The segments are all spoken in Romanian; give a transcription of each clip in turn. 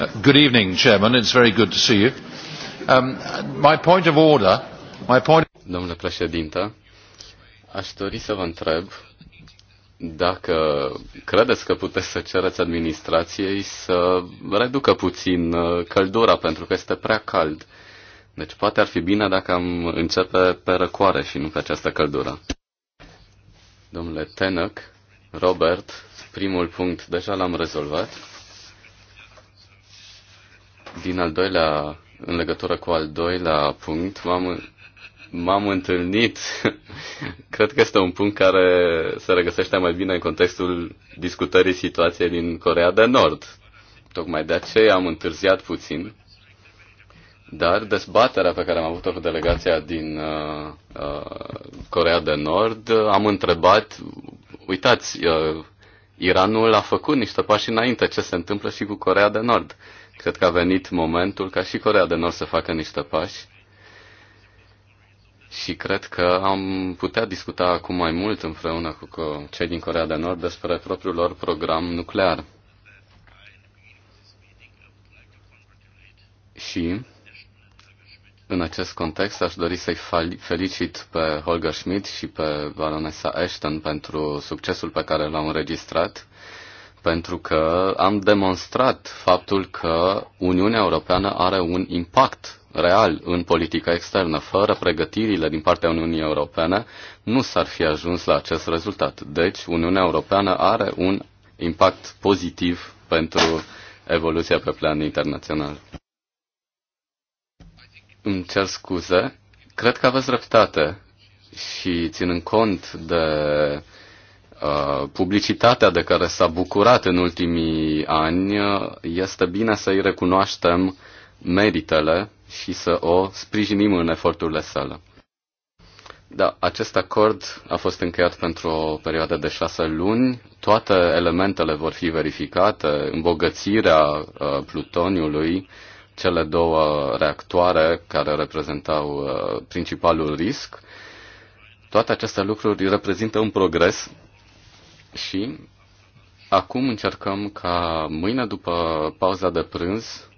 Uh, good evening, Chairman. It's very good to see you. Um, my point of order, my point... Domnule președinte, aș dori să vă întreb dacă credeți că puteți să cereți administrației să reducă puțin uh, căldura, pentru că este prea cald. Deci poate ar fi bine dacă am începe pe răcoare și nu pe această căldură. Domnule Tenăc, Robert, primul punct deja l-am rezolvat din al doilea, în legătură cu al doilea punct, m-am, m-am întâlnit, cred că este un punct care se regăsește mai bine în contextul discutării situației din Corea de Nord. Tocmai de aceea am întârziat puțin, dar dezbaterea pe care am avut-o cu delegația din uh, uh, Corea de Nord, am întrebat, uitați, uh, Iranul a făcut niște pași înainte, ce se întâmplă și cu Corea de Nord. Uh, Cred că a venit momentul ca și Corea de Nord să facă niște pași și cred că am putea discuta acum mai mult împreună cu cei din Corea de Nord despre propriul lor program nuclear. Și în acest context aș dori să-i felicit pe Holger Schmidt și pe baronesa Ashton pentru succesul pe care l-au înregistrat pentru că am demonstrat faptul că Uniunea Europeană are un impact real în politica externă. Fără pregătirile din partea Uniunii Europene nu s-ar fi ajuns la acest rezultat. Deci Uniunea Europeană are un impact pozitiv pentru evoluția pe plan internațional. Îmi cer scuze. Cred că aveți dreptate și ținând cont de Uh, publicitatea de care s-a bucurat în ultimii ani, uh, este bine să i recunoaștem meritele și să o sprijinim în eforturile sale. Da, acest acord a fost încheiat pentru o perioadă de șase luni. Toate elementele vor fi verificate, îmbogățirea uh, plutoniului, cele două reactoare care reprezentau principalul risc. Toate aceste lucruri reprezintă un progres și acum încercăm ca mâine după pauza de prânz,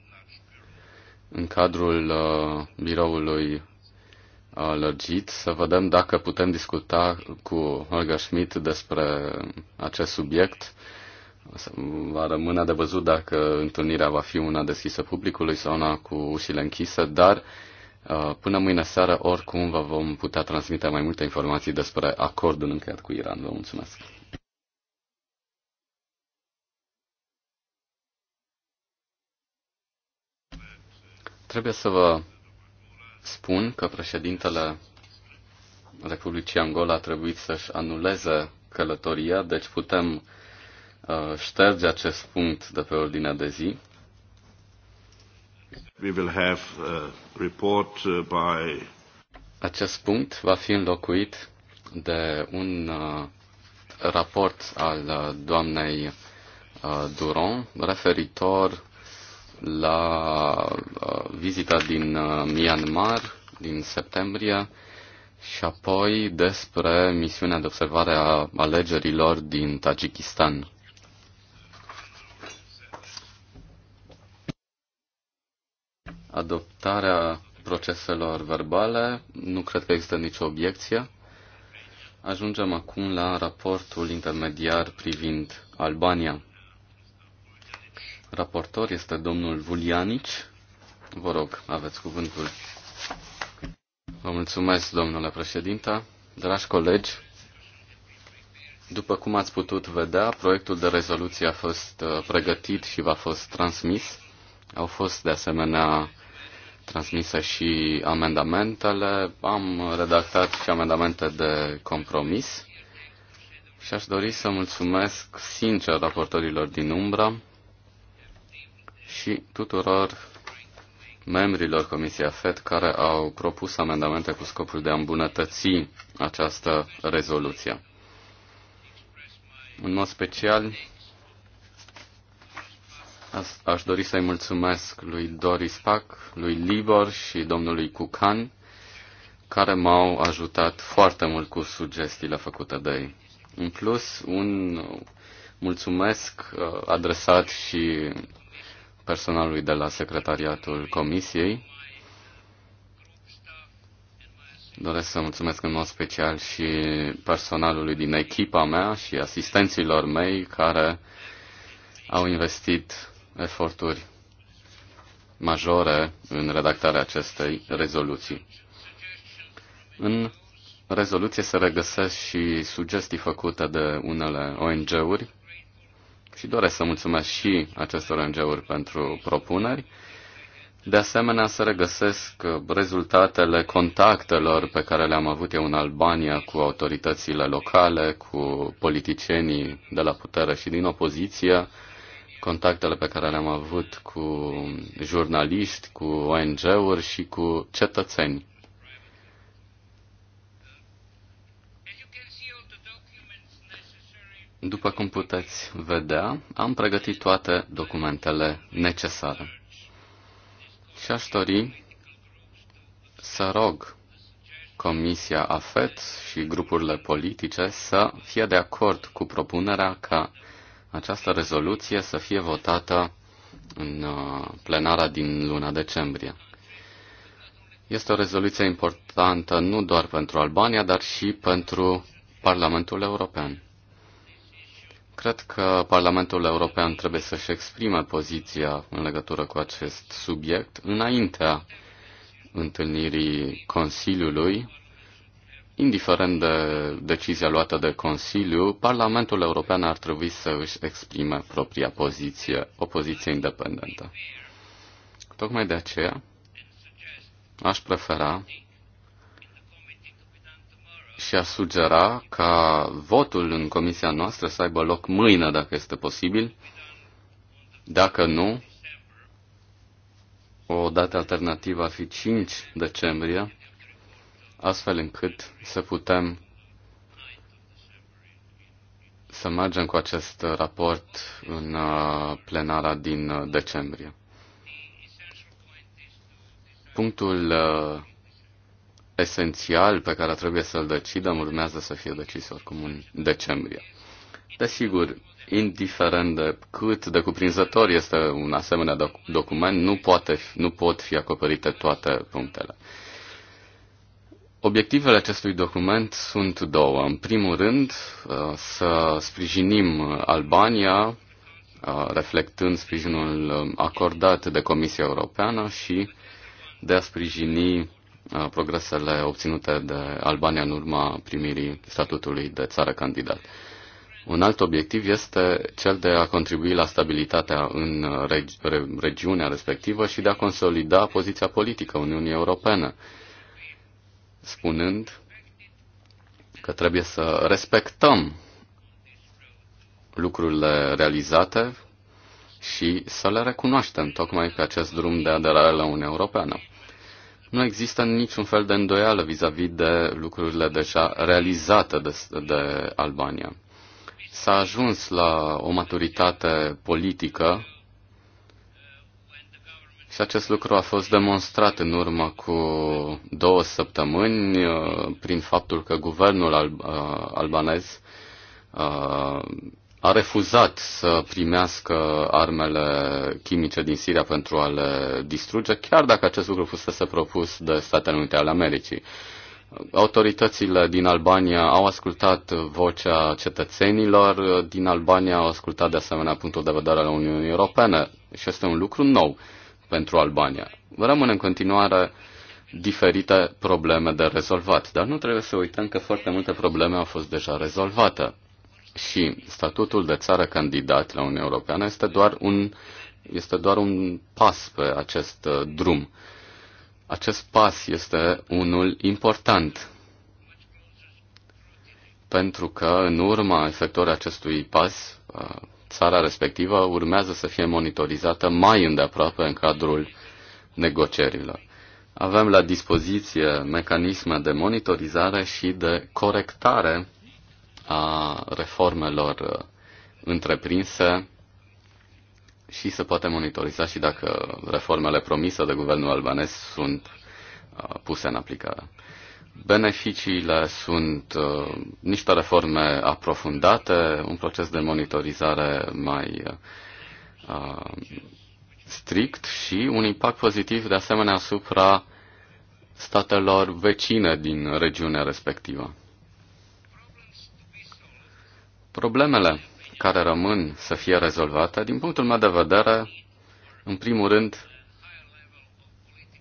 în cadrul uh, biroului uh, lărgit, să vedem dacă putem discuta cu Holger Schmidt despre acest subiect. Va rămâne de văzut dacă întâlnirea va fi una deschisă publicului sau una cu ușile închise, dar uh, până mâine seară oricum vă vom putea transmite mai multe informații despre acordul încheiat cu Iran. Vă mulțumesc! Trebuie să vă spun că președintele Republicii Angola a trebuit să-și anuleze călătoria, deci putem uh, șterge acest punct de pe ordinea de zi. We will have a report uh, by... Acest punct va fi înlocuit de un uh, raport al doamnei Duron referitor la uh, vizita din uh, Myanmar din septembrie și apoi despre misiunea de observare a alegerilor din Tajikistan. Adoptarea proceselor verbale, nu cred că există nicio obiecție. Ajungem acum la raportul intermediar privind Albania. Raportor este domnul Vulianici. Vă rog, aveți cuvântul. Vă mulțumesc, domnule președinte. Dragi colegi, după cum ați putut vedea, proiectul de rezoluție a fost uh, pregătit și a fost transmis. Au fost, de asemenea, transmise și amendamentele. Am redactat și amendamente de compromis. Și aș dori să mulțumesc sincer raportorilor din umbra și tuturor membrilor Comisiei FED care au propus amendamente cu scopul de a îmbunătăți această rezoluție. În mod special, aș dori să-i mulțumesc lui Doris Pac, lui Libor și domnului Cucan, care m-au ajutat foarte mult cu sugestiile făcute de ei. În plus, un mulțumesc uh, adresat și personalului de la secretariatul Comisiei. Doresc să mulțumesc în mod special și personalului din echipa mea și asistenților mei care au investit eforturi majore în redactarea acestei rezoluții. În rezoluție se regăsesc și sugestii făcute de unele ONG-uri și doresc să mulțumesc și acestor ONG-uri pentru propuneri. De asemenea, să regăsesc rezultatele contactelor pe care le-am avut eu în Albania cu autoritățile locale, cu politicienii de la putere și din opoziție, contactele pe care le-am avut cu jurnaliști, cu ONG-uri și cu cetățeni. După cum puteți vedea, am pregătit toate documentele necesare. Și aș dori să rog Comisia AFET și grupurile politice să fie de acord cu propunerea ca această rezoluție să fie votată în uh, plenara din luna decembrie. Este o rezoluție importantă nu doar pentru Albania, dar și pentru Parlamentul European. Cred că Parlamentul European trebuie să-și exprime poziția în legătură cu acest subiect înaintea întâlnirii Consiliului. Indiferent de decizia luată de Consiliu, Parlamentul European ar trebui să își exprime propria poziție, o poziție independentă. Tocmai de aceea aș prefera și a sugera ca votul în comisia noastră să aibă loc mâine, dacă este posibil. Dacă nu, o dată alternativă ar fi 5 decembrie, astfel încât să putem să mergem cu acest raport în uh, plenara din uh, decembrie. Punctul uh, esențial pe care trebuie să-l decidem urmează să fie decis oricum în decembrie. Desigur, indiferent de cât de cuprinzător este un asemenea doc- document, nu, poate, nu pot fi acoperite toate punctele. Obiectivele acestui document sunt două. În primul rând, uh, să sprijinim Albania, uh, reflectând sprijinul acordat de Comisia Europeană și de a sprijini Uh, progresele obținute de Albania în urma primirii statutului de țară candidat. Un alt obiectiv este cel de a contribui la stabilitatea în uh, regi- regiunea respectivă și de a consolida poziția politică Uniunii Europene, spunând că trebuie să respectăm lucrurile realizate și să le recunoaștem tocmai pe acest drum de aderare la Uniunea Europeană. Nu există niciun fel de îndoială vis-a-vis -vis de lucrurile deja realizate de, de Albania. S-a ajuns la o maturitate politică și acest lucru a fost demonstrat în urmă cu două săptămâni uh, prin faptul că guvernul uh, albanez uh, a refuzat să primească armele chimice din Siria pentru a le distruge, chiar dacă acest lucru fusese propus de Statele Unite ale Americii. Autoritățile din Albania au ascultat vocea cetățenilor din Albania, au ascultat de asemenea punctul de vedere al Uniunii Europene și este un lucru nou pentru Albania. Rămân în continuare diferite probleme de rezolvat, dar nu trebuie să uităm că foarte multe probleme au fost deja rezolvate. Și statutul de țară candidat la Uniunea Europeană este doar un, este doar un pas pe acest uh, drum. Acest pas este unul important pentru că în urma efectuării acestui pas, uh, țara respectivă urmează să fie monitorizată mai îndeaproape în cadrul negocierilor. Avem la dispoziție mecanisme de monitorizare și de corectare a reformelor uh, întreprinse și se poate monitoriza și dacă reformele promise de guvernul albanez sunt uh, puse în aplicare. Beneficiile sunt uh, niște reforme aprofundate, un proces de monitorizare mai uh, strict și un impact pozitiv de asemenea asupra statelor vecine din regiunea respectivă. Problemele care rămân să fie rezolvate, din punctul meu de vedere, în primul rând,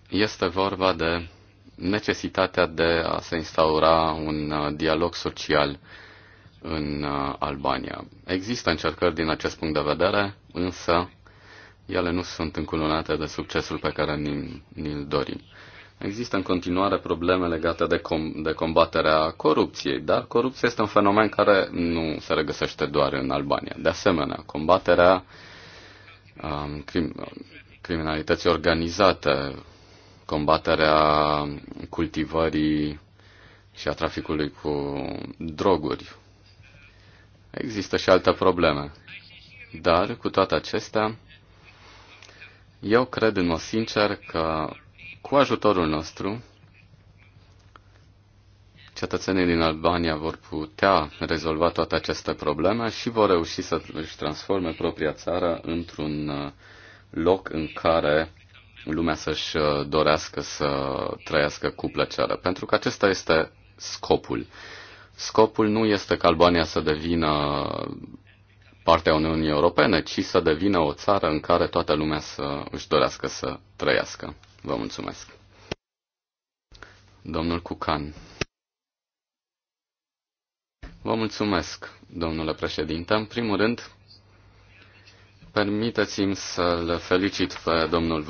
este vorba de necesitatea de a se instaura un uh, dialog social în uh, Albania. Există încercări din acest punct de vedere, însă ele nu sunt încununate de succesul pe care ni-l dorim. Există în continuare probleme legate de, com- de combaterea corupției, dar corupția este un fenomen care nu se regăsește doar în Albania. De asemenea, combaterea um, crim- criminalității organizate, combaterea cultivării și a traficului cu droguri. Există și alte probleme. Dar, cu toate acestea, eu cred în mod sincer că cu ajutorul nostru, cetățenii din Albania vor putea rezolva toată această problemă și vor reuși să își transforme propria țară într-un uh, loc în care lumea să-și uh, dorească să trăiască cu plăcere. Pentru că acesta este scopul. Scopul nu este ca Albania să devină partea Uniunii Europene, ci să devină o țară în care toată lumea să își dorească să trăiască. Vă mulțumesc. Domnul Cucan. Vă mulțumesc, domnule președinte. În primul rând, Permiteți-mi să-l felicit pe domnul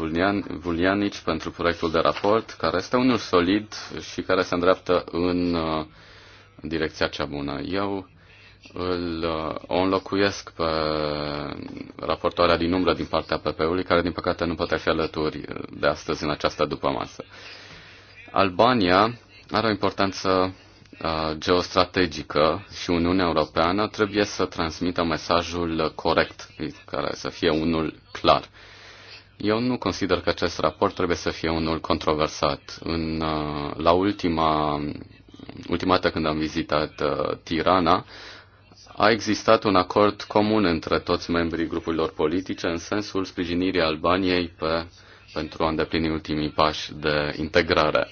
Vulianici pentru proiectul de raport, care este unul solid și care se îndreaptă în uh, direcția cea bună. Eu îl, uh, o înlocuiesc pe raportoarea din umbră din partea PP-ului, care din păcate nu poate fi alături de astăzi în această dupămasă. Albania are o importanță uh, geostrategică și Uniunea Europeană trebuie să transmită mesajul corect, care să fie unul clar. Eu nu consider că acest raport trebuie să fie unul controversat. În, uh, la ultima, ultima dată când am vizitat uh, Tirana, uh, a existat un acord comun între toți membrii grupurilor politice în sensul sprijinirii Albaniei pe, pentru a îndeplini ultimii pași de integrare.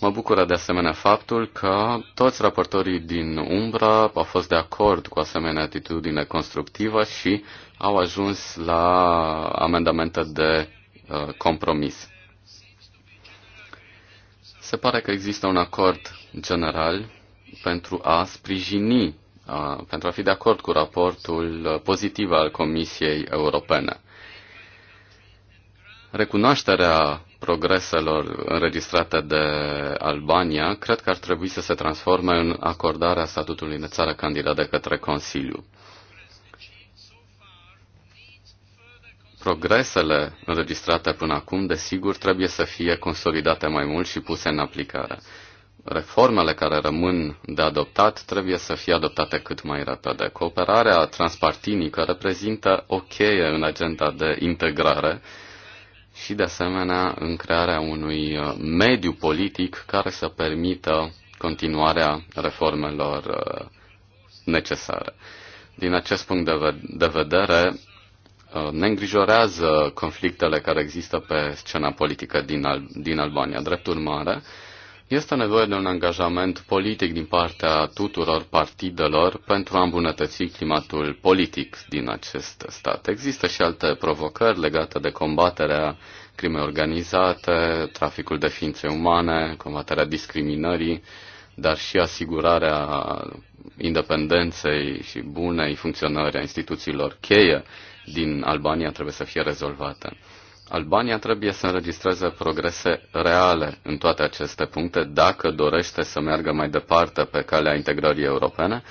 Mă bucură de asemenea faptul că toți raportorii din Umbra au fost de acord cu asemenea atitudine constructivă și au ajuns la amendamente de uh, compromis. Se pare că există un acord general pentru a sprijini pentru a fi de acord cu raportul pozitiv al Comisiei Europene. Recunoașterea progreselor înregistrate de Albania cred că ar trebui să se transforme în acordarea statutului de țară candidat de către Consiliu. Progresele înregistrate până acum, desigur, trebuie să fie consolidate mai mult și puse în aplicare reformele care rămân de adoptat trebuie să fie adoptate cât mai repede. Cooperarea transpartinică reprezintă o cheie în agenda de integrare și, de asemenea, în crearea unui uh, mediu politic care să permită continuarea reformelor uh, necesare. Din acest punct de vedere, uh, ne îngrijorează conflictele care există pe scena politică din, Al- din Albania. Drept urmare, este nevoie de un angajament politic din partea tuturor partidelor pentru a îmbunătăți climatul politic din acest stat. Există și alte provocări legate de combaterea crimei organizate, traficul de ființe umane, combaterea discriminării, dar și asigurarea independenței și bunei funcționări a instituțiilor cheie din Albania trebuie să fie rezolvate. Albania trebuie să înregistreze progrese reale în toate aceste puncte dacă dorește să meargă mai departe pe calea integrării europene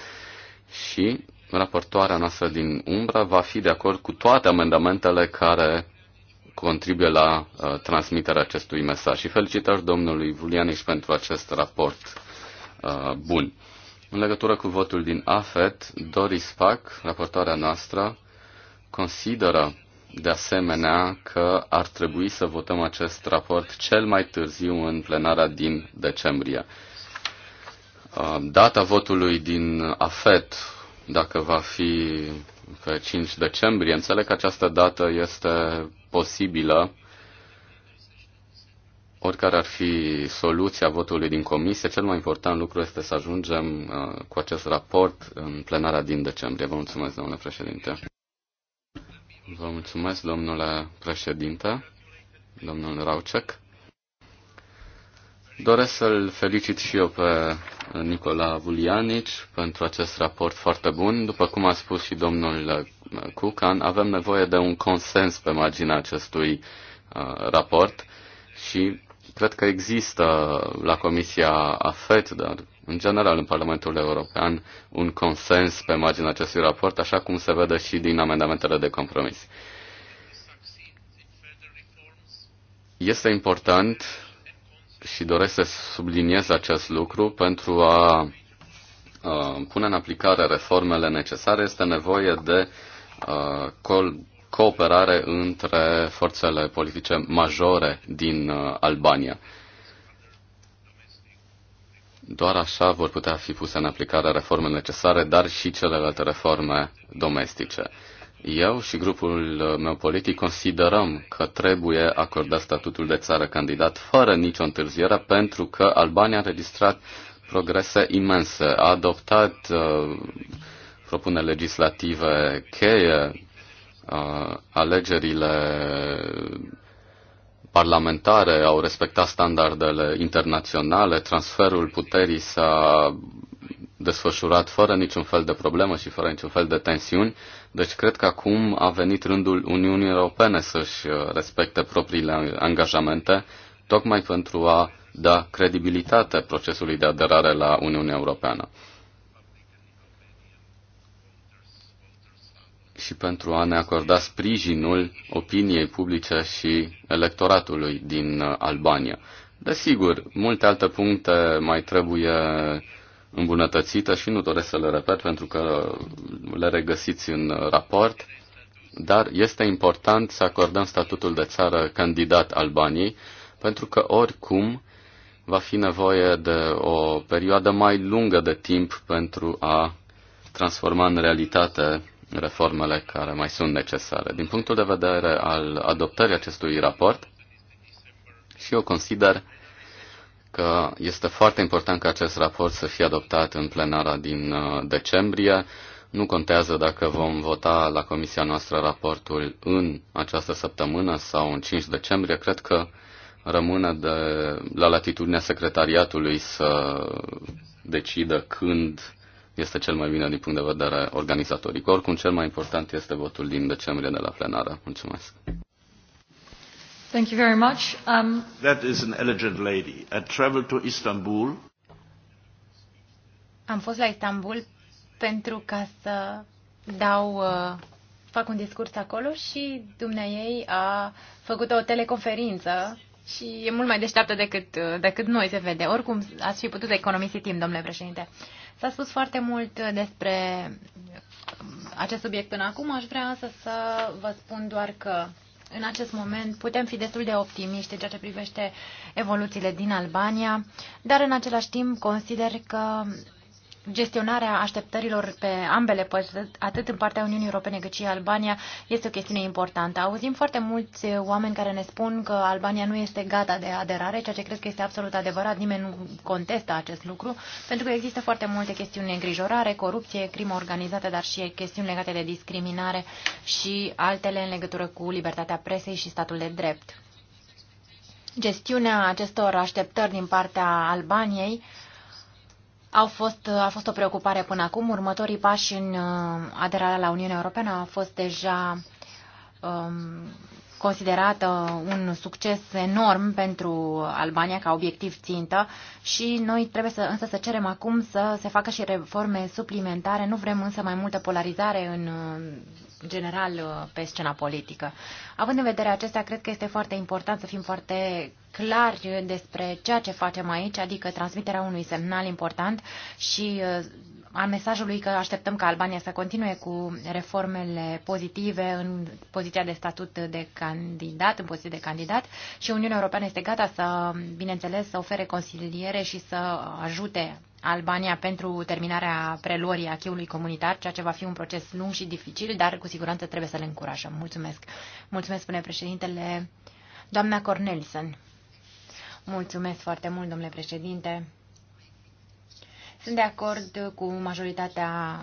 și raportoarea noastră din Umbra va fi de acord cu toate amendamentele care contribuie la uh, transmiterea acestui mesaj. Și felicitări domnului Vulianiș pentru acest raport uh, bun. În legătură cu votul din AFET, Doris Pac, raportoarea noastră, consideră de asemenea că ar trebui să votăm acest raport cel mai târziu în plenarea din decembrie. Uh, data votului din AFET, dacă va fi pe 5 decembrie, înțeleg că această dată este posibilă. Oricare ar fi soluția votului din comisie, cel mai important lucru este să ajungem uh, cu acest raport în plenarea din decembrie. Vă mulțumesc, domnule președinte. Vă mulțumesc, domnule președinte, domnul Raucek. Doresc să-l felicit și eu pe Nicola Vulianici pentru acest raport foarte bun. După cum a spus și domnul Cucan, avem nevoie de un consens pe marginea acestui uh, raport și Cred că există la Comisia AFET, dar în general în Parlamentul European, un consens pe marginea acestui raport, așa cum se vede și din amendamentele de compromis. Este important și doresc să subliniez acest lucru pentru a pune în aplicare reformele necesare, este nevoie de cooperare între forțele politice majore din uh, Albania. Doar așa vor putea fi puse în aplicare reforme necesare, dar și celelalte reforme domestice. Eu și grupul uh, meu politic considerăm că trebuie acordat statutul de țară candidat fără nicio întârziere pentru că Albania a registrat progrese imense, a adoptat uh, propuneri legislative cheie alegerile parlamentare au respectat standardele internaționale, transferul puterii s-a desfășurat fără niciun fel de problemă și fără niciun fel de tensiuni. Deci cred că acum a venit rândul Uniunii Europene să-și respecte propriile angajamente, tocmai pentru a da credibilitate procesului de aderare la Uniunea Europeană. și pentru a ne acorda sprijinul opiniei publice și electoratului din uh, Albania. Desigur, multe alte puncte mai trebuie îmbunătățite și nu doresc să le repet pentru că le regăsiți în raport, dar este important să acordăm statutul de țară candidat Albaniei, pentru că oricum va fi nevoie de o perioadă mai lungă de timp pentru a transforma în realitate reformele care mai sunt necesare. Din punctul de vedere al adoptării acestui raport, și eu consider că este foarte important ca acest raport să fie adoptat în plenara din uh, decembrie. Nu contează dacă vom vota la comisia noastră raportul în această săptămână sau în 5 decembrie. Cred că rămâne de, la latitudinea secretariatului să decidă când este cel mai bine din punct de vedere organizatoric. Oricum, cel mai important este votul din decembrie de la plenară. Mulțumesc. Thank you very much. Um... That is an elegant lady. I traveled to Istanbul. Am fost la Istanbul pentru ca să dau uh, fac un discurs acolo și ei a făcut o teleconferință și e mult mai deșteaptă decât, uh, decât noi se vede. Oricum, ați fi putut economisi timp, domnule președinte. S-a spus foarte mult despre acest subiect până acum, aș vrea însă să vă spun doar că în acest moment putem fi destul de optimiști în ceea ce privește evoluțiile din Albania, dar în același timp consider că gestionarea așteptărilor pe ambele părți, atât în partea Uniunii Europene cât și Albania, este o chestiune importantă. Auzim foarte mulți oameni care ne spun că Albania nu este gata de aderare, ceea ce cred că este absolut adevărat. Nimeni nu contestă acest lucru, pentru că există foarte multe chestiuni de îngrijorare, corupție, crimă organizată, dar și chestiuni legate de discriminare și altele în legătură cu libertatea presei și statul de drept. Gestiunea acestor așteptări din partea Albaniei au fost, a fost o preocupare până acum. Următorii pași în uh, aderarea la Uniunea Europeană a fost deja um, considerată un succes enorm pentru Albania ca obiectiv țintă și noi trebuie să, însă să cerem acum să se facă și reforme suplimentare. Nu vrem însă mai multă polarizare în uh, general uh, pe scena politică. Având în vedere acestea, cred că este foarte important să fim foarte clari despre ceea ce facem aici, adică transmiterea unui semnal important și uh, a mesajului că așteptăm ca Albania să continue cu reformele pozitive în poziția de statut de candidat, în poziție de candidat și Uniunea Europeană este gata să, bineînțeles, să ofere consiliere și să ajute Albania pentru terminarea preluării acheului comunitar, ceea ce va fi un proces lung și dificil, dar cu siguranță trebuie să le încurajăm. Mulțumesc. Mulțumesc, spune președintele, doamna Cornelison. Mulțumesc foarte mult, domnule președinte. Sunt de acord cu majoritatea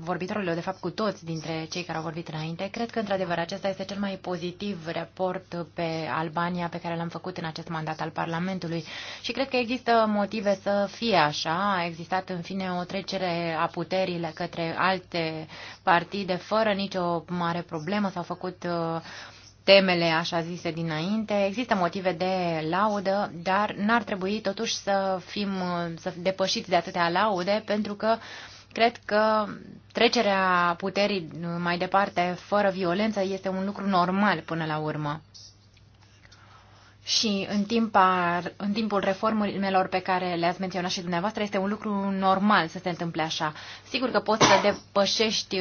vorbitorilor, de fapt cu toți dintre cei care au vorbit înainte, cred că într-adevăr acesta este cel mai pozitiv raport pe Albania pe care l-am făcut în acest mandat al Parlamentului și cred că există motive să fie așa. A existat în fine o trecere a puterii către alte partide fără nicio mare problemă. S-au făcut uh, temele așa zise dinainte. Există motive de laudă, dar n-ar trebui totuși să fim uh, să depășiți de atâtea laude pentru că uh, Cred că trecerea puterii mai departe fără violență este un lucru normal până la urmă și în, timpa, în timpul reformelor pe care le-ați menționat și dumneavoastră, este un lucru normal să se întâmple așa. Sigur că poți să depășești,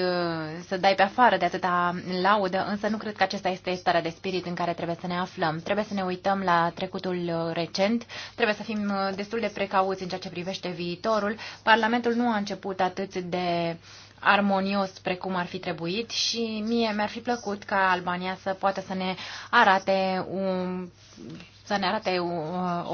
să dai pe afară de atâta laudă, însă nu cred că acesta este starea de spirit în care trebuie să ne aflăm. Trebuie să ne uităm la trecutul recent, trebuie să fim destul de precauți în ceea ce privește viitorul. Parlamentul nu a început atât de armonios precum ar fi trebuit și mie mi-ar fi plăcut ca Albania să poată să ne arate un să ne arate o,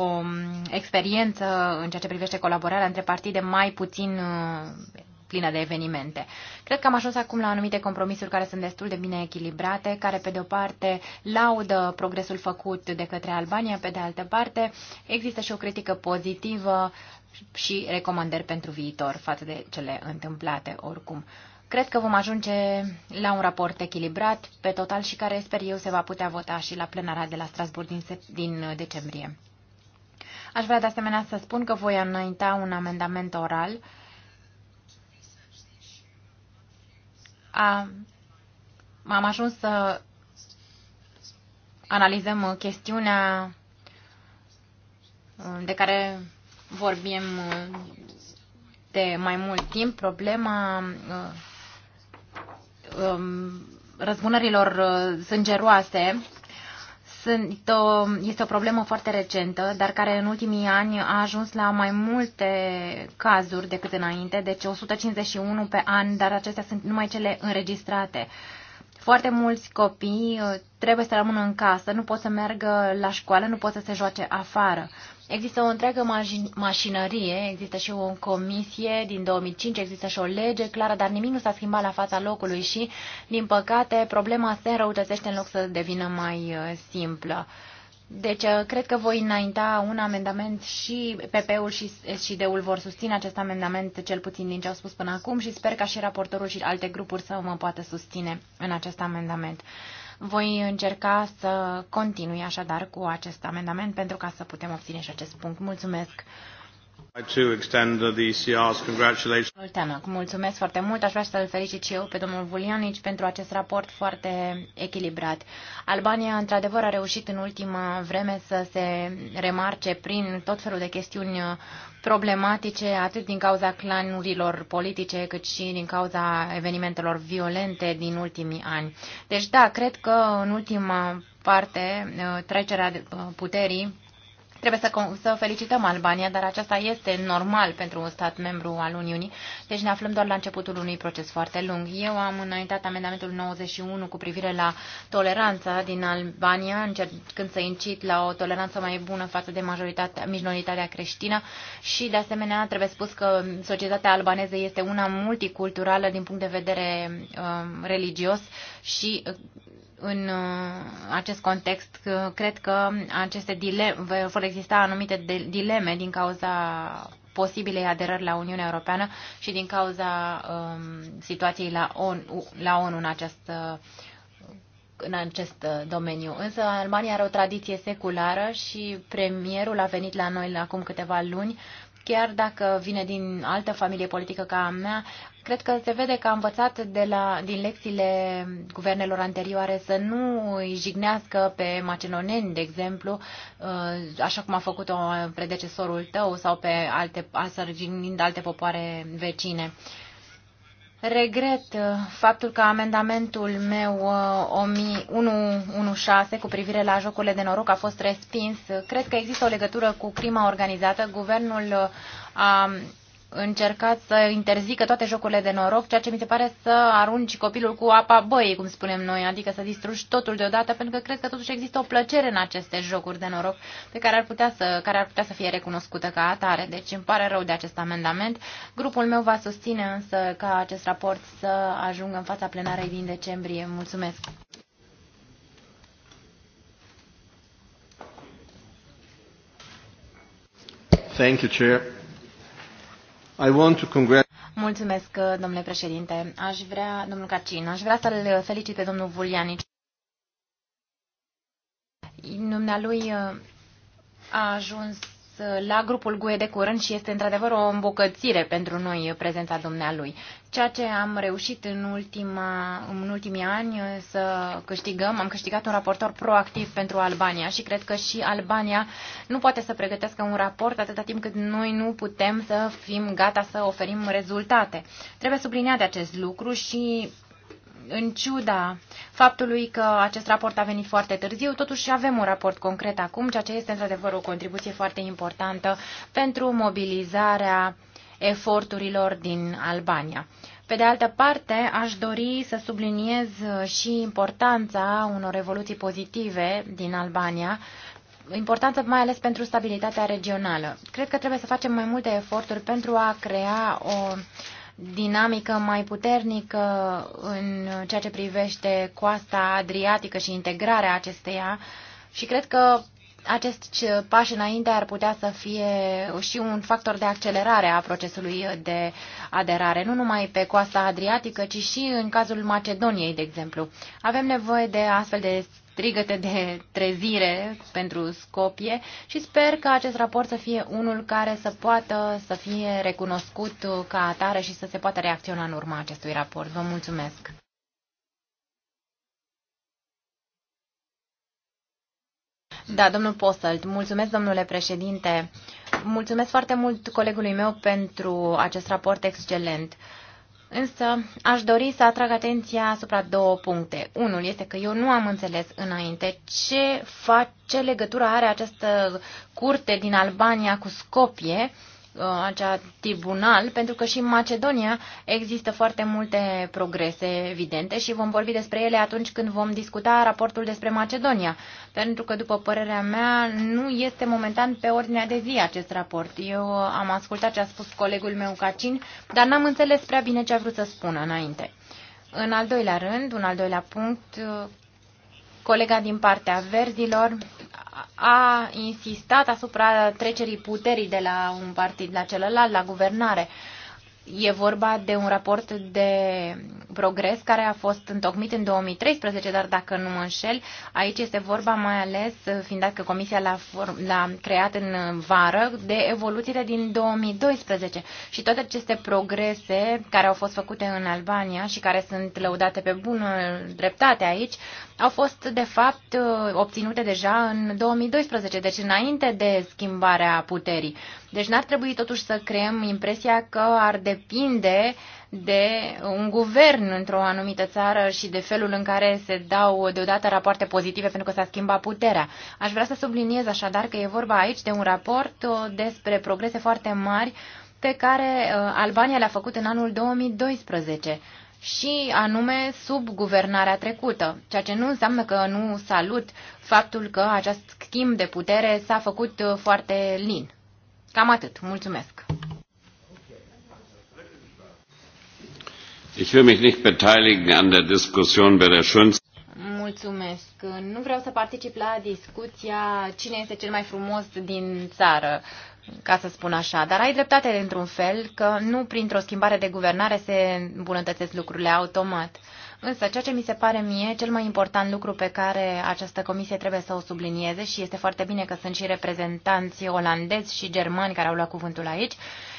o experiență în ceea ce privește colaborarea între partide mai puțin uh, plină de evenimente. Cred că am ajuns acum la anumite compromisuri care sunt destul de bine echilibrate, care pe de o parte laudă progresul făcut de către Albania, pe de altă parte există și o critică pozitivă și recomandări pentru viitor față de cele întâmplate oricum. Cred că vom ajunge la un raport echilibrat pe total și care sper eu se va putea vota și la plenara de la Strasburg din, din uh, decembrie. Aș vrea de asemenea să spun că voi înainta un amendament oral a, am ajuns să analizăm uh, chestiunea uh, de care vorbim uh, de mai mult timp, problema uh, um, răzbunărilor uh, sângeroase sunt o, este o problemă foarte recentă, dar care în ultimii ani a ajuns la mai multe cazuri decât înainte, deci 151 pe an, dar acestea sunt numai cele înregistrate. Foarte mulți copii trebuie să rămână în casă, nu pot să meargă la școală, nu pot să se joace afară. Există o întreagă mașinărie, există și o comisie din 2005, există și o lege clară, dar nimic nu s-a schimbat la fața locului și, din păcate, problema se înrăutățește în loc să devină mai uh, simplă. Deci, uh, cred că voi înainta un amendament și PP-ul și SCD-ul vor susține acest amendament, cel puțin din ce au spus până acum, și sper ca și raportorul și alte grupuri să mă poată susține în acest amendament. Voi încerca să continui așadar cu acest amendament pentru ca să putem obține și acest punct. Mulțumesc! Mulțumesc, mulțumesc foarte mult. Aș vrea să-l felicit și eu pe domnul Vulianici pentru acest raport foarte echilibrat. Albania, într-adevăr, a reușit în ultima vreme să se remarce prin tot felul de chestiuni problematice, atât din cauza clanurilor politice, cât și din cauza evenimentelor violente din ultimii ani. Deci, da, cred că în ultima parte, uh, trecerea uh, puterii Trebuie să, să felicităm Albania, dar aceasta este normal pentru un stat membru al Uniunii, deci ne aflăm doar la începutul unui proces foarte lung. Eu am înaintat amendamentul 91 cu privire la toleranța din Albania, încercând să incit la o toleranță mai bună față de majoritatea, minoritatea creștină și, de asemenea, trebuie spus că societatea albaneză este una multiculturală din punct de vedere uh, religios și în uh, acest context, uh, cred că aceste dileme, vor exista anumite dileme din cauza posibilei aderări la Uniunea Europeană și din cauza um, situației la ONU, la ONU în acest, uh, în acest domeniu. Însă Albania are o tradiție seculară și premierul a venit la noi acum câteva luni chiar dacă vine din altă familie politică ca a mea, cred că se vede că a învățat de la, din lecțiile guvernelor anterioare să nu îi jignească pe macedoneni, de exemplu, uh, așa cum a făcut-o predecesorul tău sau pe alte, să jignind alte popoare vecine. Regret uh, faptul că amendamentul meu 116 uh, cu privire la jocurile de noroc a fost respins. Cred că există o legătură cu crima organizată. Guvernul uh, a încercat să interzică toate jocurile de noroc, ceea ce mi se pare să arunci copilul cu apa băii, cum spunem noi, adică să distrugi totul deodată, pentru că cred că totuși există o plăcere în aceste jocuri de noroc pe care ar putea să, care ar putea să fie recunoscută ca atare. Deci îmi pare rău de acest amendament. Grupul meu va susține însă ca acest raport să ajungă în fața plenarei din decembrie. Mulțumesc! Thank you, Chair. I want to Mulțumesc, domnule președinte. Aș vrea, domnul Carcin, aș vrea să-l felicit pe domnul Vulianici. Dumnealui uh, a ajuns la grupul GUE de curând și este într-adevăr o îmbucățire pentru noi uh, prezența dumnealui. Ceea ce am reușit în, ultima, în ultimii ani uh, să câștigăm, am câștigat un raportor proactiv pentru Albania și cred că și Albania nu poate să pregătească un raport atâta timp cât noi nu putem să fim gata să oferim rezultate. Trebuie subliniat acest lucru și în ciuda faptului că acest raport a venit foarte târziu, totuși avem un raport concret acum, ceea ce este într-adevăr o contribuție foarte importantă pentru mobilizarea eforturilor din Albania. Pe de altă parte, aș dori să subliniez și importanța unor revoluții pozitive din Albania, importanță mai ales pentru stabilitatea regională. Cred că trebuie să facem mai multe eforturi pentru a crea o dinamică mai puternică în ceea ce privește coasta adriatică și integrarea acesteia și cred că acest pas înainte ar putea să fie și un factor de accelerare a procesului de aderare, nu numai pe coasta adriatică, ci și în cazul Macedoniei, de exemplu. Avem nevoie de astfel de strigăte de trezire pentru Scopie și sper că acest raport să fie unul care să poată să fie recunoscut ca atare și să se poată reacționa în urma acestui raport. Vă mulțumesc! Da, domnul Postelt, mulțumesc, domnule președinte. Mulțumesc foarte mult colegului meu pentru acest raport excelent. Însă aș dori să atrag atenția asupra două puncte. Unul este că eu nu am înțeles înainte ce, fa- ce legătură are această curte din Albania cu Scopie Uh, acea tribunal, pentru că și în Macedonia există foarte multe progrese evidente și vom vorbi despre ele atunci când vom discuta raportul despre Macedonia, pentru că, după părerea mea, nu este momentan pe ordinea de zi acest raport. Eu am ascultat ce a spus colegul meu Cacin, dar n-am înțeles prea bine ce a vrut să spună înainte. În al doilea rând, un al doilea punct, uh, colega din partea verzilor a insistat asupra trecerii puterii de la un partid la celălalt, la guvernare. Uh, E vorba de un raport de progres care a fost întocmit în 2013, dar dacă nu mă înșel, aici este vorba mai ales, fiind dat că Comisia l-a, l-a creat în vară, de evoluțiile din 2012 și toate aceste progrese care au fost făcute în Albania și care sunt lăudate pe bună dreptate aici, au fost, de fapt, obținute deja în 2012, deci înainte de schimbarea puterii. Deci n-ar trebui totuși să creăm impresia că ar depinde de un guvern într-o anumită țară și de felul în care se dau deodată rapoarte pozitive pentru că s-a schimbat puterea. Aș vrea să subliniez așadar că e vorba aici de un raport uh, despre progrese foarte mari pe care uh, Albania le-a făcut în anul 2012 și anume sub guvernarea trecută, ceea ce nu înseamnă că nu salut faptul că acest schimb de putere s-a făcut uh, foarte lin. Cam atât. Mulțumesc. Ich will mich nicht beteiligen an der Diskussion bei der Schönste. Mulțumesc. Nu vreau să particip la discuția cine este cel mai frumos din țară, ca să spun așa. Dar ai dreptate într-un fel că nu printr-o schimbare de guvernare se îmbunătățesc lucrurile automat. Însă, ceea ce mi se pare mie, cel mai important lucru pe care această comisie trebuie să o sublinieze, și este foarte bine că sunt și reprezentanți olandezi și germani care au luat cuvântul aici,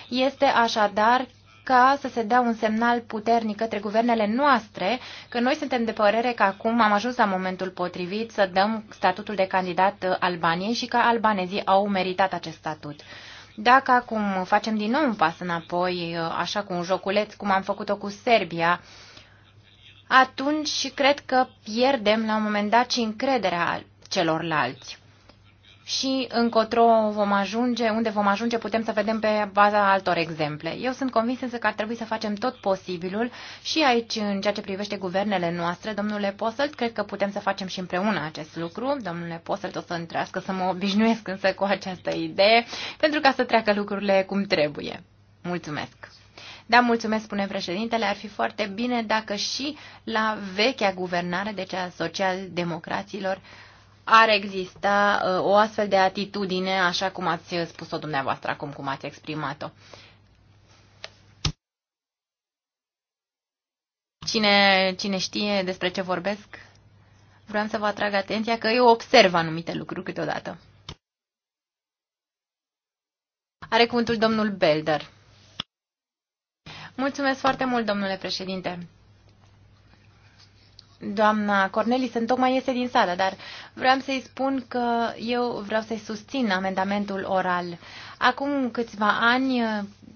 este așadar ca să se dea un semnal puternic către guvernele noastre că noi suntem de părere că acum am ajuns la momentul potrivit să dăm statutul de candidat Albaniei și că albanezii au meritat acest statut. Dacă acum facem din nou un pas înapoi, așa cu un joculeț, cum am făcut-o cu Serbia, atunci cred că pierdem la un moment dat și încrederea celorlalți. Și încotro vom ajunge, unde vom ajunge, putem să vedem pe baza altor exemple. Eu sunt convins însă că ar trebui să facem tot posibilul și aici, în ceea ce privește guvernele noastre, domnule Posselt, cred că putem să facem și împreună acest lucru. Domnule Posselt, o să întrească să mă obișnuiesc însă cu această idee, pentru ca să treacă lucrurile cum trebuie. Mulțumesc! Da, mulțumesc, spune președintele, ar fi foarte bine dacă și la vechea guvernare, deci a socialdemocraților, ar exista uh, o astfel de atitudine, așa cum ați spus-o dumneavoastră acum, cum ați exprimat-o. Cine, cine știe despre ce vorbesc, vreau să vă atrag atenția că eu observ anumite lucruri câteodată. Are cuvântul domnul Belder. Mulțumesc foarte mult, domnule președinte. Doamna Cornelisen tocmai iese din sală, dar vreau să-i spun că eu vreau să-i susțin amendamentul oral. Acum câțiva ani uh,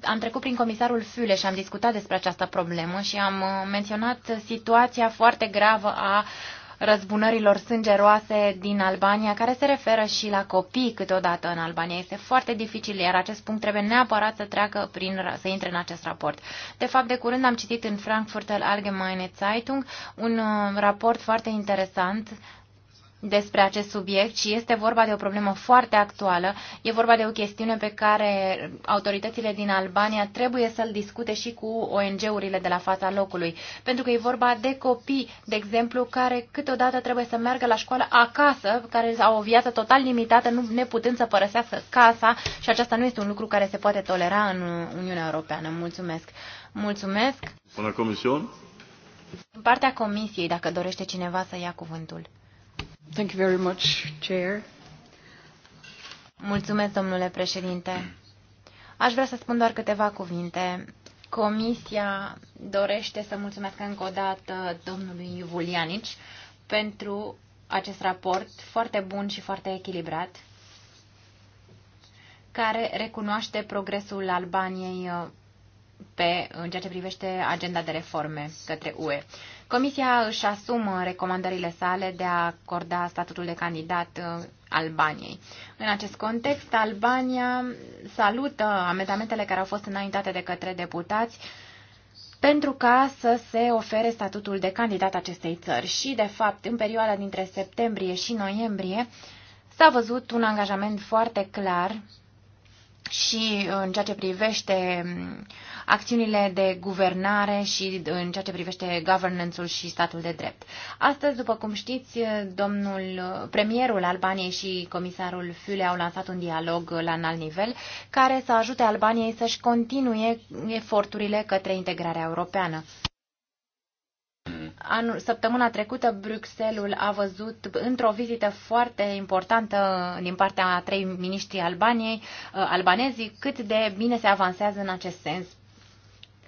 am trecut prin comisarul Füle și am discutat despre această problemă și am uh, menționat situația foarte gravă a uh, răzbunărilor sângeroase din Albania, care se referă și la copii câteodată în Albania. Este foarte dificil, iar acest punct trebuie neapărat să treacă prin, să intre în acest raport. De fapt, de curând am citit în Frankfurter Allgemeine Zeitung un uh, raport foarte interesant despre acest subiect și este vorba de o problemă foarte actuală. E vorba de o chestiune pe care autoritățile din Albania trebuie să-l discute și cu ONG-urile de la fața locului. Pentru că e vorba de copii, de exemplu, care câteodată trebuie să meargă la școală acasă, care au o viață total limitată, nu neputând să părăsească casa și aceasta nu este un lucru care se poate tolera în Uniunea Europeană. Mulțumesc! Mulțumesc! Până comision? În partea comisiei, dacă dorește cineva să ia cuvântul. Thank you very much, Chair. Mulțumesc, domnule președinte. Aș vrea să spun doar câteva cuvinte. Comisia dorește să mulțumesc încă o dată domnului Vulianici pentru acest raport foarte bun și foarte echilibrat, care recunoaște progresul Albaniei pe, în ceea ce privește agenda de reforme către UE. Comisia își asumă recomandările sale de a acorda statutul de candidat uh, Albaniei. În acest context, Albania salută amendamentele care au fost înaintate de către deputați pentru ca să se ofere statutul de candidat acestei țări. Și, de fapt, în perioada dintre septembrie și noiembrie s-a văzut un angajament foarte clar și uh, în ceea ce privește um, acțiunile de guvernare și uh, în ceea ce privește governance-ul și statul de drept. Astăzi, după cum știți, uh, domnul premierul Albaniei și comisarul Füle au lansat un dialog la înalt nivel care să ajute Albaniei să-și continue eforturile către integrarea europeană. Anul, săptămâna trecută Bruxelles a văzut într-o vizită foarte importantă din partea a trei miniștri Albaniei, uh, albanezii, cât de bine se avansează în acest sens.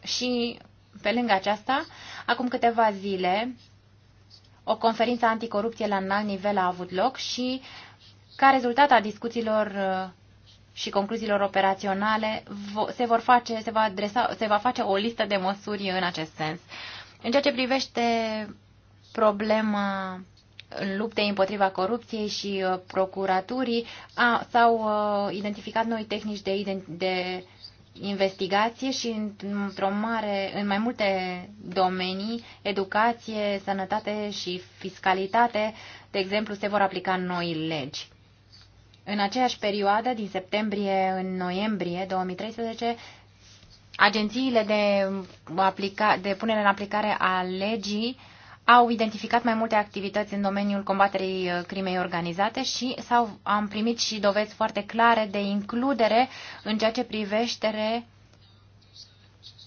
Și pe lângă aceasta, acum câteva zile, o conferință anticorupție la înalt nivel a avut loc și ca rezultat a discuțiilor uh, și concluziilor operaționale se, vor face, se, va adresa, se va face o listă de măsuri în acest sens. Uh, în ceea ce privește problema luptei împotriva corupției și uh, procuraturii, s-au uh, identificat noi tehnici de, ident- de investigație și într-o mare, în mai multe domenii, educație, sănătate și fiscalitate, de exemplu, se vor aplica noi legi. În aceeași perioadă, din septembrie în noiembrie 2013, agențiile de, aplica, de punere în aplicare a legii au identificat mai multe activități în domeniul combaterii uh, crimei organizate și sau am primit și dovezi foarte clare de includere în ceea ce privește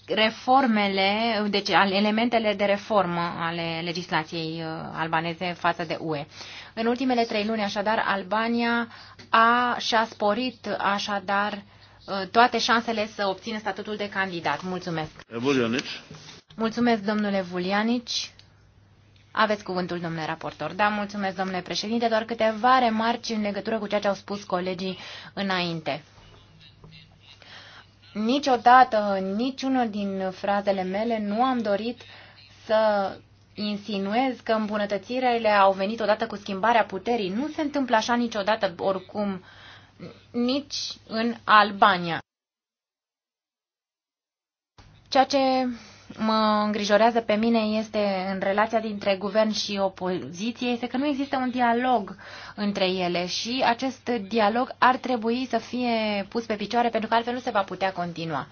reformele, deci elementele de reformă ale legislației uh, albaneze față de UE. În ultimele trei luni, așadar, Albania a, și-a sporit așadar Uh, toate șansele să obțină statutul de candidat. Mulțumesc. Vulianici. Mulțumesc, domnule Vulianici. Aveți cuvântul, domnule raportor. Da, mulțumesc, domnule președinte. Doar câteva remarci în legătură cu ceea ce au spus colegii înainte. Niciodată, niciunul din frazele mele nu am dorit să insinuez că îmbunătățirile au venit odată cu schimbarea puterii. Nu se întâmplă așa niciodată, oricum. Uh, nici în Albania. Ceea ce mă îngrijorează pe mine este în relația dintre guvern și opoziție, este că nu există un dialog între ele și acest dialog ar trebui să fie pus pe picioare pentru că altfel nu se va putea continua.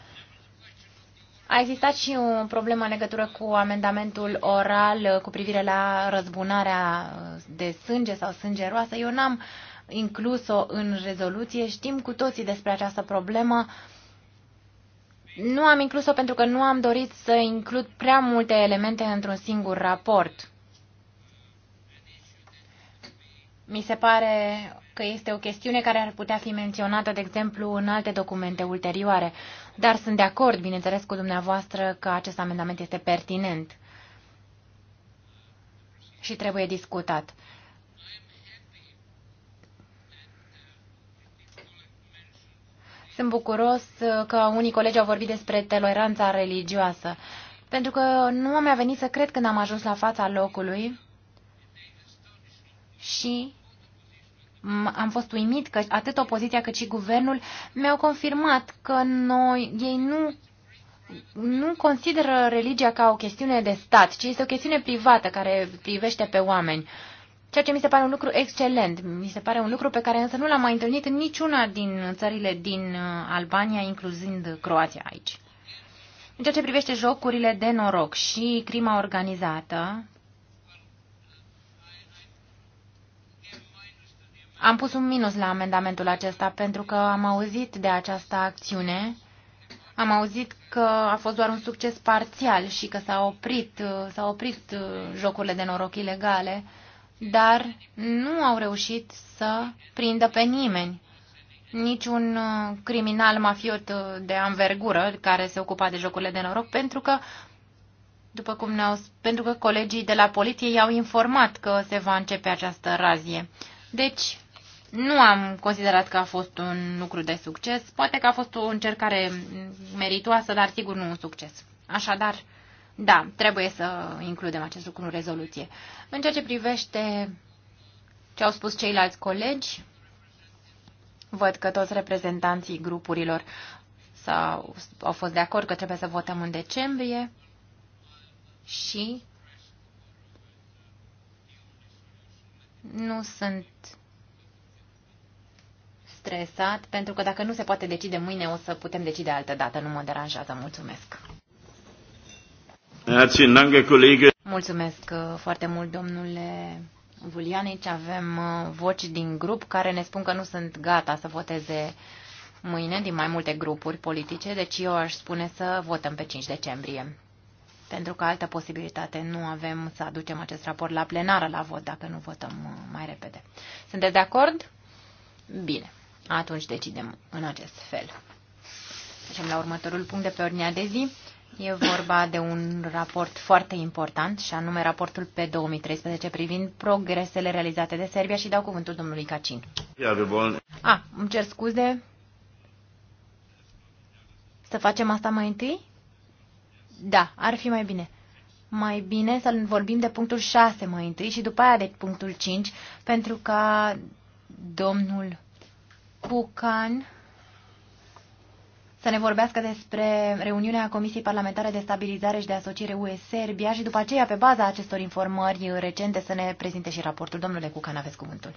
A existat și o problemă în legătură cu amendamentul oral cu privire la răzbunarea de sânge sau sângeroasă. Eu n-am uh, inclus-o în rezoluție. Știm cu toții despre această problemă. Nu am inclus-o pentru că nu am dorit să includ prea multe elemente într-un singur raport. Mi se pare că este o chestiune care ar putea fi menționată, de exemplu, în alte documente ulterioare. Dar sunt de acord, bineînțeles, cu dumneavoastră că acest amendament este pertinent și trebuie discutat. Sunt bucuros uh, că unii colegi au vorbit despre toleranța religioasă, pentru că nu mi-a venit să cred când am ajuns la fața locului și am fost uimit că atât opoziția cât și guvernul mi-au confirmat că noi, ei nu nu consideră religia ca o chestiune de stat, ci este o chestiune privată care privește pe oameni. Ceea ce mi se pare un lucru excelent. Mi se pare un lucru pe care însă nu l-am mai întâlnit în niciuna din țările din uh, Albania, incluzând Croația aici. În ceea ce privește jocurile de noroc și crima organizată, am pus un minus la amendamentul acesta pentru că am auzit de această acțiune am auzit că a fost doar un succes parțial și că s-a oprit, uh, s-a oprit uh, jocurile de noroc ilegale dar nu au reușit să prindă pe nimeni. Niciun uh, criminal mafiot uh, de anvergură care se ocupa de jocurile de noroc, pentru că, după cum ne-au, pentru că colegii de la poliție i-au informat că se va începe această razie. Deci, nu am considerat că a fost un lucru de succes. Poate că a fost o încercare meritoasă, dar sigur nu un succes. Așadar, da, trebuie să includem acest lucru în rezoluție. În ceea ce privește ce au spus ceilalți colegi, văd că toți reprezentanții grupurilor sau au fost de acord că trebuie să votăm în decembrie și nu sunt stresat, pentru că dacă nu se poate decide mâine, o să putem decide altă dată. Nu mă deranjează. Mulțumesc! Mulțumesc uh, foarte mult, domnule Vulianici. Avem uh, voci din grup care ne spun că nu sunt gata să voteze mâine din mai multe grupuri politice, deci eu aș spune să votăm pe 5 decembrie. Pentru că altă posibilitate nu avem să aducem acest raport la plenară la vot dacă nu votăm uh, mai repede. Sunteți de acord? Bine. Atunci decidem în acest fel. Așa la următorul punct de pe ordinea de zi. E vorba de un raport foarte important și anume raportul pe 2013 privind progresele realizate de Serbia și dau cuvântul domnului Cacin. A, îmi cer scuze. Să facem asta mai întâi? Da, ar fi mai bine. Mai bine să vorbim de punctul 6 mai întâi și după aia de punctul 5, pentru ca domnul Pucan să ne vorbească despre reuniunea Comisiei Parlamentare de Stabilizare și de Asociere UE-Serbia și după aceea, pe baza acestor informări recente, să ne prezinte și raportul. Domnule Cucan, aveți cuvântul.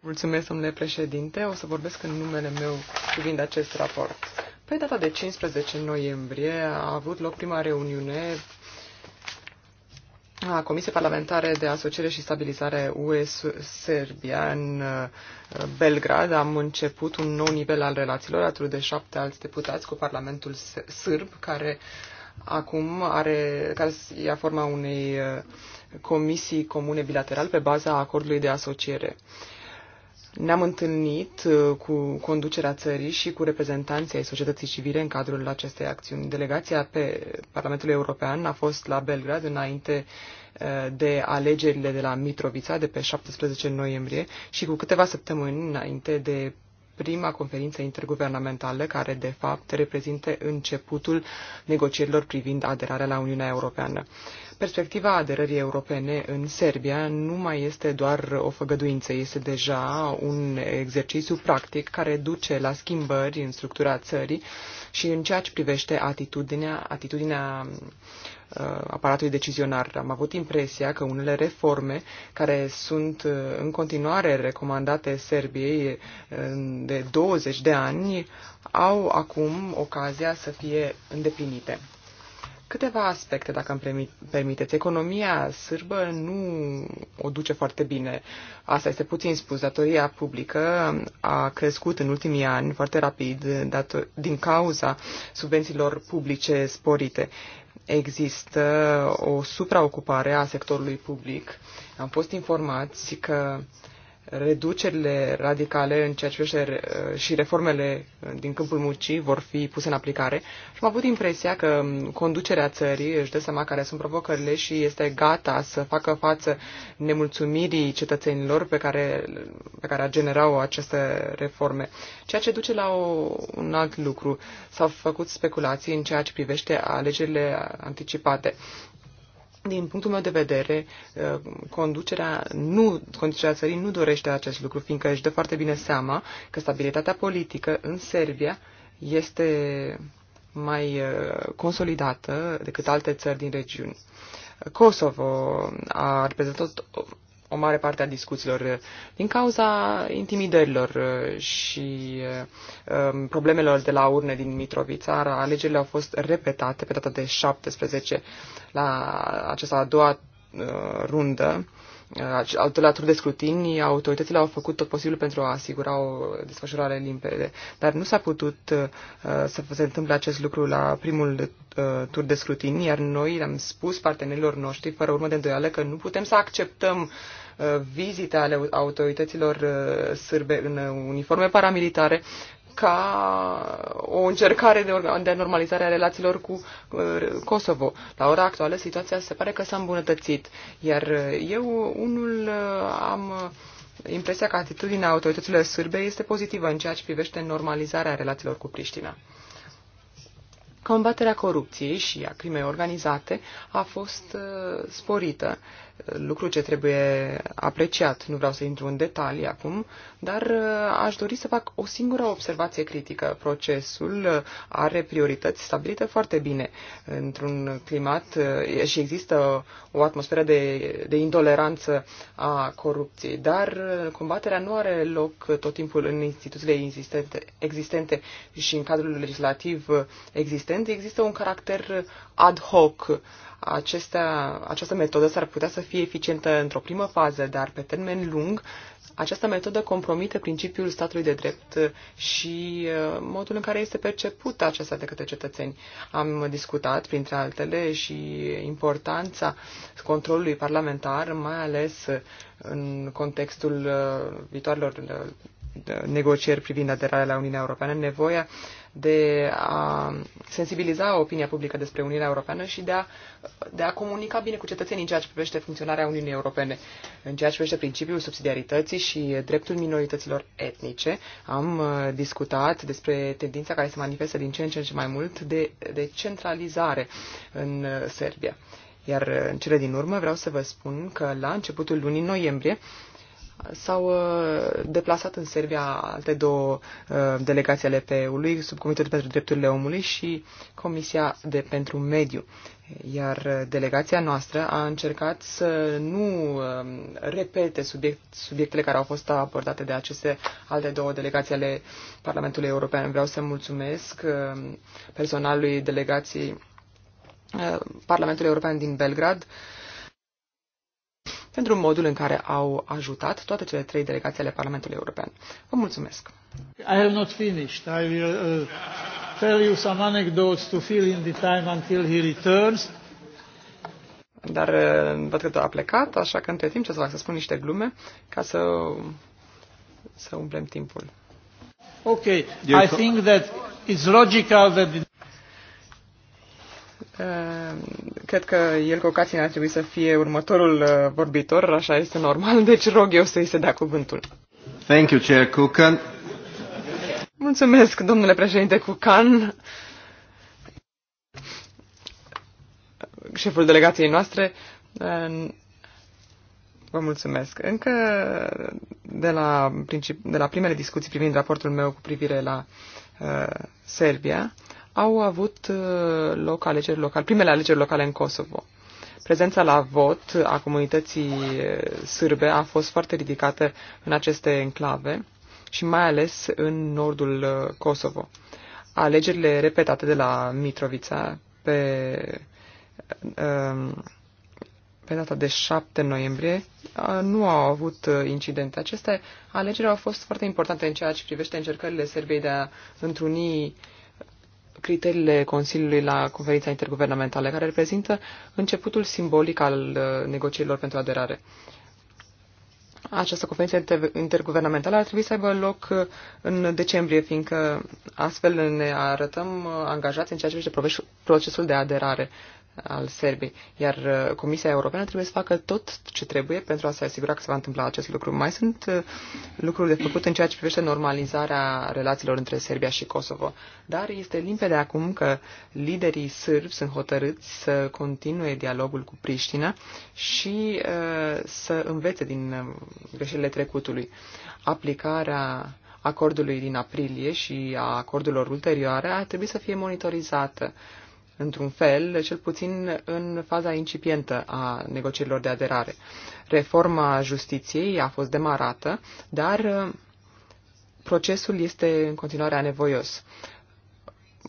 Mulțumesc, domnule președinte. O să vorbesc în numele meu privind acest raport. Pe data de 15 noiembrie a avut loc prima reuniune a Comisiei Parlamentare de Asociere și Stabilizare UE-Serbia în uh, Belgrad am început un nou nivel al relațiilor alături de șapte alți deputați cu Parlamentul Sârb, care acum are, care ia forma unei uh, comisii comune bilaterale pe baza acordului de asociere. Uh, ne-am întâlnit uh, cu conducerea țării și cu reprezentanții ai societății civile în cadrul acestei acțiuni. Delegația pe Parlamentul European a fost la Belgrad înainte uh, de alegerile de la Mitrovița de pe 17 noiembrie și cu câteva săptămâni înainte de prima conferință interguvernamentală care, de fapt, reprezintă începutul negocierilor privind aderarea la Uniunea Europeană. Perspectiva aderării europene în Serbia nu mai este doar o făgăduință, este deja un exercițiu practic care duce la schimbări în structura țării și în ceea ce privește atitudinea, atitudinea Uh, aparatului decizionar. Am avut impresia că unele reforme care sunt uh, în continuare recomandate Serbiei uh, de 20 de ani au acum ocazia să fie îndeplinite. Câteva aspecte, dacă îmi permiteți. Economia sârbă nu o duce foarte bine. Asta este puțin spus. Datoria publică a crescut în ultimii ani foarte rapid din cauza subvențiilor publice sporite există o supraocupare a sectorului public. Am fost informați că reducerile radicale în ceea ce privește uh, și reformele uh, din câmpul muncii vor fi puse în aplicare și am avut impresia că um, conducerea țării își dă seama care sunt provocările și este gata să facă față nemulțumirii cetățenilor pe care, pe care a generat aceste reforme. Ceea ce duce la o, un alt lucru. S-au făcut speculații în ceea ce privește alegerile anticipate. Din punctul meu de vedere, uh, conducerea, nu, conducerea țării nu dorește acest lucru, fiindcă își dă foarte bine seama că stabilitatea politică în Serbia este mai uh, consolidată decât alte țări din regiuni. Kosovo a reprezentat o mare parte a discuțiilor uh, din cauza intimidărilor uh, și uh, um, problemelor de la urne din Mitrovița. Alegerile au fost repetate pe data de 17 la această a doua rundă al doilea tur de scrutini, autoritățile au făcut tot posibilul pentru a asigura o desfășurare limpede, dar nu s-a putut uh, să se întâmple acest lucru la primul uh, tur de scrutini, iar noi le-am spus partenerilor noștri, fără urmă de îndoială, că nu putem să acceptăm uh, vizite ale autorităților sârbe în uniforme paramilitare ca o încercare de, de normalizare a relațiilor cu uh, Kosovo. La ora actuală, situația se pare că s-a îmbunătățit, iar uh, eu unul uh, am impresia că atitudinea autorităților sârbe este pozitivă în ceea ce privește normalizarea relațiilor cu Priștina. Combaterea corupției și a crimei organizate a fost sporită lucru ce trebuie apreciat. Nu vreau să intru în detalii acum, dar uh, aș dori să fac o singură observație critică. Procesul uh, are priorități stabilite foarte bine într-un climat uh, și există o atmosferă de, de intoleranță a corupției, dar combaterea nu are loc tot timpul în instituțiile existente, existente și în cadrul legislativ existent. Există un caracter ad hoc acestea, această metodă s-ar putea să fie eficientă într-o primă fază, dar pe termen lung această metodă compromite principiul statului de drept și uh, modul în care este percepută aceasta de către cetățeni. Am discutat, printre altele, și importanța controlului parlamentar, mai ales în contextul uh, viitoarelor uh, negocieri privind aderarea la Uniunea Europeană, nevoia uh, de a sensibiliza opinia publică despre Uniunea Europeană și de a, de a comunica bine cu cetățenii în ceea ce privește funcționarea Uniunii Europene, în ceea ce privește principiul subsidiarității și dreptul minorităților etnice. Am uh, discutat despre tendința care se manifestă din ce în ce, în ce mai mult de, de centralizare în uh, Serbia. Iar uh, în cele din urmă vreau să vă spun că la începutul lunii noiembrie S-au uh, deplasat în Serbia alte două uh, delegații ale PE-ului, Subcomitetul pentru Drepturile Omului și Comisia de pentru Mediu. Iar uh, delegația noastră a încercat să nu um, repete subiect, subiectele care au fost abordate de aceste alte două delegații ale Parlamentului European. Vreau să mulțumesc um, personalului delegației Parlamentului European din Belgrad, pentru modul în care au ajutat toate cele trei delegații ale Parlamentului European. Vă mulțumesc! I have not finished. I will uh, tell you some anecdotes to fill in the time until he returns. Dar uh, văd că a plecat, așa că între timp ce să fac să spun niște glume ca să, să umplem timpul. Okay, I think that it's logical that... Ehm, cred că Ilco Cațin ar trebui să fie următorul uh, vorbitor, așa este normal, deci rog eu să-i se dea cuvântul. Thank you, Chair Kukan. Mulțumesc, domnule președinte Cucan. Șeful delegației noastre, vă mulțumesc. Încă de la, de la primele discuții privind raportul meu cu privire la uh, Serbia, au avut uh, loc alegeri locale, primele alegeri locale în Kosovo. Prezența la vot a comunității uh, sârbe a fost foarte ridicată în aceste enclave și mai ales în nordul uh, Kosovo. Alegerile repetate de la Mitrovica pe, pe data de 7 noiembrie nu au avut incidente. Aceste alegeri au fost foarte importante în ceea ce privește încercările Serbiei de a întruni uh, criteriile Consiliului la conferința interguvernamentală, care reprezintă începutul simbolic al uh, negocierilor pentru aderare. Această conferință interguvernamentală ar trebui să aibă loc uh, în decembrie, fiindcă astfel ne arătăm uh, angajați în ceea ce privește procesul de aderare al Serbiei, iar uh, Comisia Europeană trebuie să facă tot ce trebuie pentru a se asigura că se va întâmpla acest lucru. Mai sunt uh, lucruri de făcut în ceea ce privește normalizarea relațiilor între Serbia și Kosovo, dar este limpede acum că liderii sârbi sunt hotărâți să continue dialogul cu Priștina și uh, să învețe din greșelile trecutului. Aplicarea acordului din aprilie și a acordurilor ulterioare ar trebui să fie monitorizată într-un fel, cel puțin în faza incipientă a negocierilor de aderare. Reforma justiției a fost demarată, dar uh, procesul este în continuare anevoios.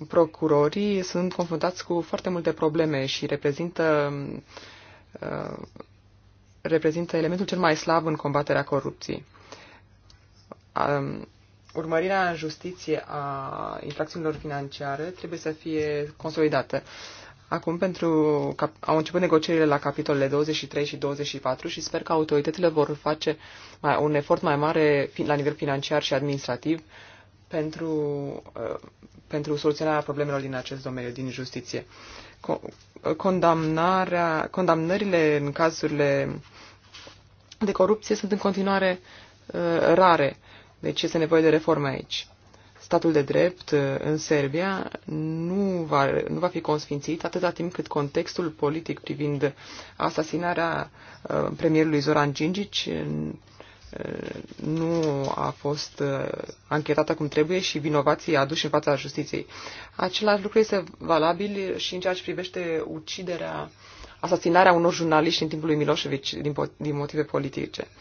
Procurorii sunt confruntați cu foarte multe probleme și reprezintă, uh, reprezintă elementul cel mai slab în combaterea corupției um, urmărirea în justiție a infracțiunilor financiare trebuie să fie consolidată. Acum pentru, au început negocierile la capitolele 23 și 24 și sper că autoritățile vor face mai, un efort mai mare la nivel financiar și administrativ pentru, uh, pentru soluționarea problemelor din acest domeniu, din justiție. Condamnarea, condamnările în cazurile de corupție sunt în continuare uh, rare deci este nevoie de reforme aici. Statul de drept uh, în Serbia nu va, nu va fi consfințit atâta timp cât contextul politic privind asasinarea uh, premierului Zoran Gingic uh, nu a fost anchetată cum trebuie și vinovații aduși în fața justiției. Același lucru este valabil și în ceea ce privește uciderea, asasinarea unor jurnaliști în timpul lui Milosevic din, din motive politice. Uh,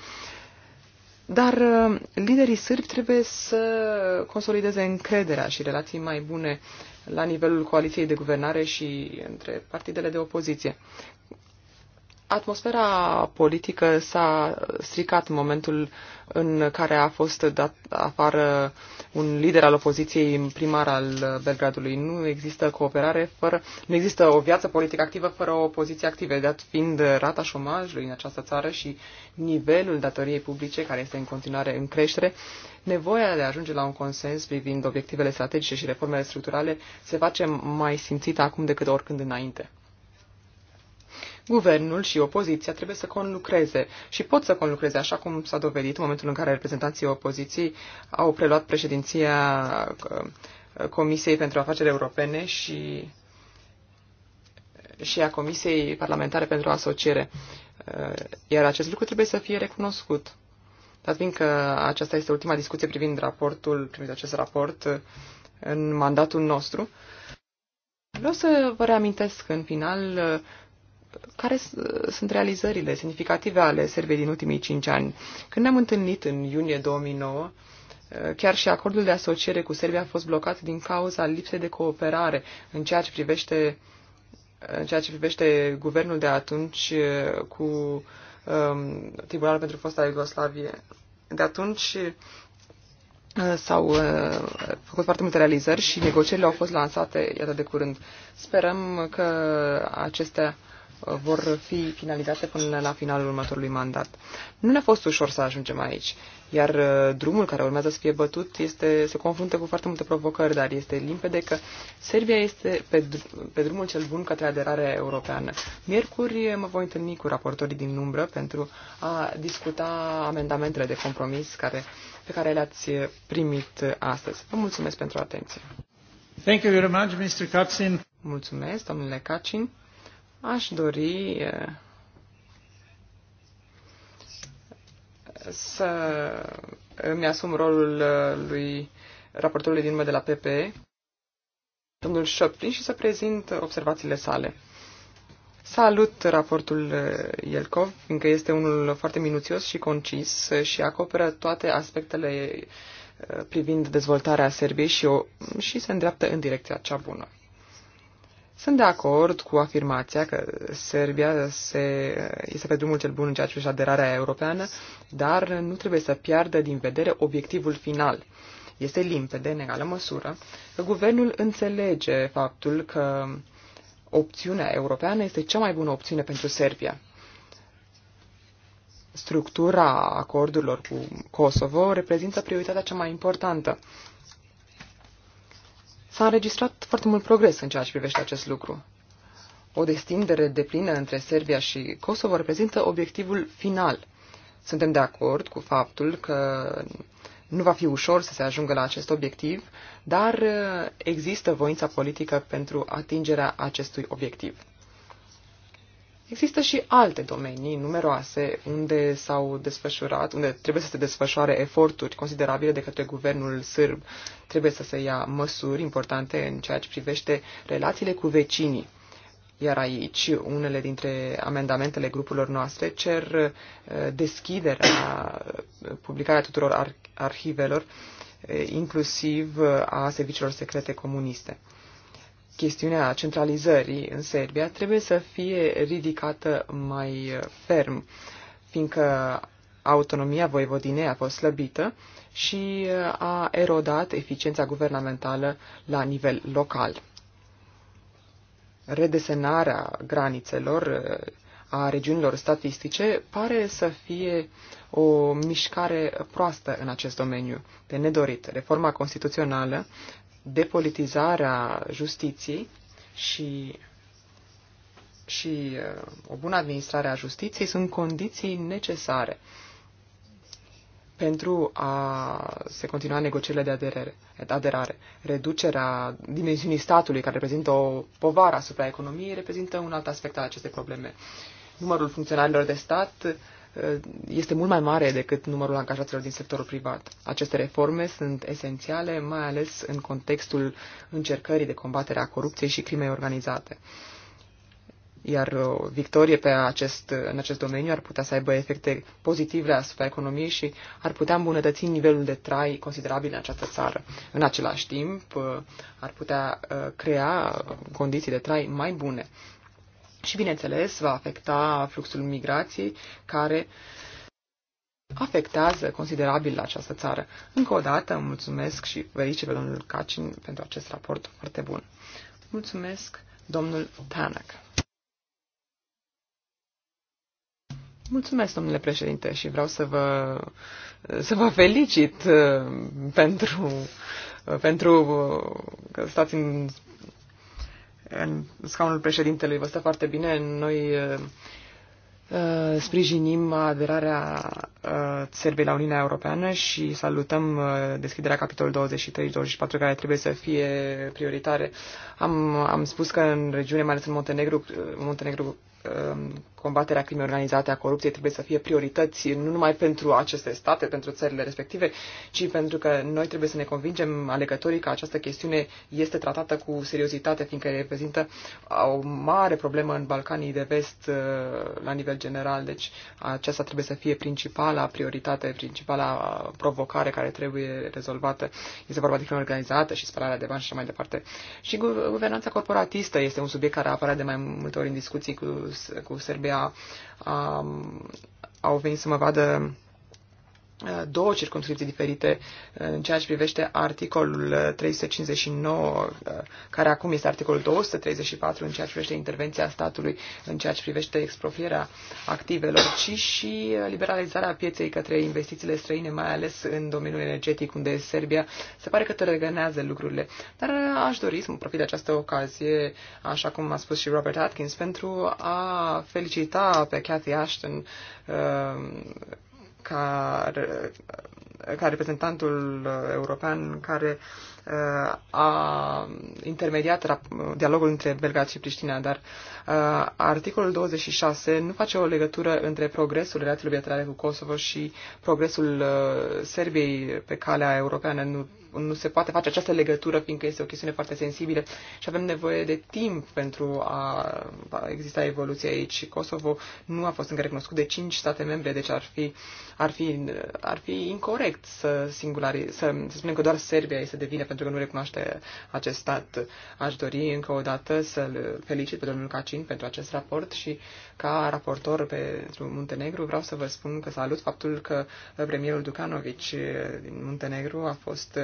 dar uh, liderii sârbi trebuie să consolideze încrederea și relații mai bune la nivelul coaliției de guvernare și între partidele de opoziție. Atmosfera politică s-a stricat în momentul în care a fost dat afară un lider al opoziției primar al Belgradului. Nu există cooperare fără, nu există o viață politică activă fără o opoziție activă, dat fiind rata șomajului în această țară și nivelul datoriei publice, care este în continuare în creștere, nevoia de a ajunge la un consens privind obiectivele strategice și reformele structurale se face mai simțită acum decât oricând înainte. Guvernul și opoziția trebuie să conlucreze și pot să conlucreze, așa cum s-a dovedit în momentul în care reprezentanții opoziției au preluat președinția uh, Comisiei pentru Afaceri Europene și, și a Comisiei Parlamentare pentru Asociere. Uh, iar acest lucru trebuie să fie recunoscut. Dar fiindcă aceasta este ultima discuție privind raportul, privind acest raport uh, în mandatul nostru, vreau să vă reamintesc în final care sunt realizările semnificative ale Serbiei din ultimii cinci ani. Când ne-am întâlnit în iunie 2009, eh, Chiar și acordul de asociere cu Serbia a fost blocat din cauza lipsei de cooperare în ceea ce privește, eh, în ceea ce privește guvernul de atunci eh, cu um, Tribunalul pentru fosta Iugoslavie. De atunci s-au uh, făcut foarte multe realizări și negocierile au fost lansate, iată, de curând. Sperăm că acestea vor fi finalizate până la finalul următorului mandat. Nu ne-a fost ușor să ajungem aici, iar uh, drumul care urmează să fie bătut este, se confruntă cu foarte multe provocări, dar este limpede că Serbia este pe, pe drumul cel bun către aderarea europeană. Miercuri mă voi întâlni cu raportorii din umbră pentru a discuta amendamentele de compromis care, pe care le-ați primit astăzi. Vă mulțumesc pentru atenție. Thank you very much, Mr. Mulțumesc, domnule Kacin. Aș dori să îmi asum rolul lui raportorului din de la PP, domnul Șoptin, și să prezint observațiile sale. Salut raportul Elcov, fiindcă este unul foarte minuțios și concis și acoperă toate aspectele privind dezvoltarea Serbiei și, o, și se îndreaptă în direcția cea bună. Sunt de acord cu afirmația că Serbia se, este pe drumul cel bun în ceea ce privește aderarea europeană, dar nu trebuie să piardă din vedere obiectivul final. Este limpede, în egală măsură, că guvernul înțelege faptul că opțiunea europeană este cea mai bună opțiune pentru Serbia. Structura acordurilor cu Kosovo reprezintă prioritatea cea mai importantă. S-a înregistrat foarte mult progres în ceea ce privește acest lucru. O destindere deplină între Serbia și Kosovo reprezintă obiectivul final. Suntem de acord cu faptul că nu va fi ușor să se ajungă la acest obiectiv, dar uh, există voința politică pentru atingerea acestui obiectiv. Există și alte domenii numeroase unde s-au desfășurat, unde trebuie să se desfășoare eforturi considerabile de către guvernul sârb. Trebuie să se ia măsuri importante în ceea ce privește relațiile cu vecinii. Iar aici, unele dintre amendamentele grupurilor noastre cer uh, deschiderea, uh, publicarea tuturor ar- arhivelor, uh, inclusiv a serviciilor secrete comuniste chestiunea centralizării în Serbia trebuie să fie ridicată mai ferm, fiindcă autonomia voivodinei a fost slăbită și a erodat eficiența guvernamentală la nivel local. Redesenarea granițelor a regiunilor statistice pare să fie o mișcare proastă în acest domeniu, de nedorit. Reforma constituțională depolitizarea justiției și, și uh, o bună administrare a justiției sunt condiții necesare pentru a se continua negocierile de aderere, aderare. Reducerea dimensiunii statului, care reprezintă o povară asupra economiei, reprezintă un alt aspect al acestei probleme. Numărul funcționarilor de stat este mult mai mare decât numărul angajaților din sectorul privat. Aceste reforme sunt esențiale, mai ales în contextul încercării de combatere a corupției și crimei organizate. Iar o uh, victorie pe acest, în acest domeniu ar putea să aibă efecte pozitive asupra economiei și ar putea îmbunătăți nivelul de trai considerabil în această țară. În același timp, uh, ar putea uh, crea condiții de trai mai bune și, bineînțeles, va afecta fluxul migrației care afectează considerabil această țară. Încă o dată mulțumesc și felice pe domnul Cacin pentru acest raport foarte bun. Mulțumesc, domnul Tanak. Mulțumesc, domnule președinte, și vreau să vă, să vă felicit uh, pentru, uh, pentru uh, că stați în în scaunul președintelui. Vă stă foarte bine. Noi uh, uh, sprijinim aderarea uh, Serbiei la Uniunea Europeană și salutăm deschiderea capitolului 23-24 care trebuie să fie prioritare. Am, am spus că în regiune, mai ales în Montenegru, Montenegru combaterea crimei organizate, a corupției trebuie să fie priorități nu numai pentru aceste state, pentru țările respective, ci pentru că noi trebuie să ne convingem alegătorii că această chestiune este tratată cu seriozitate, fiindcă reprezintă o mare problemă în Balcanii de vest uh, la nivel general. Deci aceasta trebuie să fie principala prioritate, principala provocare care trebuie rezolvată. Este vorba de crimă organizată și spălarea de bani și așa mai departe. Și guvernanța corporatistă este un subiect care apare de mai multe ori în discuții cu, cu Serbia Serbia um, au venit să mă vadă Uh, două circunscripții diferite uh, în ceea ce privește articolul 359, uh, care acum este articolul 234 în ceea ce privește intervenția statului, în ceea ce privește exproprierea activelor, ci și liberalizarea pieței către investițiile străine, mai ales în domeniul energetic, unde Serbia se pare că tărăgănează lucrurile. Dar aș dori să mă profit de această ocazie, așa cum a spus și Robert Atkins, pentru a felicita pe Cathy Ashton ca, ca reprezentantul european care a intermediat dialogul între Belgrad și Priștina, dar articolul 26 nu face o legătură între progresul relațiilor bilaterale cu Kosovo și progresul Serbiei pe calea europeană. Nu, nu se poate face această legătură, fiindcă este o chestiune foarte sensibilă și avem nevoie de timp pentru a exista evoluție aici. Kosovo nu a fost încă recunoscut de cinci state membre, deci ar fi, ar fi, ar fi incorrect să, singulari, să, să spunem că doar Serbia este de vină pentru că nu recunoaște acest stat. Aș dori încă o dată să-l felicit pe domnul Cacin pentru acest raport și ca raportor pentru Muntenegru vreau să vă spun că salut faptul că premierul Dukanovic din Muntenegru a fost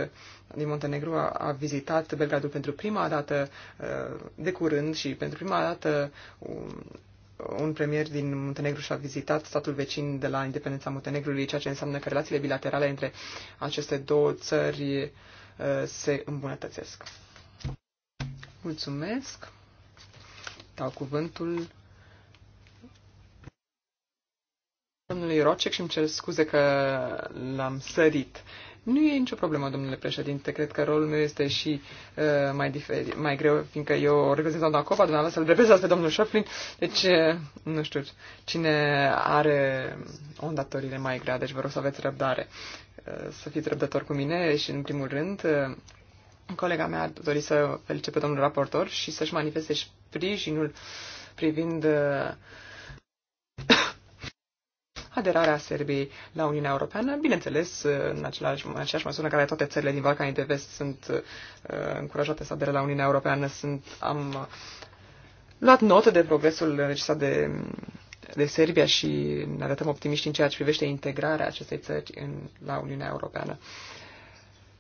din Montenegru a, a vizitat Belgradul pentru prima dată uh, de curând și pentru prima dată un premier din Muntenegru și-a vizitat statul vecin de la independența Muntenegrului, ceea ce înseamnă că relațiile bilaterale între aceste două țări Uh, se îmbunătățesc. Mulțumesc. Dau cuvântul domnului Rocek și îmi cer scuze că l-am sărit. Nu e nicio problemă, domnule președinte. Cred că rolul meu este și uh, mai, diferi, mai greu, fiindcă eu reprezint doamna Copa, dumneavoastră îl reprezentați pe domnul Șoflin. Deci, uh, nu știu, cine are um, ondatorile mai grea, deci vă rog să aveți răbdare să fiți răbdător cu mine și, în primul rând, colega mea a dorit să felice pe domnul raportor și să-și manifeste sprijinul privind aderarea Serbiei la Uniunea Europeană, bineînțeles, în, același, în aceeași măsură în care toate țările din Balcanii de Vest sunt uh, încurajate să adere la Uniunea Europeană, sunt, am luat notă de progresul înregistrat de de Serbia și ne arătăm optimiști în ceea ce privește integrarea acestei țări în, la Uniunea Europeană.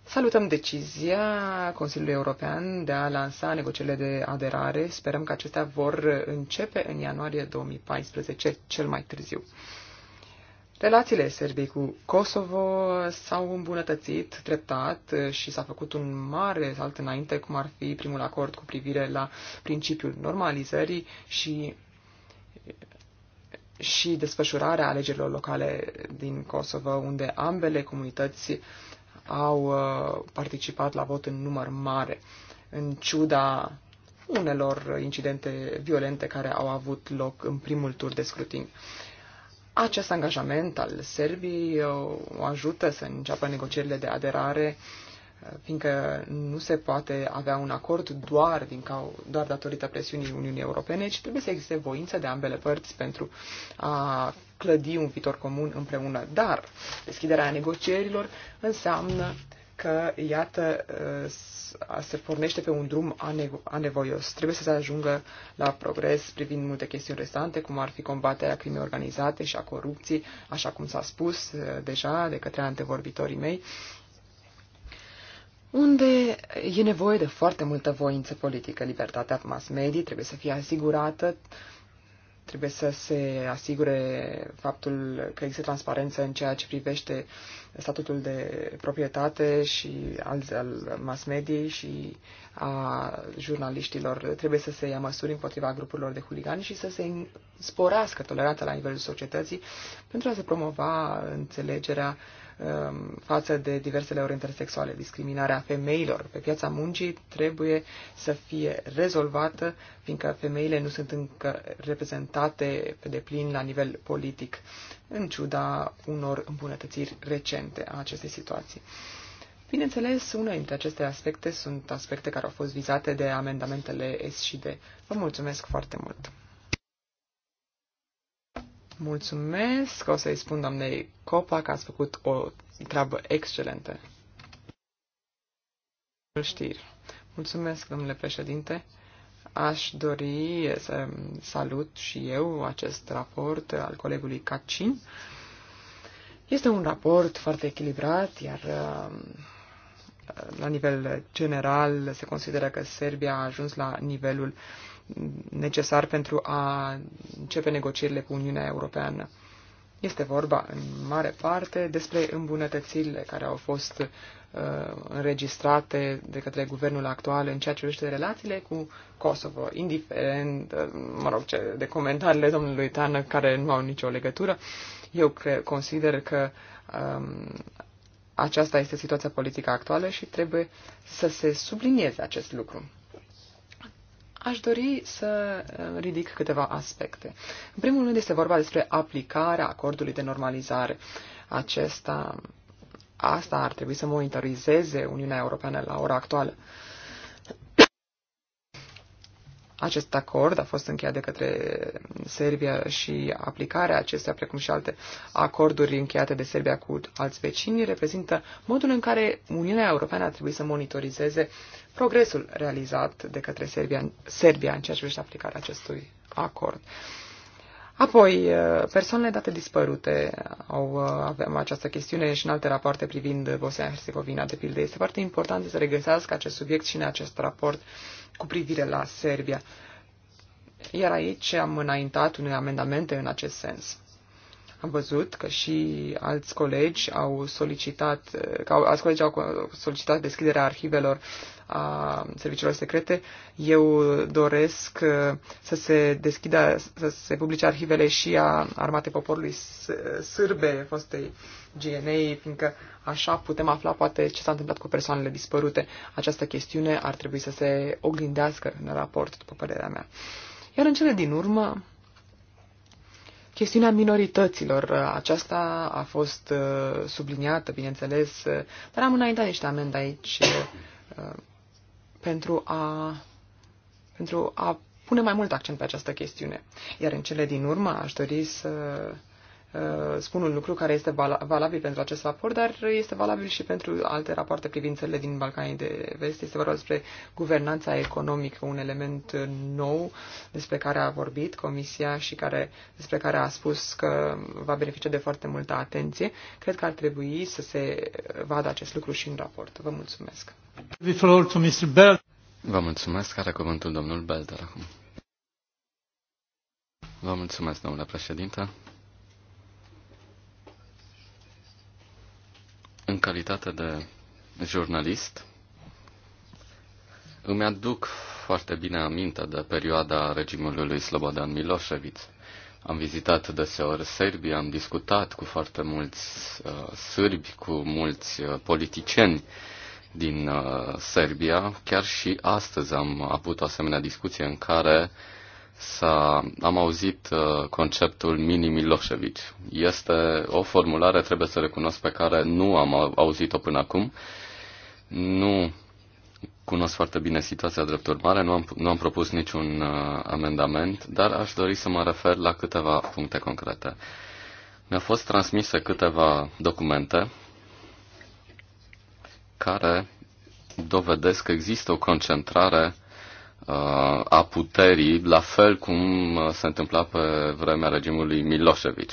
Salutăm decizia Consiliului European de a lansa negocierile de aderare. Sperăm că acestea vor începe în ianuarie 2014, cel mai târziu. Relațiile Serbiei cu Kosovo s-au îmbunătățit treptat și s-a făcut un mare salt înainte, cum ar fi primul acord cu privire la principiul normalizării și și desfășurarea alegerilor locale din Kosovo, unde ambele comunități au uh, participat la vot în număr mare, în ciuda unelor incidente violente care au avut loc în primul tur de scrutin. Acest angajament al Serbiei uh, o ajută să înceapă negocierile de aderare fiindcă nu se poate avea un acord doar, din cau, doar datorită presiunii Uniunii Europene, ci trebuie să existe voință de ambele părți pentru a clădi un viitor comun împreună. Dar deschiderea negocierilor înseamnă că, iată, uh, se pornește pe un drum anevoios. Trebuie să se ajungă la progres privind multe chestiuni restante, cum ar fi combaterea crimei organizate și a corupției, așa cum s-a spus uh, deja de către antevorbitorii mei, unde e nevoie de foarte multă voință politică. Libertatea mass media trebuie să fie asigurată, trebuie să se asigure faptul că există transparență în ceea ce privește statutul de proprietate și al, al mass media și a jurnaliștilor. Trebuie să se ia măsuri împotriva grupurilor de huligani și să se sporească toleranța la nivelul societății pentru a se promova înțelegerea uh, Um, față de diversele orientări sexuale. Discriminarea femeilor pe piața muncii trebuie să fie rezolvată, fiindcă femeile nu sunt încă reprezentate pe deplin la nivel politic, în ciuda unor îmbunătățiri recente a acestei situații. Bineînțeles, una dintre aceste aspecte sunt aspecte care au fost vizate de amendamentele S și D. Vă mulțumesc foarte mult! Mulțumesc, o să-i spun doamnei Copa că ați făcut o treabă excelentă. Știri. Mulțumesc, domnule președinte. Aș dori să salut și eu acest raport al colegului Cacin. Este un raport foarte echilibrat, iar uh, la nivel general se consideră că Serbia a ajuns la nivelul uh, necesar pentru a începe negocierile cu Uniunea Europeană. Este vorba, în mare parte, despre îmbunătățirile care au fost uh, înregistrate de către guvernul actual în ceea ce privește relațiile cu Kosovo, indiferent, uh, mă rog, ce, de comentariile domnului Tană, care nu au nicio legătură. Eu cre- consider că um, aceasta este situația politică actuală și trebuie să se sublinieze acest lucru. Aș dori să eh, ridic câteva aspecte. În primul rând este vorba despre aplicarea acordului de normalizare. Acesta, asta ar trebui să monitorizeze Uniunea Europeană la ora actuală. Uh, acest acord a fost încheiat de către Serbia și aplicarea acestea, precum și alte acorduri încheiate de Serbia cu alți vecini, reprezintă modul în care Uniunea Europeană a trebuit să monitorizeze progresul realizat de către Serbia, Serbia în ceea ce privește aplicarea acestui acord. Apoi, uh, persoanele date dispărute, au, uh, avem această chestiune și în alte rapoarte privind Bosnia-Herzegovina, de pildă. Este foarte important să regăsească acest subiect și în acest raport cu privire la Serbia. Iar aici am înaintat unei amendamente în acest sens. Am văzut că și alți colegi au solicitat, uh, că alți colegi au solicitat deschiderea arhivelor a serviciilor secrete. Eu doresc uh, să se deschidă, să se publice arhivele și a Armatei Poporului Sârbe, fostei GNA, fiindcă așa putem afla poate ce s-a întâmplat cu persoanele dispărute. Această chestiune ar trebui să se oglindească în raport, după părerea mea. Iar în cele din urmă, Chestiunea minorităților, uh, aceasta a fost uh, subliniată, bineînțeles, dar am înaintat niște amende aici pentru a, pentru a pune mai mult accent pe această chestiune. Iar în cele din urmă aș dori să uh, spun un lucru care este valabil pentru acest raport, dar este valabil și pentru alte rapoarte privind țările din Balcanii de Vest. Este vorba despre guvernanța economică, un element nou despre care a vorbit Comisia și care, despre care a spus că va beneficia de foarte multă atenție. Cred că ar trebui să se vadă acest lucru și în raport. Vă mulțumesc. Vă mulțumesc. care cuvântul domnul Belder acum. Vă mulțumesc, domnule președinte. În calitate de jurnalist, îmi aduc foarte bine aminte de perioada regimului lui Slobodan Milosevic. Am vizitat deseori Serbia, am discutat cu foarte mulți uh, sârbi, cu mulți uh, politicieni uh, din uh, Serbia. Chiar și astăzi am avut o asemenea discuție în care s-a, am auzit uh, conceptul mini Milosevic. Este o formulare, trebuie să recunosc, pe care nu am auzit-o până acum. Nu cunosc foarte bine situația drept urmare, nu am, nu am propus niciun uh, amendament, dar aș dori să mă refer la câteva puncte concrete. Mi-au fost transmise câteva documente care dovedesc că există o concentrare uh, a puterii, la fel cum uh, se întâmpla pe vremea regimului Milosevic.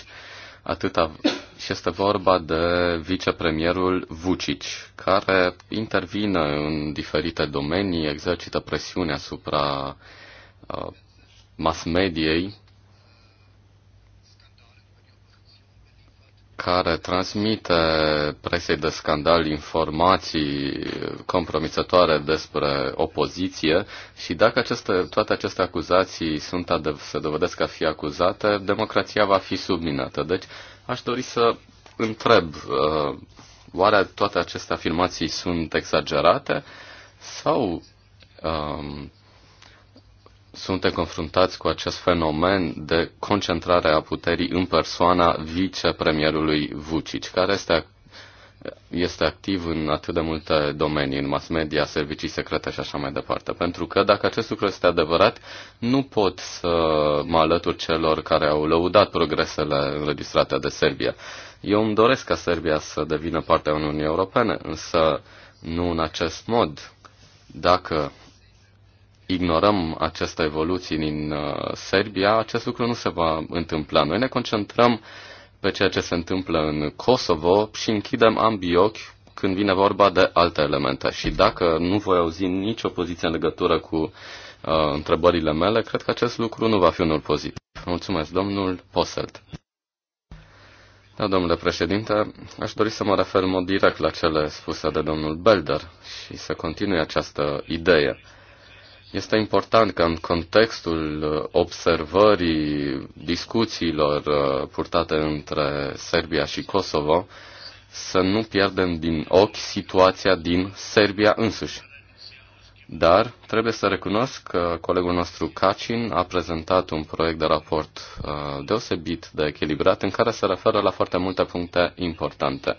Atâta și este vorba de vicepremierul Vucic, care intervine în diferite domenii, exercită presiune asupra uh, mass mediei care transmite presei de scandal informații compromisătoare despre opoziție și dacă aceste, toate aceste acuzații sunt adev- se dovedesc a fi acuzate, democrația va fi subminată. Deci aș dori să întreb, uh, oare toate aceste afirmații sunt exagerate sau uh, suntem confruntați cu acest fenomen de concentrare a puterii în persoana vicepremierului Vucic, care este, este activ în atât de multe domenii, în mass media, servicii secrete și așa mai departe. Pentru că dacă acest lucru este adevărat, nu pot să mă alătur celor care au lăudat progresele înregistrate de Serbia. Eu îmi doresc ca Serbia să devină partea Uniunii Europene, însă nu în acest mod. Dacă ignorăm această evoluție din uh, Serbia, acest lucru nu se va întâmpla. Noi ne concentrăm pe ceea ce se întâmplă în Kosovo și închidem ambii ochi când vine vorba de alte elemente. Și dacă nu voi auzi nicio poziție în legătură cu uh, întrebările mele, cred că acest lucru nu va fi unul pozitiv. Mulțumesc, domnul Poselt. Da, domnule președinte, aș dori să mă refer în mod direct la cele spuse de domnul Belder și să continui această idee. Este important că în contextul uh, observării discuțiilor uh, purtate între Serbia și Kosovo să nu pierdem din ochi situația din Serbia însuși. Dar trebuie să recunosc că colegul nostru Cacin a prezentat un proiect de raport uh, deosebit de echilibrat în care se referă la foarte multe puncte importante.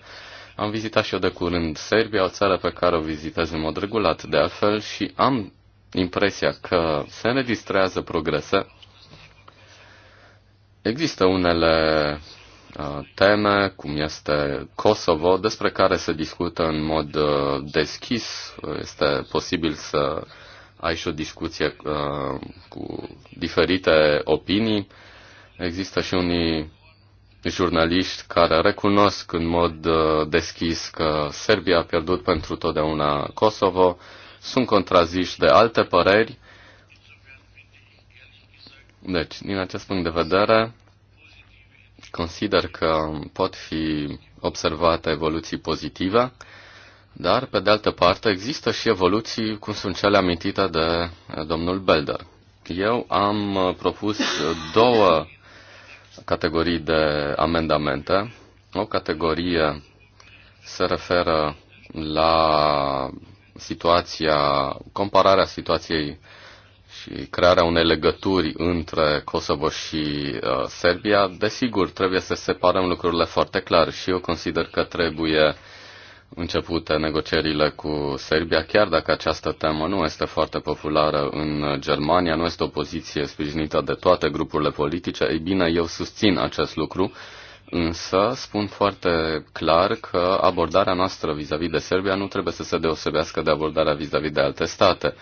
Am vizitat și eu de curând Serbia, o țară pe care o vizitez în mod regulat de altfel și am impresia că se înregistrează progrese. Există unele teme, cum este Kosovo, despre care se discută în mod deschis. Este posibil să ai și o discuție cu diferite opinii. Există și unii jurnaliști care recunosc în mod deschis că Serbia a pierdut pentru totdeauna Kosovo sunt contraziși de alte păreri. Deci, din acest punct de vedere, consider că pot fi observate evoluții pozitive, dar, pe de altă parte, există și evoluții cum sunt cele amintite de eh, domnul Belder. Eu am eh, propus eh, două categorii de amendamente. O categorie se referă la situația, compararea situației și crearea unei legături între Kosovo și uh, Serbia, desigur, trebuie să separăm lucrurile foarte clar și eu consider că trebuie începute negocierile cu Serbia, chiar dacă această temă nu este foarte populară în Germania, nu este o poziție sprijinită de toate grupurile politice, ei bine, eu susțin acest lucru Însă spun foarte clar că abordarea noastră vis-a-vis -vis de Serbia nu trebuie să se deosebească de abordarea vis-a-vis -vis de alte state.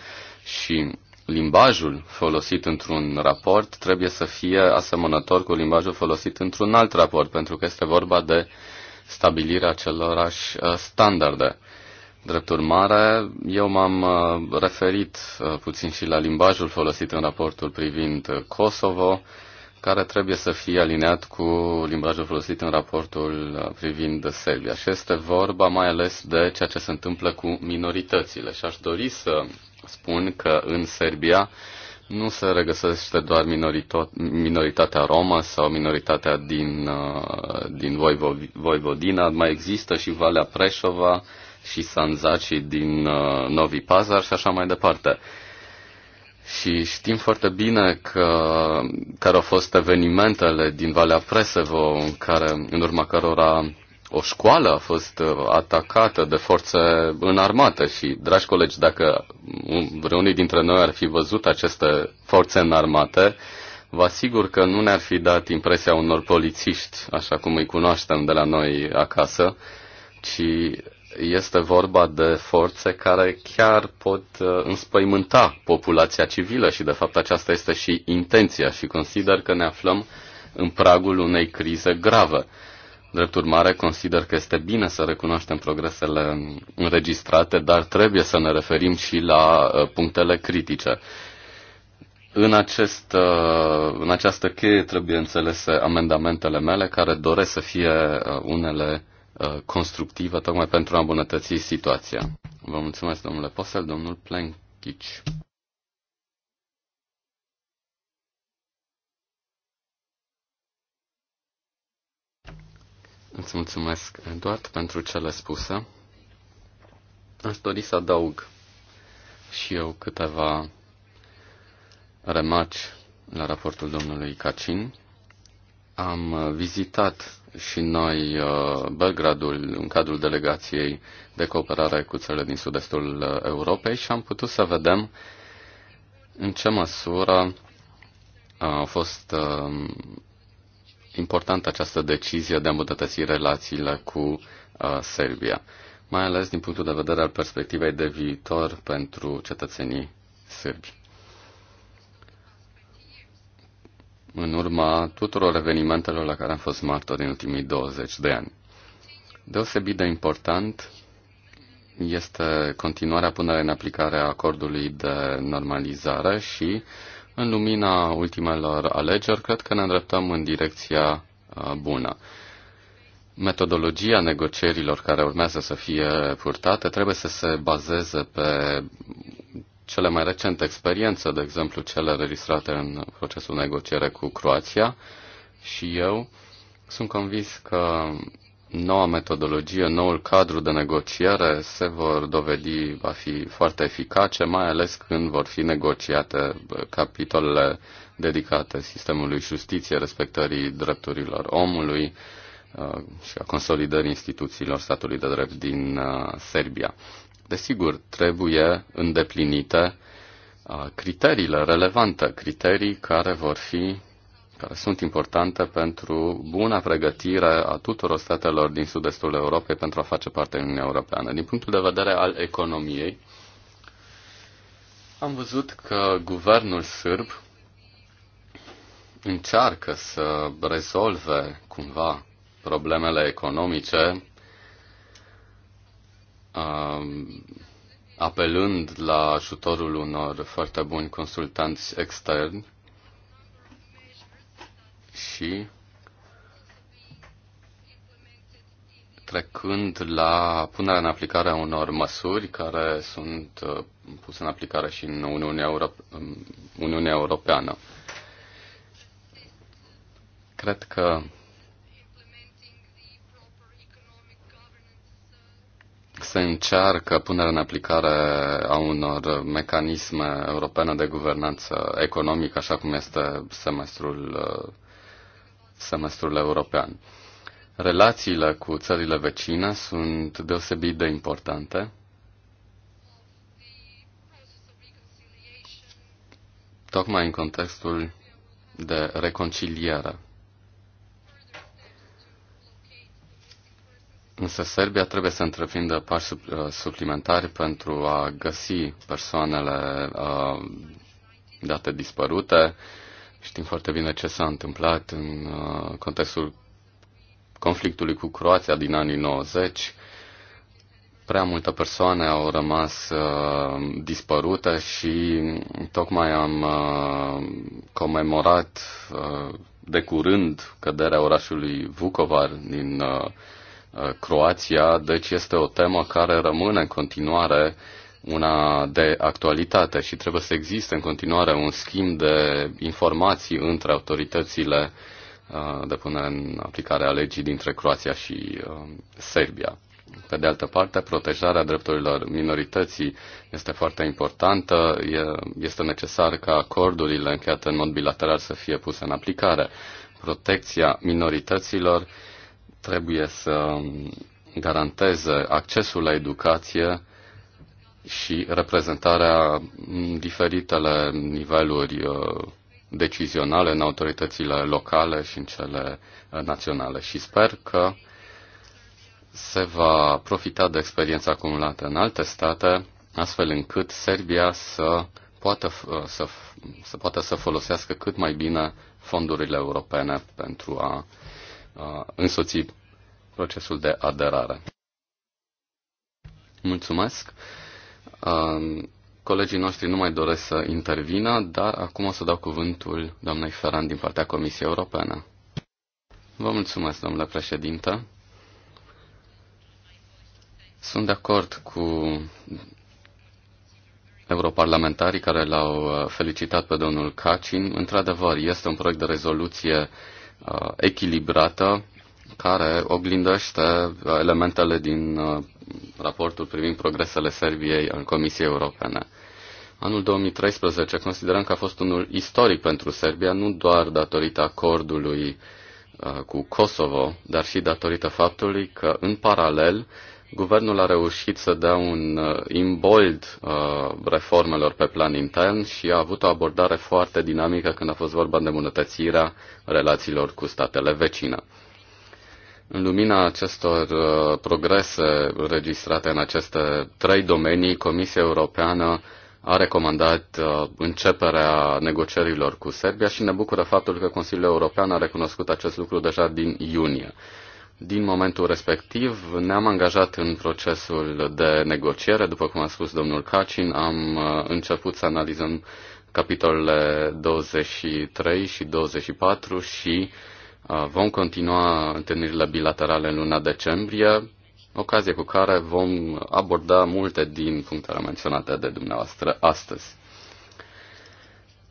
Și limbajul folosit într-un raport trebuie să fie asemănător cu limbajul folosit într-un alt raport, pentru că este vorba de stabilirea acelorași uh, standarde. Drept urmare, eu m-am uh, referit uh, puțin și la limbajul folosit în raportul privind Kosovo, care trebuie să fie aliniat cu limbajul folosit în raportul privind Serbia. Și este vorba mai ales de ceea ce se întâmplă cu minoritățile. Și aș dori să spun că în Serbia nu se regăsește doar minoritatea romă sau minoritatea din, uh, din Voivodina, mai există și Valea Preșova și Sanzacii din uh, Novi Pazar și așa mai departe. Și știm foarte bine că, care au fost evenimentele din Valea Presevo, în, care, în urma cărora o școală a fost uh, atacată de forțe înarmate și, dragi colegi, dacă vreunii dintre noi ar fi văzut aceste forțe înarmate, vă asigur că nu ne-ar fi dat impresia unor polițiști, așa cum îi cunoaștem de la noi acasă, ci este vorba de forțe care chiar pot uh, înspăimânta populația civilă și de fapt aceasta este și intenția și consider că ne aflăm în pragul unei crize grave. Drept urmare, consider că este bine să recunoaștem progresele înregistrate, dar trebuie să ne referim și la uh, punctele critice. În, acest, uh, în această cheie trebuie înțelese amendamentele mele care doresc să fie unele Uh, constructivă tocmai pentru a îmbunătăți situația. Vă mulțumesc, domnule Posel, domnul Plenkic. Îți mulțumesc, Eduard, pentru cele spuse. Aș dori să adaug și eu câteva remarci la raportul domnului Cacin. Am vizitat și noi uh, Belgradul în cadrul delegației de cooperare cu țările din sud-estul uh, Europei și am putut să vedem în ce măsură a fost uh, importantă această decizie de a îmbunătăți relațiile cu Serbia, mai ales din punctul de vedere al perspectivei de viitor pentru cetățenii sârbi. în urma tuturor evenimentelor la care am fost martor din ultimii 20 de ani. Deosebit de important este continuarea punerea în aplicare a acordului de normalizare și, în lumina ultimelor alegeri, cred că ne îndreptăm în direcția uh, bună. Metodologia negocierilor care urmează să fie purtate trebuie să se bazeze pe cele mai recente experiențe, de exemplu cele registrate în procesul negociere cu Croația și eu sunt convins că noua metodologie, noul cadru de negociere se vor dovedi a fi foarte eficace, mai ales când vor fi negociate capitolele dedicate sistemului justiție, respectării drepturilor omului uh, și a consolidării instituțiilor statului de drept din uh, Serbia desigur, trebuie îndeplinite uh, criteriile relevante, criterii care vor fi care sunt importante pentru buna pregătire a tuturor statelor din sud-estul Europei pentru a face parte în Uniunea Europeană. Din punctul de vedere al economiei, am văzut că guvernul sârb încearcă să rezolve cumva problemele economice Um, apelând la ajutorul unor foarte buni consultanți externi și trecând la punerea în aplicare a unor măsuri care sunt uh, puse în aplicare și în Uniunea, Europe- Uniunea Europeană. Cred că se încearcă punerea în aplicare a unor mecanisme europene de guvernanță economică, așa cum este semestrul, uh, semestrul european. Relațiile cu țările vecine sunt deosebit de importante. Tocmai în contextul de reconciliere Însă Serbia trebuie să întreprindă pași uh, suplimentari pentru a găsi persoanele uh, date dispărute. Știm foarte bine ce s-a întâmplat în uh, contextul conflictului cu Croația din anii 90. Prea multe persoane au rămas uh, dispărute și tocmai am uh, comemorat uh, de curând căderea orașului Vukovar din uh, Uh, Croația, deci este o temă care rămâne în continuare una de actualitate și trebuie să existe în continuare un schimb de informații între autoritățile uh, de până în aplicare a legii dintre Croația și uh, Serbia. Pe de altă parte, protejarea drepturilor minorității este foarte importantă. Este necesar ca acordurile încheiate în mod bilateral să fie puse în aplicare. Protecția minorităților trebuie să garanteze accesul la educație și reprezentarea în diferitele niveluri uh, decizionale în autoritățile locale și în cele uh, naționale. Și sper că se va profita de experiența acumulată în alte state, astfel încât Serbia să poată uh, să, să, poată să folosească cât mai bine fondurile europene pentru a însoți procesul de aderare. Mulțumesc. Colegii noștri nu mai doresc să intervină, dar acum o să dau cuvântul doamnei Ferran din partea Comisiei Europene. Vă mulțumesc, domnule președinte. Sunt de acord cu europarlamentarii care l-au uh, felicitat pe domnul Cacin. Într-adevăr, este un proiect de rezoluție uh, Uh, echilibrată care oglindește uh, elementele din uh, raportul privind progresele Serbiei în Comisia Europene. Anul 2013 considerăm că a fost unul istoric pentru Serbia, nu doar datorită acordului cu Kosovo, dar și datorită faptului că, în paralel, Guvernul a reușit să dea un uh, imbold uh, reformelor pe plan intern și a avut o abordare foarte dinamică când a fost vorba de îmbunătățirea relațiilor cu statele vecine. În lumina acestor uh, progrese registrate în aceste trei domenii, Comisia Europeană a recomandat începerea negocierilor cu Serbia și ne bucură faptul că Consiliul European a recunoscut acest lucru deja din iunie. Din momentul respectiv ne-am angajat în procesul de negociere, după cum a spus domnul Cacin, am uh, început să analizăm capitolele 23 și 24 și uh, vom continua întâlnirile bilaterale în luna decembrie, ocazie cu care vom aborda multe din punctele menționate de dumneavoastră astăzi.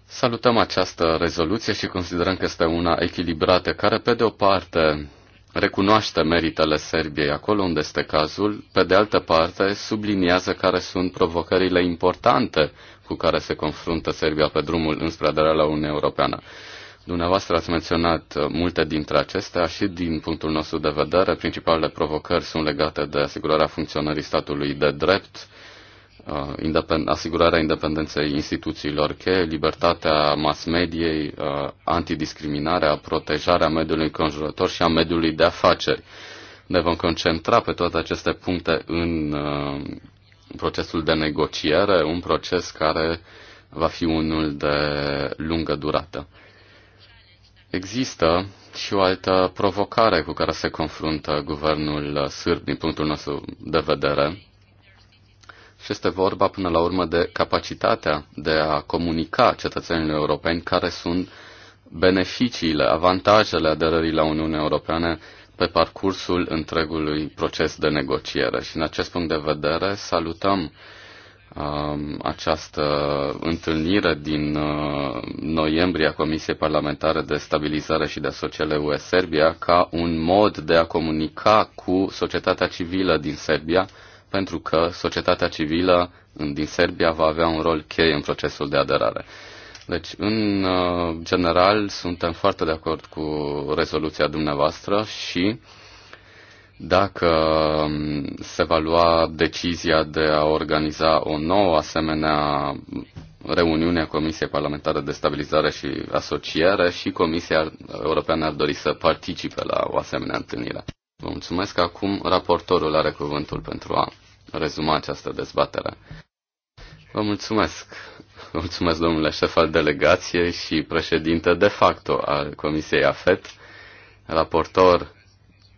Salutăm această rezoluție și considerăm că este una echilibrată, care pe de o parte recunoaște meritele Serbiei acolo unde este cazul, pe de altă parte subliniază care sunt provocările importante cu care se confruntă Serbia pe drumul înspre aderarea la Uniunea Europeană. Dumneavoastră ați menționat uh, multe dintre acestea și din punctul nostru de vedere, principalele provocări sunt legate de asigurarea funcționării statului de drept, Uh, asigurarea independenței instituțiilor cheie, libertatea mass mediei, uh, antidiscriminarea, protejarea mediului înconjurător și a mediului de afaceri. Ne vom concentra pe toate aceste puncte în uh, procesul de negociere, un proces care va fi unul de lungă durată. Există și o altă provocare cu care se confruntă guvernul sârb din punctul nostru de vedere, este vorba până la urmă de capacitatea de a comunica cetățenilor europeni care sunt beneficiile, avantajele aderării la Uniunea Europeană pe parcursul întregului proces de negociere. Și în acest punct de vedere salutăm um, această întâlnire din uh, noiembrie a Comisiei Parlamentare de Stabilizare și de Asociere UE-Serbia ca un mod de a comunica cu societatea civilă din Serbia pentru că societatea civilă din Serbia va avea un rol cheie în procesul de aderare. Deci, în uh, general, suntem foarte de acord cu rezoluția dumneavoastră și dacă um, se va lua decizia de a organiza o nouă asemenea reuniune a Comisiei Parlamentare de Stabilizare și Asociere și Comisia Europeană ar dori să participe la o asemenea întâlnire. Vă mulțumesc. Acum raportorul are cuvântul pentru a rezuma această dezbatere. Vă mulțumesc. Vă mulțumesc, domnule șef al delegației și președinte de facto al Comisiei AFET, raportor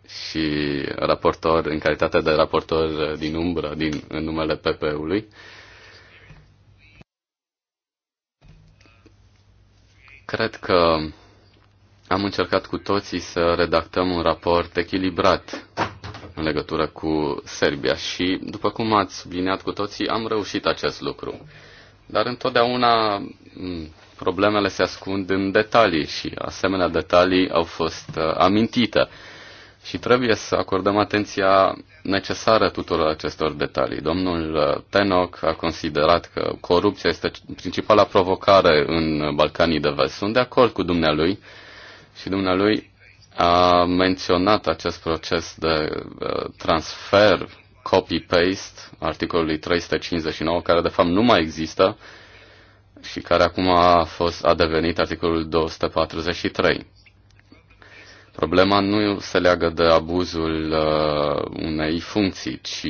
și raportor în calitate de raportor din umbră, din, în numele PP-ului. Cred că am încercat cu toții să redactăm un raport echilibrat în legătură cu Serbia și, după cum ați subliniat cu toții, am reușit acest lucru. Dar întotdeauna problemele se ascund în detalii și asemenea detalii au fost uh, amintite. Și trebuie să acordăm atenția necesară tuturor acestor detalii. Domnul uh, Tenoc a considerat că corupția este principala provocare în Balcanii de Vest. Sunt de acord cu dumnealui și dumnealui a menționat acest proces de uh, transfer copy-paste articolului 359, care de fapt nu mai există și care acum a, fost, a devenit articolul 243. Problema nu se leagă de abuzul uh, unei funcții, ci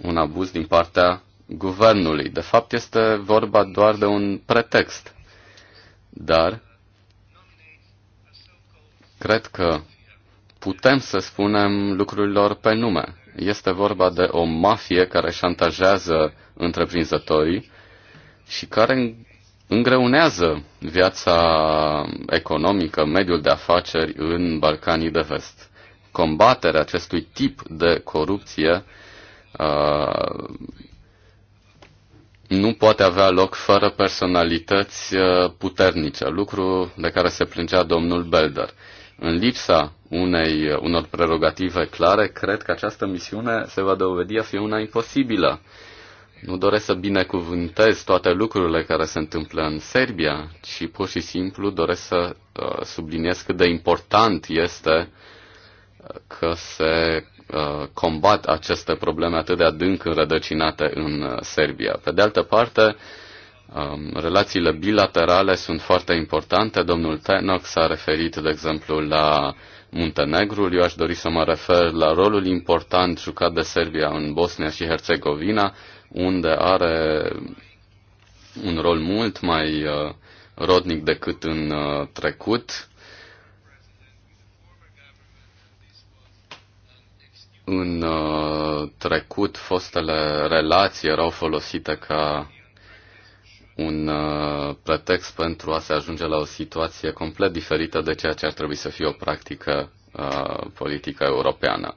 un abuz din partea guvernului. De fapt, este vorba doar de un pretext. Dar Cred că putem să spunem lucrurilor pe nume. Este vorba de o mafie care șantajează întreprinzătorii și care îngreunează viața economică, mediul de afaceri în Balcanii de Vest. Combaterea acestui tip de corupție nu poate avea loc fără personalități puternice, lucru de care se plângea domnul Belder. În lipsa unei, unor prerogative clare, cred că această misiune se va dovedi a fi una imposibilă. Nu doresc să binecuvântez toate lucrurile care se întâmplă în Serbia, ci pur și simplu doresc să uh, subliniez cât de important este uh, că se uh, combat aceste probleme atât de adânc înrădăcinate în Serbia. Pe de altă parte, Um, relațiile bilaterale sunt foarte importante. Domnul Tenox s-a referit, de exemplu, la Muntenegru. Eu aș dori să mă refer la rolul important jucat de Serbia în Bosnia și Herțegovina, unde are un rol mult mai uh, rodnic decât în uh, trecut. În uh, trecut, fostele relații erau folosite ca un uh, pretext pentru a se ajunge la o situație complet diferită de ceea ce ar trebui să fie o practică uh, politică europeană.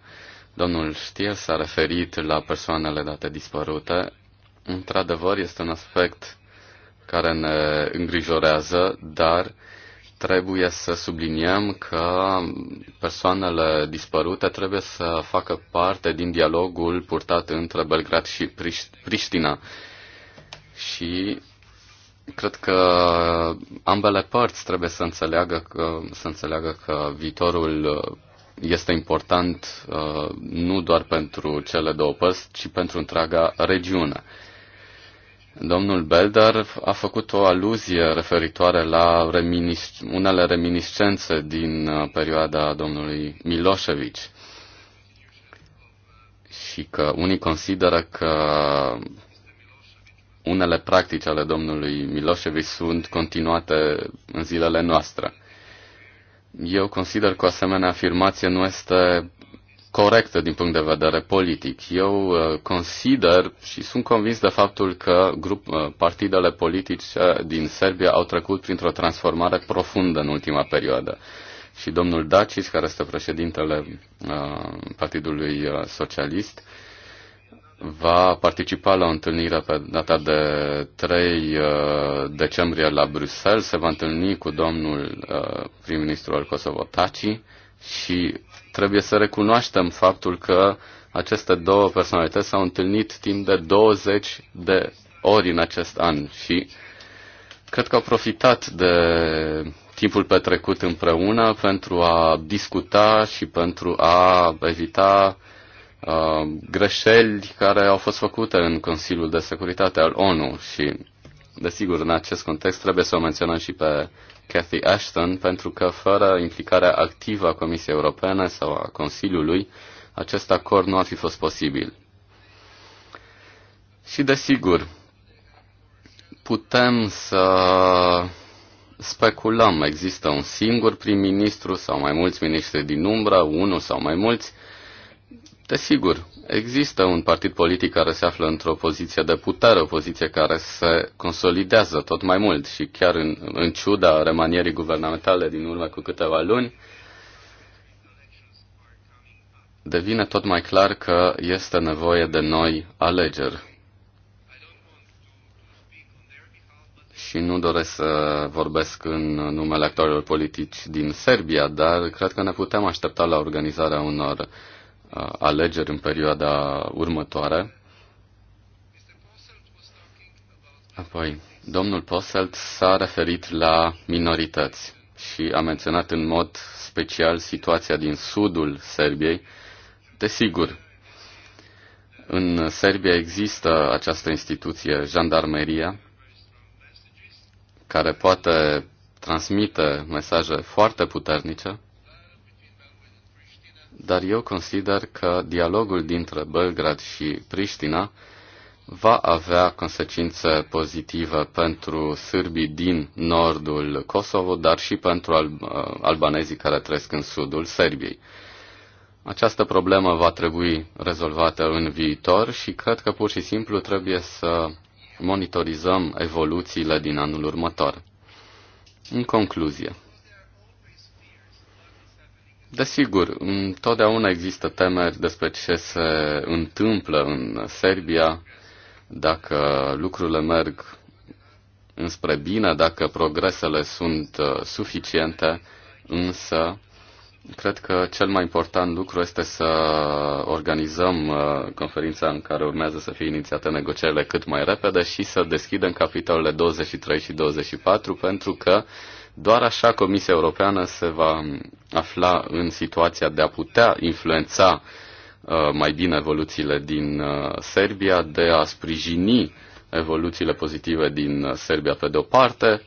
Domnul Stier s-a referit la persoanele date dispărute. Într-adevăr, este un aspect care ne îngrijorează, dar trebuie să subliniem că persoanele dispărute trebuie să facă parte din dialogul purtat între Belgrad și Priștina. Și Cred că ambele părți trebuie să înțeleagă că, să înțeleagă că viitorul uh, este important uh, nu doar pentru cele două părți, ci pentru întreaga regiune. Domnul Belder a făcut o aluzie referitoare la reminis- unele reminiscențe din uh, perioada domnului Milosevic și că unii consideră că unele practici ale domnului Milosevic sunt continuate în zilele noastre. Eu consider că o asemenea afirmație nu este corectă din punct de vedere politic. Eu uh, consider și sunt convins de faptul că grup, uh, partidele politice din Serbia au trecut printr-o transformare profundă în ultima perioadă. Și domnul Dacis, care este președintele uh, Partidului Socialist, va participa la o întâlnire pe data de 3 uh, decembrie la Bruxelles. Se va întâlni cu domnul uh, prim-ministru al Kosovo Taci și trebuie să recunoaștem faptul că aceste două personalități s-au întâlnit timp de 20 de ori în acest an și cred că au profitat de timpul petrecut împreună pentru a discuta și pentru a evita uh, Uh, greșeli care au fost făcute în Consiliul de Securitate al ONU și, desigur, în acest context trebuie să o menționăm și pe Cathy Ashton, pentru că fără implicarea activă a Comisiei Europene sau a Consiliului, acest acord nu ar fi fost posibil. Și, desigur, putem să speculăm. Există un singur prim-ministru sau mai mulți miniștri din umbră, unul sau mai mulți, Desigur, există un partid politic care se află într-o poziție de putere, o poziție care se consolidează tot mai mult și chiar în, în ciuda remanierii guvernamentale din urmă cu câteva luni, devine tot mai clar că este nevoie de noi alegeri. Și nu doresc să vorbesc în numele actorilor politici din Serbia, dar cred că ne putem aștepta la organizarea unor Uh, alegeri în perioada următoare. Apoi, domnul Posselt s-a referit la minorități și a menționat în mod special situația din sudul Serbiei. Desigur, în Serbia există această instituție, jandarmeria, care poate transmite mesaje foarte puternice dar eu consider că dialogul dintre Belgrad și Priștina va avea consecințe pozitive pentru sârbii din nordul Kosovo, dar și pentru al- uh, albanezii care trăiesc în sudul Serbiei. Această problemă va trebui rezolvată în viitor și cred că pur și simplu trebuie să monitorizăm evoluțiile din anul următor. În concluzie, Desigur, întotdeauna există temeri despre ce se întâmplă în Serbia, dacă lucrurile merg înspre bine, dacă progresele sunt uh, suficiente, însă cred că cel mai important lucru este să organizăm uh, conferința în care urmează să fie inițiate negocierile cât mai repede și să deschidem capitolele 23 și 24 pentru că doar așa Comisia Europeană se va afla în situația de a putea influența uh, mai bine evoluțiile din uh, Serbia, de a sprijini evoluțiile pozitive din uh, Serbia pe de o parte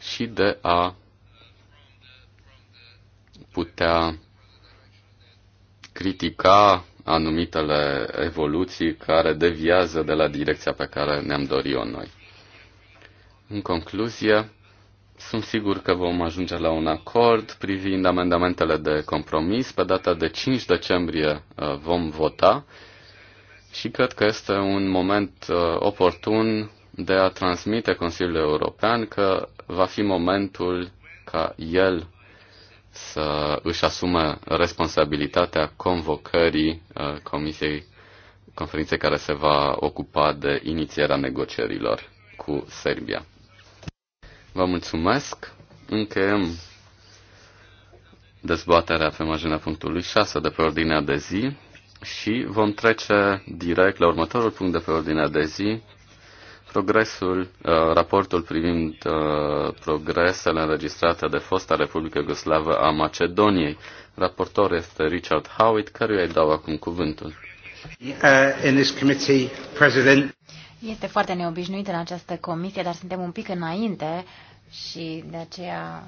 și de a putea critica anumitele evoluții care deviază de la direcția pe care ne-am dorit-o noi. În concluzie, sunt sigur că vom ajunge la un acord privind amendamentele de compromis. Pe data de 5 decembrie uh, vom vota și cred că este un moment uh, oportun de a transmite Consiliului European că va fi momentul ca el să își asume responsabilitatea convocării uh, Comisiei conferinței care se va ocupa de inițierea negocierilor cu Serbia. Vă mulțumesc. Încheiem dezbaterea pe marginea punctului 6 de pe ordinea de zi și vom trece direct la următorul punct de pe ordinea de zi, progresul, uh, raportul privind uh, progresele înregistrate de fosta Republică Iugoslavă a Macedoniei. Raportor este Richard Howitt, căruia îi dau acum cuvântul. Uh, in this committee, President. Este foarte neobișnuit în această comisie, dar suntem un pic înainte și de aceea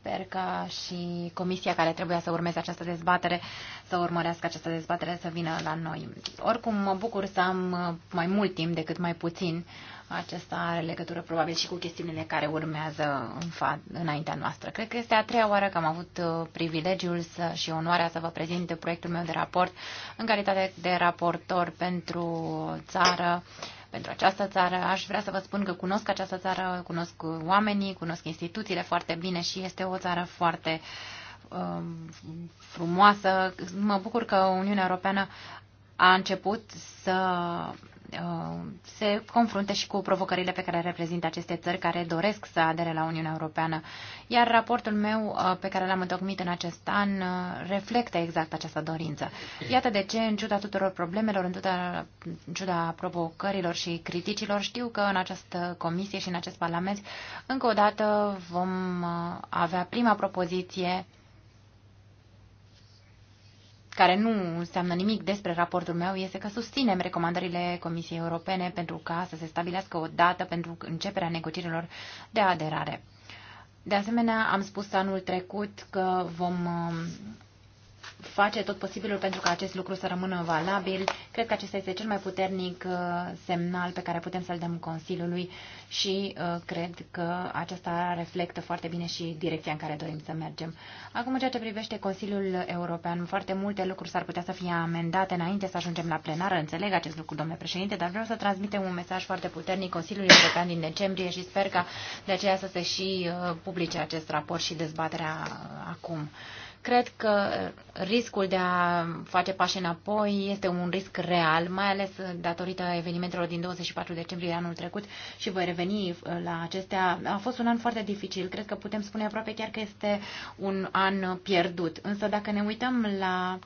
sper ca și comisia care trebuia să urmeze această dezbatere să urmărească această dezbatere să vină la noi. Oricum mă bucur să am mai mult timp decât mai puțin. Acesta are legătură probabil și cu chestiunile care urmează în fa- înaintea noastră. Cred că este a treia oară că am avut uh, privilegiul să, și onoarea să vă prezint proiectul meu de raport în calitate de raportor pentru țară pentru această țară. Aș vrea să vă spun că cunosc această țară, cunosc oamenii, cunosc instituțiile foarte bine și este o țară foarte um, frumoasă. Mă bucur că Uniunea Europeană a început să Uh, se confrunte și cu provocările pe care le reprezintă aceste țări care doresc să adere la Uniunea Europeană. Iar raportul meu uh, pe care l-am întocmit în acest an uh, reflectă exact această dorință. Iată de ce, în ciuda tuturor problemelor, în ciuda, în ciuda provocărilor și criticilor, știu că în această comisie și în acest parlament, încă o dată vom avea prima propoziție care nu înseamnă nimic despre raportul meu, este că susținem recomandările Comisiei Europene pentru ca să se stabilească o dată pentru începerea negocierilor de aderare. De asemenea, am spus anul trecut că vom face tot posibilul pentru ca acest lucru să rămână valabil. Cred că acesta este cel mai puternic uh, semnal pe care putem să-l dăm Consiliului și uh, cred că aceasta reflectă foarte bine și direcția în care dorim să mergem. Acum, în ceea ce privește Consiliul European, foarte multe lucruri s-ar putea să fie amendate înainte să ajungem la plenară. Înțeleg acest lucru, domnule președinte, dar vreau să transmitem un mesaj foarte puternic Consiliului European din decembrie și sper ca de aceea să se și uh, publice acest raport și dezbaterea acum. Cred că riscul de a face pași înapoi este un risc real, mai ales datorită evenimentelor din 24 decembrie anul trecut și voi reveni uh, la acestea. A fost un an foarte dificil, cred că putem spune aproape chiar că este un an pierdut. Însă dacă ne uităm la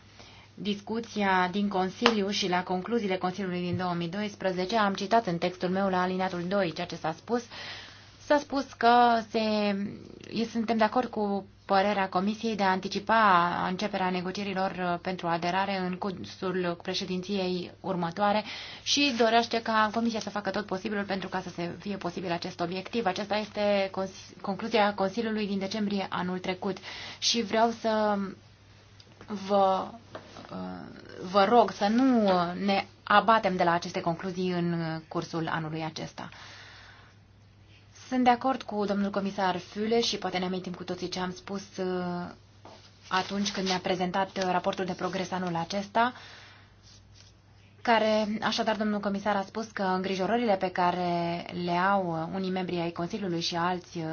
discuția din Consiliu și la concluziile Consiliului din 2012, am citat în textul meu la alineatul 2 ceea ce s-a spus S-a spus că se, suntem de acord cu părerea Comisiei de a anticipa începerea negocierilor uh, pentru aderare în cursul președinției următoare și dorește ca Comisia să facă tot posibilul pentru ca să se fie posibil acest obiectiv. Aceasta este concluzia Consiliului din decembrie anul trecut și vreau să vă, uh, vă rog să nu ne abatem de la aceste concluzii în cursul anului acesta. Sunt de acord cu domnul comisar Füle și poate ne amintim cu toții ce am spus uh, atunci când ne-a prezentat uh, raportul de progres anul acesta, care, așadar, domnul comisar a spus că îngrijorările pe care le au uh, unii membri ai Consiliului și alți,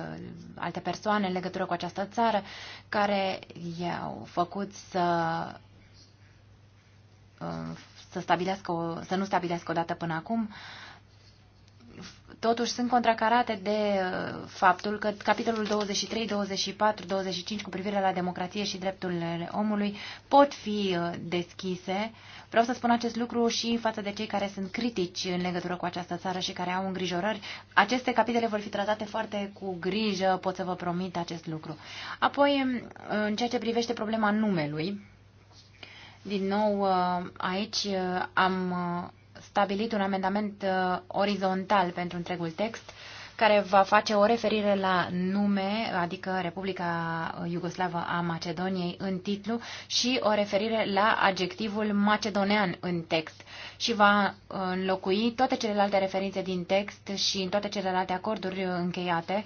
alte persoane în legătură cu această țară, care i-au făcut să să, stabilească o, să nu stabilească o dată până acum, uh, totuși sunt contracarate de uh, faptul că capitolul 23, 24, 25 cu privire la democrație și drepturile omului pot fi uh, deschise. Vreau să spun acest lucru și în față de cei care sunt critici în legătură cu această țară și care au îngrijorări. Aceste capitole vor fi tratate foarte cu grijă, pot să vă promit acest lucru. Apoi, în ceea ce privește problema numelui, din nou uh, aici am stabilit un amendament uh, orizontal pentru întregul text, care va face o referire la nume, adică Republica Iugoslavă a Macedoniei în titlu și o referire la adjectivul macedonean în text și va uh, înlocui toate celelalte referințe din text și în toate celelalte acorduri uh, încheiate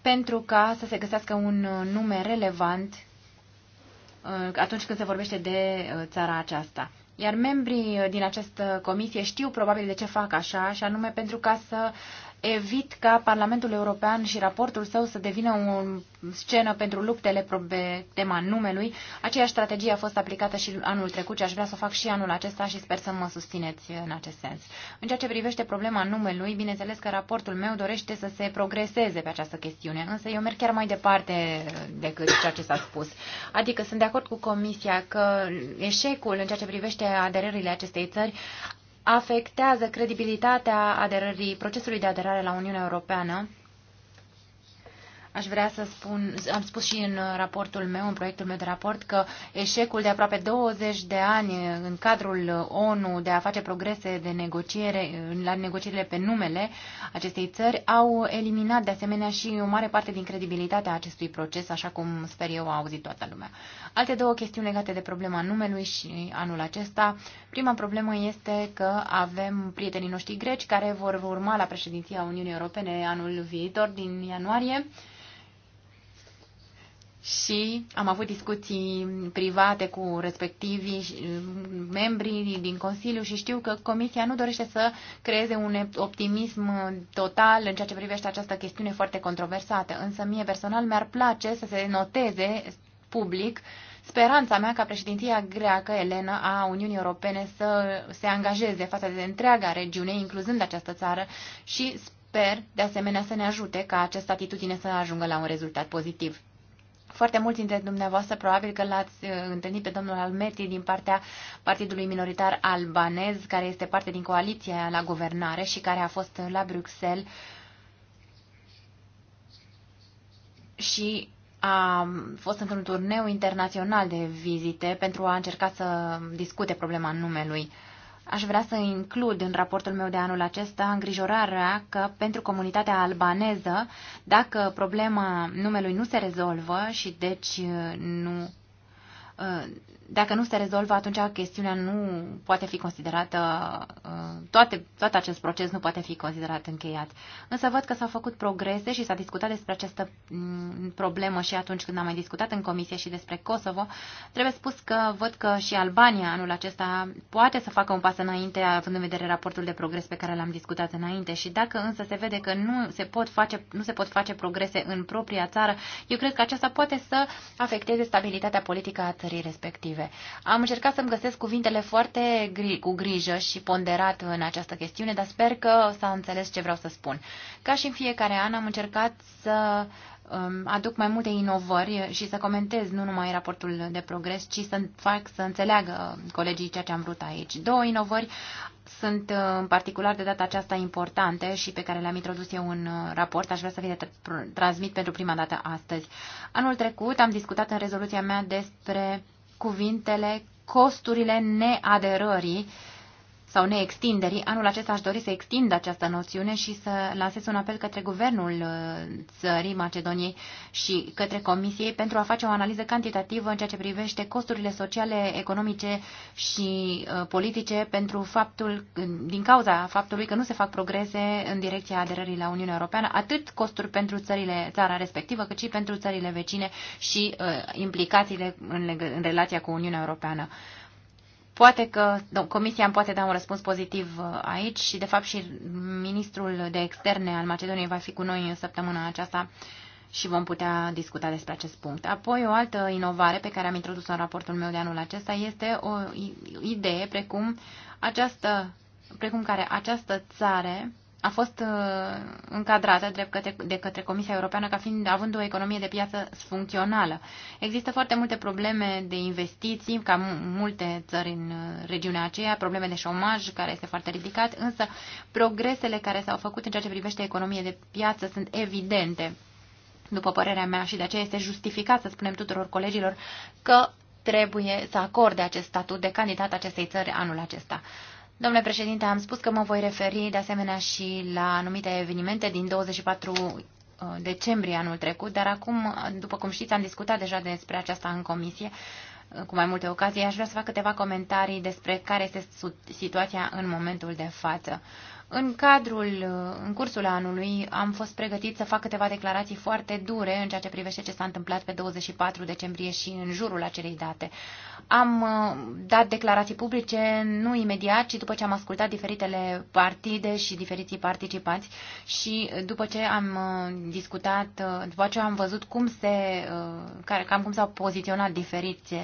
pentru ca să se găsească un uh, nume relevant atunci când se vorbește de țara aceasta. Iar membrii din această comisie știu probabil de ce fac așa, și anume pentru ca să evit ca Parlamentul European și raportul său să devină o scenă pentru luptele pe tema numelui. Aceeași strategie a fost aplicată și anul trecut și aș vrea să o fac și anul acesta și sper să mă susțineți în acest sens. În ceea ce privește problema numelui, bineînțeles că raportul meu dorește să se progreseze pe această chestiune, însă eu merg chiar mai departe decât ceea ce s-a spus. Adică sunt de acord cu Comisia că eșecul în ceea ce privește aderările acestei țări afectează credibilitatea aderării, procesului de aderare la Uniunea Europeană. Aș vrea să spun, am spus și în raportul meu, în proiectul meu de raport, că eșecul de aproape 20 de ani în cadrul ONU de a face progrese de negociere, la negocierile pe numele acestei țări, au eliminat de asemenea și o mare parte din credibilitatea acestui proces, așa cum sper eu a auzit toată lumea. Alte două chestiuni legate de problema numelui și anul acesta. Prima problemă este că avem prietenii noștri greci care vor urma la președinția Uniunii Europene anul viitor, din ianuarie. Și am avut discuții private cu respectivii mm, membri din Consiliu și știu că Comisia nu dorește să creeze un optimism total în ceea ce privește această chestiune foarte controversată. Însă mie personal mi-ar place să se noteze public speranța mea ca președinția greacă, Elena, a Uniunii Europene să se angajeze față de întreaga regiune, incluzând această țară și sper, de asemenea, să ne ajute ca această atitudine să ajungă la un rezultat pozitiv. Foarte mulți dintre dumneavoastră probabil că l-ați uh, întâlnit pe domnul Almeti din partea Partidului Minoritar Albanez, care este parte din coaliția la guvernare și care a fost la Bruxelles și a fost într-un turneu internațional de vizite pentru a încerca să discute problema numelui. Aș vrea să includ în raportul meu de anul acesta îngrijorarea că pentru comunitatea albaneză, dacă problema numelui nu se rezolvă și deci nu dacă nu se rezolvă, atunci chestiunea nu poate fi considerată, uh, toate, tot acest proces nu poate fi considerat încheiat. Însă văd că s-au făcut progrese și s-a discutat despre această mm, problemă și atunci când am mai discutat în comisie și despre Kosovo. Trebuie spus că văd că și Albania anul acesta poate să facă un pas înainte, având în vedere raportul de progres pe care l-am discutat înainte. Și dacă însă se vede că nu se pot face, nu se pot face progrese în propria țară, eu cred că aceasta poate să afecteze stabilitatea politică a țării respective motive. Am încercat să-mi găsesc cuvintele foarte gri- cu grijă și ponderat în această chestiune, dar sper că s-a înțeles ce vreau să spun. Ca și în fiecare an am încercat să um, aduc mai multe inovări și să comentez nu numai raportul de progres, ci să fac să înțeleagă colegii ceea ce am vrut aici. Două inovări sunt uh, în particular de data aceasta importante și pe care le-am introdus eu în uh, raport. Aș vrea să vi le transmit pentru prima dată astăzi. Anul trecut am discutat în rezoluția mea despre cuvintele costurile neaderării sau neextinderii. Anul acesta aș dori să extind această noțiune și să lansez un apel către guvernul uh, țării Macedoniei și către Comisiei pentru a face o analiză cantitativă în ceea ce privește costurile sociale, economice și uh, politice pentru faptul, din cauza faptului că nu se fac progrese în direcția aderării la Uniunea Europeană, atât costuri pentru țările, țara respectivă, cât și pentru țările vecine și uh, implicațiile în, în relația cu Uniunea Europeană. Poate că do, Comisia îmi poate da un răspuns pozitiv uh, aici și, de fapt, și ministrul de externe al Macedoniei va fi cu noi în săptămâna aceasta și vom putea discuta despre acest punct. Apoi, o altă inovare pe care am introdus-o în raportul meu de anul acesta este o idee precum, această, precum care această țară a fost uh, încadrată drept către, de către Comisia Europeană ca fiind având o economie de piață funcțională. Există foarte multe probleme de investiții, ca multe țări în uh, regiunea aceea, probleme de șomaj care este foarte ridicat, însă progresele care s-au făcut în ceea ce privește economie de piață sunt evidente, după părerea mea, și de aceea este justificat să spunem tuturor colegilor că trebuie să acorde acest statut de candidat acestei țări anul acesta. Domnule președinte, am spus că mă voi referi de asemenea și la anumite evenimente din 24 uh, decembrie anul trecut, dar acum, după cum știți, am discutat deja despre aceasta în comisie uh, cu mai multe ocazii. Aș vrea să fac câteva comentarii despre care este situația în momentul de față. În cadrul, în cursul anului, am fost pregătit să fac câteva declarații foarte dure în ceea ce privește ce s-a întâmplat pe 24 decembrie și în jurul acelei date. Am uh, dat declarații publice nu imediat, ci după ce am ascultat diferitele partide și diferiții participanți și după ce am uh, discutat, uh, după ce am văzut cum se, cam cum s-au poziționat diferiți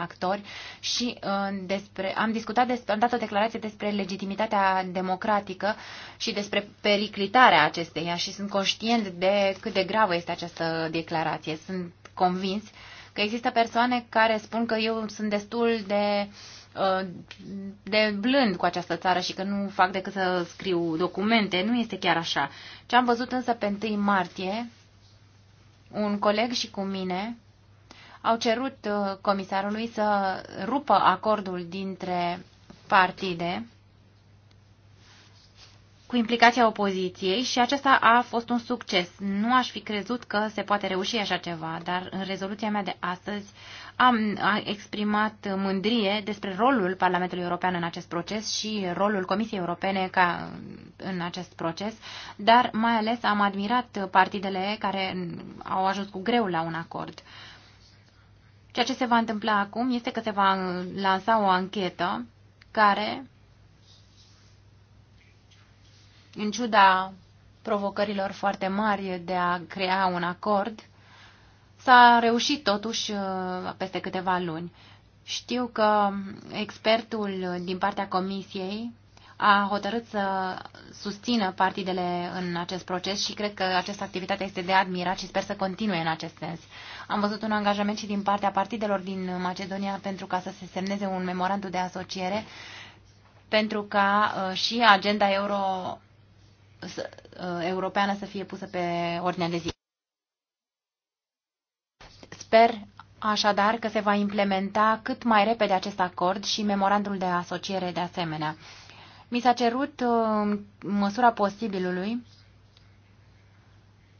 actori și despre, am discutat, despre, am dat o declarație despre legitimitatea democratică problematică și despre periclitarea acesteia și sunt conștient de cât de gravă este această declarație. Sunt convins că există persoane care spun că eu sunt destul de uh, de blând cu această țară și că nu fac decât să scriu documente. Nu este chiar așa. Ce am văzut însă pe 1 martie, un coleg și cu mine au cerut uh, comisarului să rupă acordul dintre partide cu implicația opoziției și acesta a fost un succes. Nu aș fi crezut că se poate reuși așa ceva, dar în rezoluția mea de astăzi am exprimat mândrie despre rolul Parlamentului European în acest proces și rolul Comisiei Europene ca în acest proces, dar mai ales am admirat partidele care au ajuns cu greu la un acord. Ceea ce se va întâmpla acum este că se va lansa o anchetă care în ciuda provocărilor foarte mari de a crea un acord, s-a reușit totuși uh, peste câteva luni. Știu că expertul din partea comisiei a hotărât să susțină partidele în acest proces și cred că această activitate este de admirat și sper să continue în acest sens. Am văzut un angajament și din partea partidelor din Macedonia pentru ca să se semneze un memorandum de asociere pentru ca uh, și agenda euro Uh, europeană să fie pusă pe ordinea de zi. Sper așadar că se va implementa cât mai repede acest acord și memorandul de asociere de asemenea. Mi s-a cerut în uh, măsura posibilului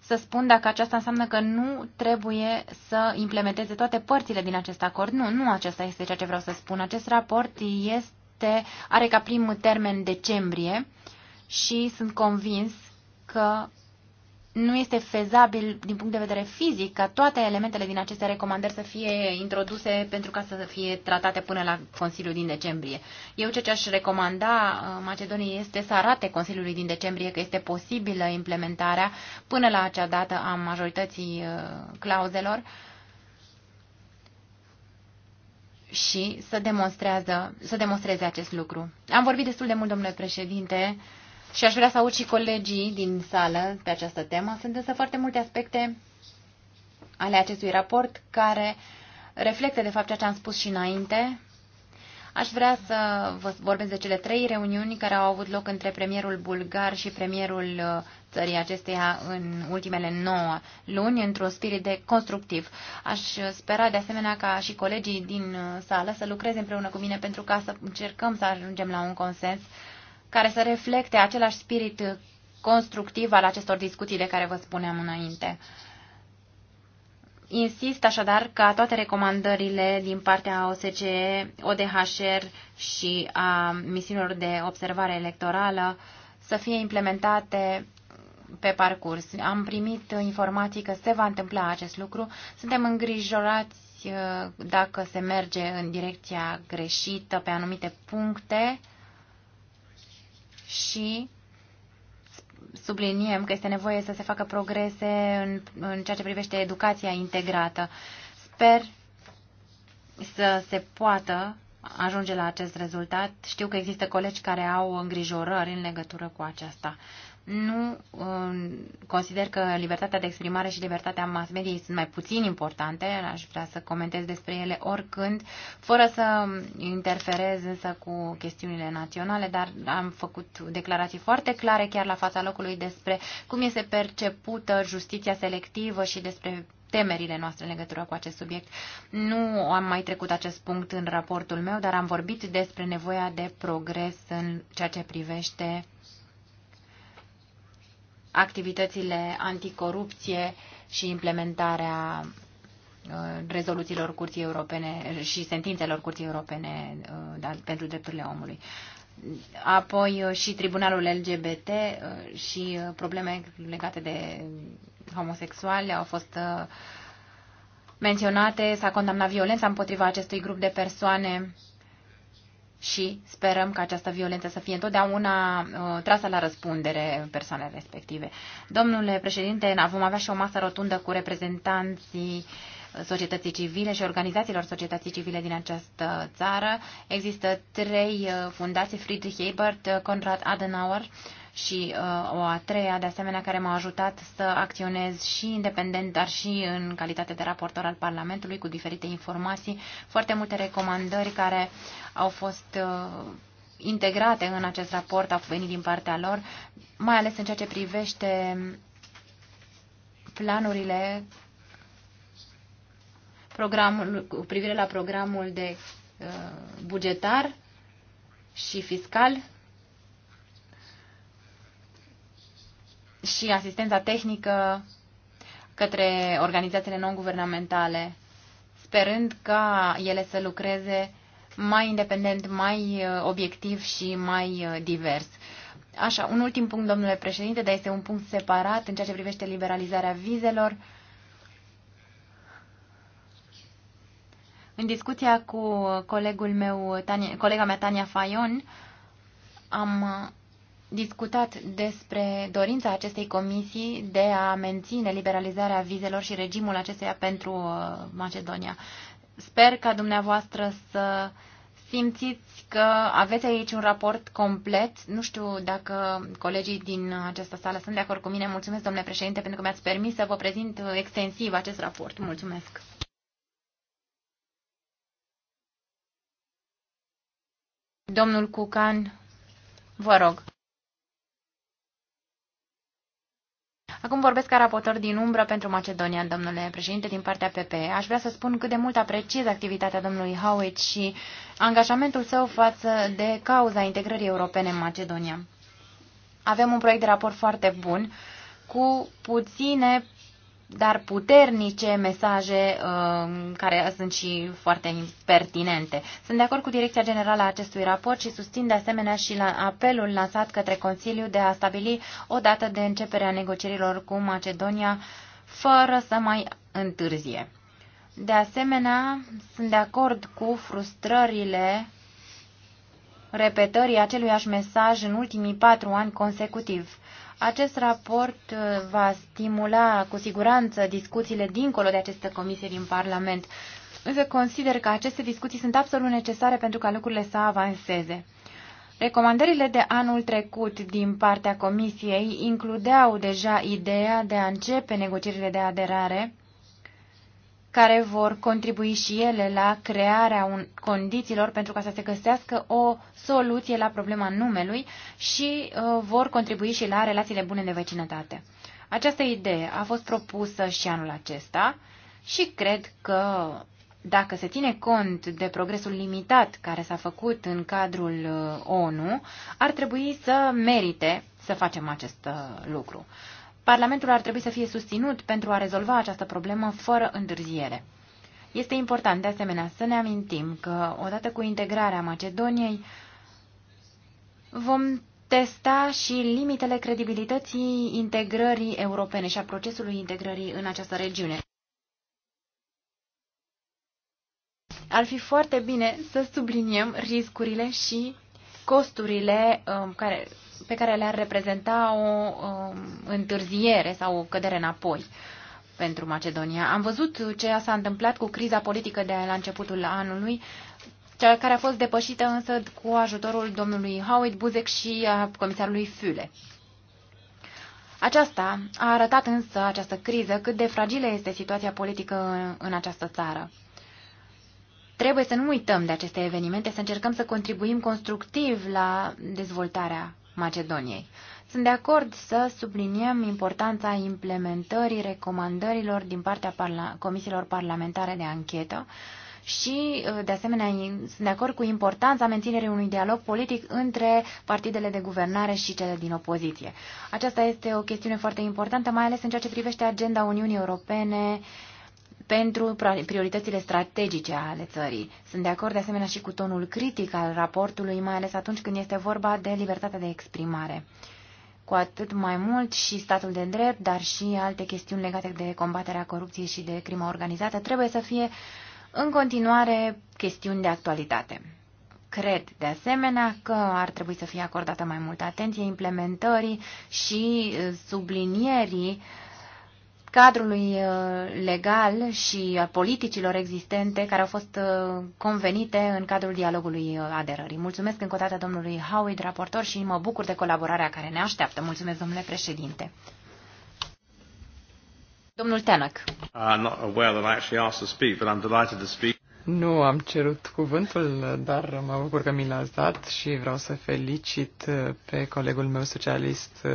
să spun dacă aceasta înseamnă că nu trebuie să implementeze toate părțile din acest acord. Nu, nu acesta este ceea ce vreau să spun. Acest raport este, are ca prim termen decembrie și sunt convins că nu este fezabil din punct de vedere fizic ca toate elementele din aceste recomandări să fie introduse pentru ca să fie tratate până la Consiliul din decembrie. Eu ce aș recomanda uh, Macedoniei este să arate Consiliului din decembrie că este posibilă implementarea până la acea dată a majorității uh, clauzelor și să, demonstrează, să demonstreze acest lucru. Am vorbit destul de mult, domnule președinte, și aș vrea să aud și colegii din sală pe această temă. Sunt însă foarte multe aspecte ale acestui raport care reflectă de fapt ceea ce am spus și înainte. Aș vrea să vă vorbesc de cele trei reuniuni care au avut loc între premierul bulgar și premierul uh, țării acesteia în ultimele nouă luni, într-un spirit de constructiv. Aș spera de asemenea ca și colegii din uh, sală să lucreze împreună cu mine pentru ca să încercăm să ajungem la un consens care să reflecte același spirit constructiv al acestor discuții de care vă spuneam înainte. Insist așadar ca toate recomandările din partea OSCE, ODHR și a misiunilor de observare electorală să fie implementate pe parcurs. Am primit informații că se va întâmpla acest lucru. Suntem îngrijorați uh, dacă se merge în direcția greșită pe anumite puncte și subliniem că este nevoie să se facă progrese în, în ceea ce privește educația integrată. Sper să se poată ajunge la acest rezultat. Știu că există colegi care au îngrijorări în legătură cu aceasta nu consider că libertatea de exprimare și libertatea mass media sunt mai puțin importante, aș vrea să comentez despre ele oricând, fără să interferez însă cu chestiunile naționale, dar am făcut declarații foarte clare chiar la fața locului despre cum este percepută justiția selectivă și despre temerile noastre în legătură cu acest subiect. Nu am mai trecut acest punct în raportul meu, dar am vorbit despre nevoia de progres în ceea ce privește activitățile anticorupție și implementarea uh, rezoluțiilor Curții Europene și sentințelor Curții Europene uh, pentru drepturile omului. Apoi uh, și Tribunalul LGBT și probleme legate de homosexuale au fost menționate. S-a condamnat violența împotriva acestui grup de persoane și sperăm că această violență să fie întotdeauna uh, trasă la răspundere persoanele respective. Domnule președinte, vom avea și o masă rotundă cu reprezentanții uh, societății civile și organizațiilor societății civile din această țară. Există trei uh, fundații, Friedrich Ebert, uh, Konrad Adenauer, uh, și uh, o a treia, de asemenea, care m-a ajutat să acționez și independent, dar și în calitate de raportor al Parlamentului, cu diferite informații, foarte multe recomandări care au fost uh, integrate în acest raport, au venit din partea lor, mai ales în ceea ce privește planurile programul, cu privire la programul de uh, bugetar și fiscal și asistența tehnică către organizațiile non-guvernamentale, sperând ca ele să lucreze mai independent, mai uh, obiectiv și mai uh, divers. Așa, un ultim punct, domnule președinte, dar este un punct separat în ceea ce privește liberalizarea vizelor. În discuția cu colegul meu, Tania, colega mea Tania Fayon, am uh, discutat despre dorința acestei comisii de a menține liberalizarea vizelor și regimul acesteia pentru uh, Macedonia. Sper ca dumneavoastră să simțiți că aveți aici un raport complet. Nu știu dacă colegii din această sală sunt de acord cu mine. Mulțumesc, domnule președinte, pentru că mi-ați permis să vă prezint uh, extensiv acest raport. Mulțumesc! Domnul Cucan, vă rog. Acum vorbesc ca raportor din umbră pentru Macedonia, domnule președinte, din partea PP. Aș vrea să spun cât de mult apreciez activitatea domnului Howitt și angajamentul său față de cauza integrării europene în Macedonia. Avem un proiect de raport foarte bun, cu puține dar puternice mesaje um, care sunt și foarte pertinente. Sunt de acord cu direcția generală a acestui raport și susțin de asemenea și la apelul lansat către Consiliu de a stabili o dată de începere a negocierilor cu Macedonia fără să mai întârzie. De asemenea, sunt de acord cu frustrările repetării aceluiași mesaj în ultimii patru ani consecutiv. Acest raport uh, va stimula cu siguranță discuțiile dincolo de aceste comisie din Parlament, însă consider că aceste discuții sunt absolut necesare pentru ca lucrurile să avanseze. Recomandările de anul trecut din partea Comisiei includeau deja ideea de a începe negocierile de aderare care vor contribui și ele la crearea un, condițiilor pentru ca să se găsească o soluție la problema numelui și uh, vor contribui și la relațiile bune de vecinătate. Această idee a fost propusă și anul acesta și cred că dacă se ține cont de progresul limitat care s-a făcut în cadrul uh, ONU, ar trebui să merite să facem acest uh, lucru. Parlamentul ar trebui să fie susținut pentru a rezolva această problemă fără întârziere. Este important, de asemenea, să ne amintim că, odată cu integrarea Macedoniei, vom testa și limitele credibilității integrării europene și a procesului integrării în această regiune. Ar fi foarte bine să subliniem riscurile și costurile um, care, pe care le-ar reprezenta o um, întârziere sau o cădere înapoi pentru Macedonia. Am văzut ce s-a întâmplat cu criza politică de la începutul anului, cea care a fost depășită însă cu ajutorul domnului Howard Buzek și a comisarului Füle. Aceasta a arătat însă această criză cât de fragilă este situația politică în, în această țară. Trebuie să nu uităm de aceste evenimente, să încercăm să contribuim constructiv la dezvoltarea Macedoniei. Sunt de acord să subliniem importanța implementării recomandărilor din partea parla comisiilor parlamentare de anchetă și, uh, de asemenea, sunt de acord cu importanța menținerii unui dialog politic între partidele de guvernare și cele din opoziție. Aceasta este o chestiune foarte importantă, mai ales în ceea ce privește agenda Uniunii Europene uh, pentru prioritățile strategice ale țării. Sunt de acord de asemenea și cu tonul critic al raportului, mai ales atunci când este vorba de libertatea de exprimare. Cu atât mai mult și statul de drept, dar și alte chestiuni legate de combaterea corupției și de crimă organizată trebuie să fie în continuare chestiuni de actualitate. Cred, de asemenea, că ar trebui să fie acordată mai multă atenție implementării și eh, sublinierii uh, cadrului uh, legal și a politicilor existente care au fost uh, convenite în cadrul dialogului uh, aderării. Mulțumesc încă o dată domnului Howard, raportor, și mă bucur de colaborarea care ne așteaptă. Mulțumesc, domnule președinte. Domnul Tenac. Nu am cerut cuvântul, dar mă bucur că mi l-ați dat și vreau să felicit pe colegul meu socialist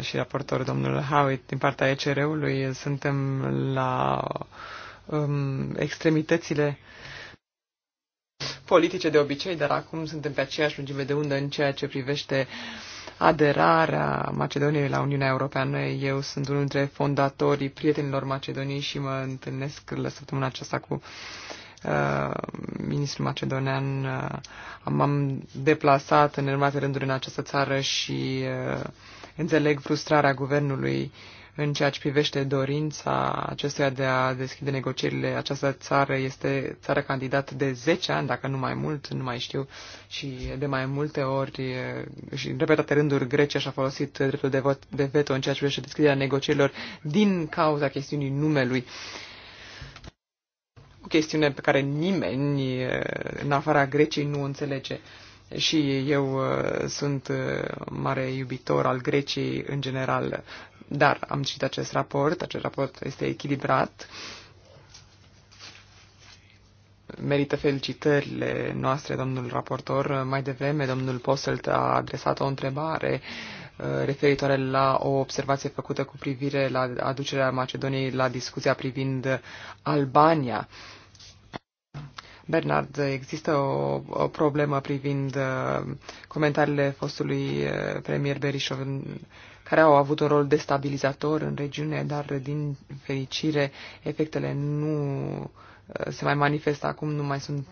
și raportor domnul Howitt din partea ECR-ului, suntem la um, extremitățile politice de obicei, dar acum suntem pe aceeași lungime de undă în ceea ce privește aderarea Macedoniei la Uniunea Europeană. Eu sunt unul dintre fondatorii prietenilor Macedoniei și mă întâlnesc la săptămâna aceasta cu uh, ministrul macedonean, uh, m-am deplasat în urmate rânduri în această țară și uh, Înțeleg frustrarea guvernului în ceea ce privește dorința acestuia de a deschide negocierile. Această țară este țară candidat de 10 ani, dacă nu mai mult, nu mai știu, și de mai multe ori și în repetate rânduri Grecia și-a folosit dreptul de, vot, de veto în ceea ce privește deschiderea negocierilor din cauza chestiunii numelui. O chestiune pe care nimeni în afara Greciei nu o înțelege și eu uh, sunt uh, mare iubitor al Greciei în general, dar am citit acest raport, acest raport este echilibrat, merită felicitările noastre, domnul raportor. Mai devreme, domnul Postelt a adresat o întrebare uh, referitoare la o observație făcută cu privire la aducerea Macedoniei la discuția privind Albania. Uh, Bernard, există o, o problemă privind uh, comentariile fostului uh, premier Berișov care au avut un rol destabilizator în regiune, dar din fericire efectele nu uh, se mai manifestă acum, nu mai sunt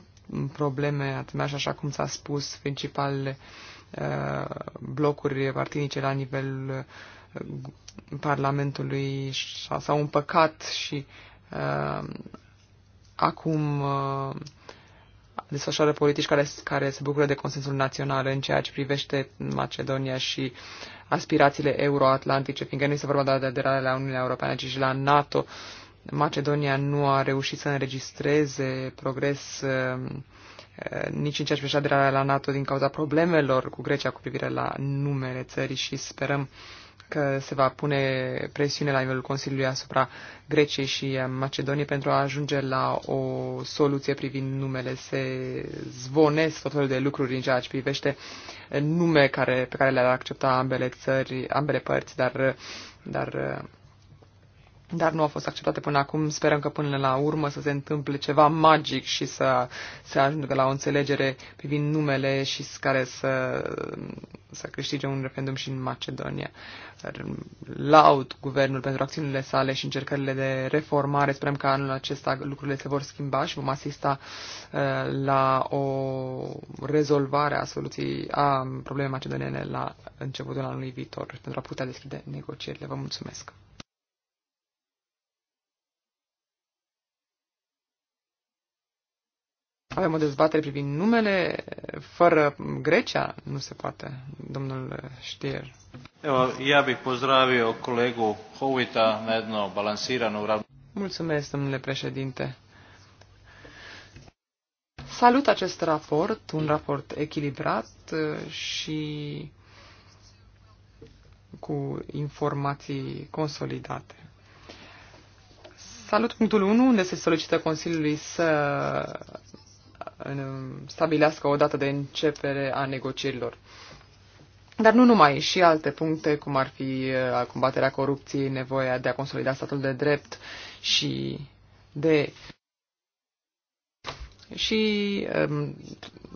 probleme atâta așa cum s-a spus, principalele blocuri partinice la nivel Parlamentului s-au împăcat și acum uh, desfășoară politici care, care se bucură de consensul național în ceea ce privește Macedonia și aspirațiile euroatlantice, fiindcă nu este vorba doar de aderare la Uniunea Europeană, ci și la NATO. Macedonia nu a reușit să înregistreze progres uh, uh, nici în ceea ce privește aderarea la NATO din cauza problemelor cu Grecia cu privire la numele țării și sperăm uh, că se va pune presiune la nivelul Consiliului asupra Greciei și Macedoniei pentru a ajunge la o soluție privind numele. Se zvonesc tot felul de lucruri în ceea ce privește nume care, pe care le-ar accepta ambele țări, ambele părți, dar, dar dar nu au fost acceptate până acum. Sperăm că până la urmă să se întâmple ceva magic și să se ajungă la o înțelegere privind numele și care să, să câștige un referendum și în Macedonia. Laud guvernul pentru acțiunile sale și încercările de reformare. Sperăm că anul acesta lucrurile se vor schimba și vom asista uh, la o rezolvare a soluției a problemei macedoniene la începutul anului viitor pentru a putea deschide negocierile. Vă mulțumesc! avem o dezbatere privind numele fără Grecia? Nu se poate, domnul Știer. Evo, ja bih pozdravio kolegu Hovita na jedno balansirano Mulțumesc, domnule președinte. Salut acest raport, un raport echilibrat eh, și cu informații consolidate. Salut punctul 1, unde se solicită Consiliului să stabilească o dată de începere a negocierilor. Dar nu numai, și alte puncte, cum ar fi uh, combaterea corupției, nevoia de a consolida statul de drept și de și um,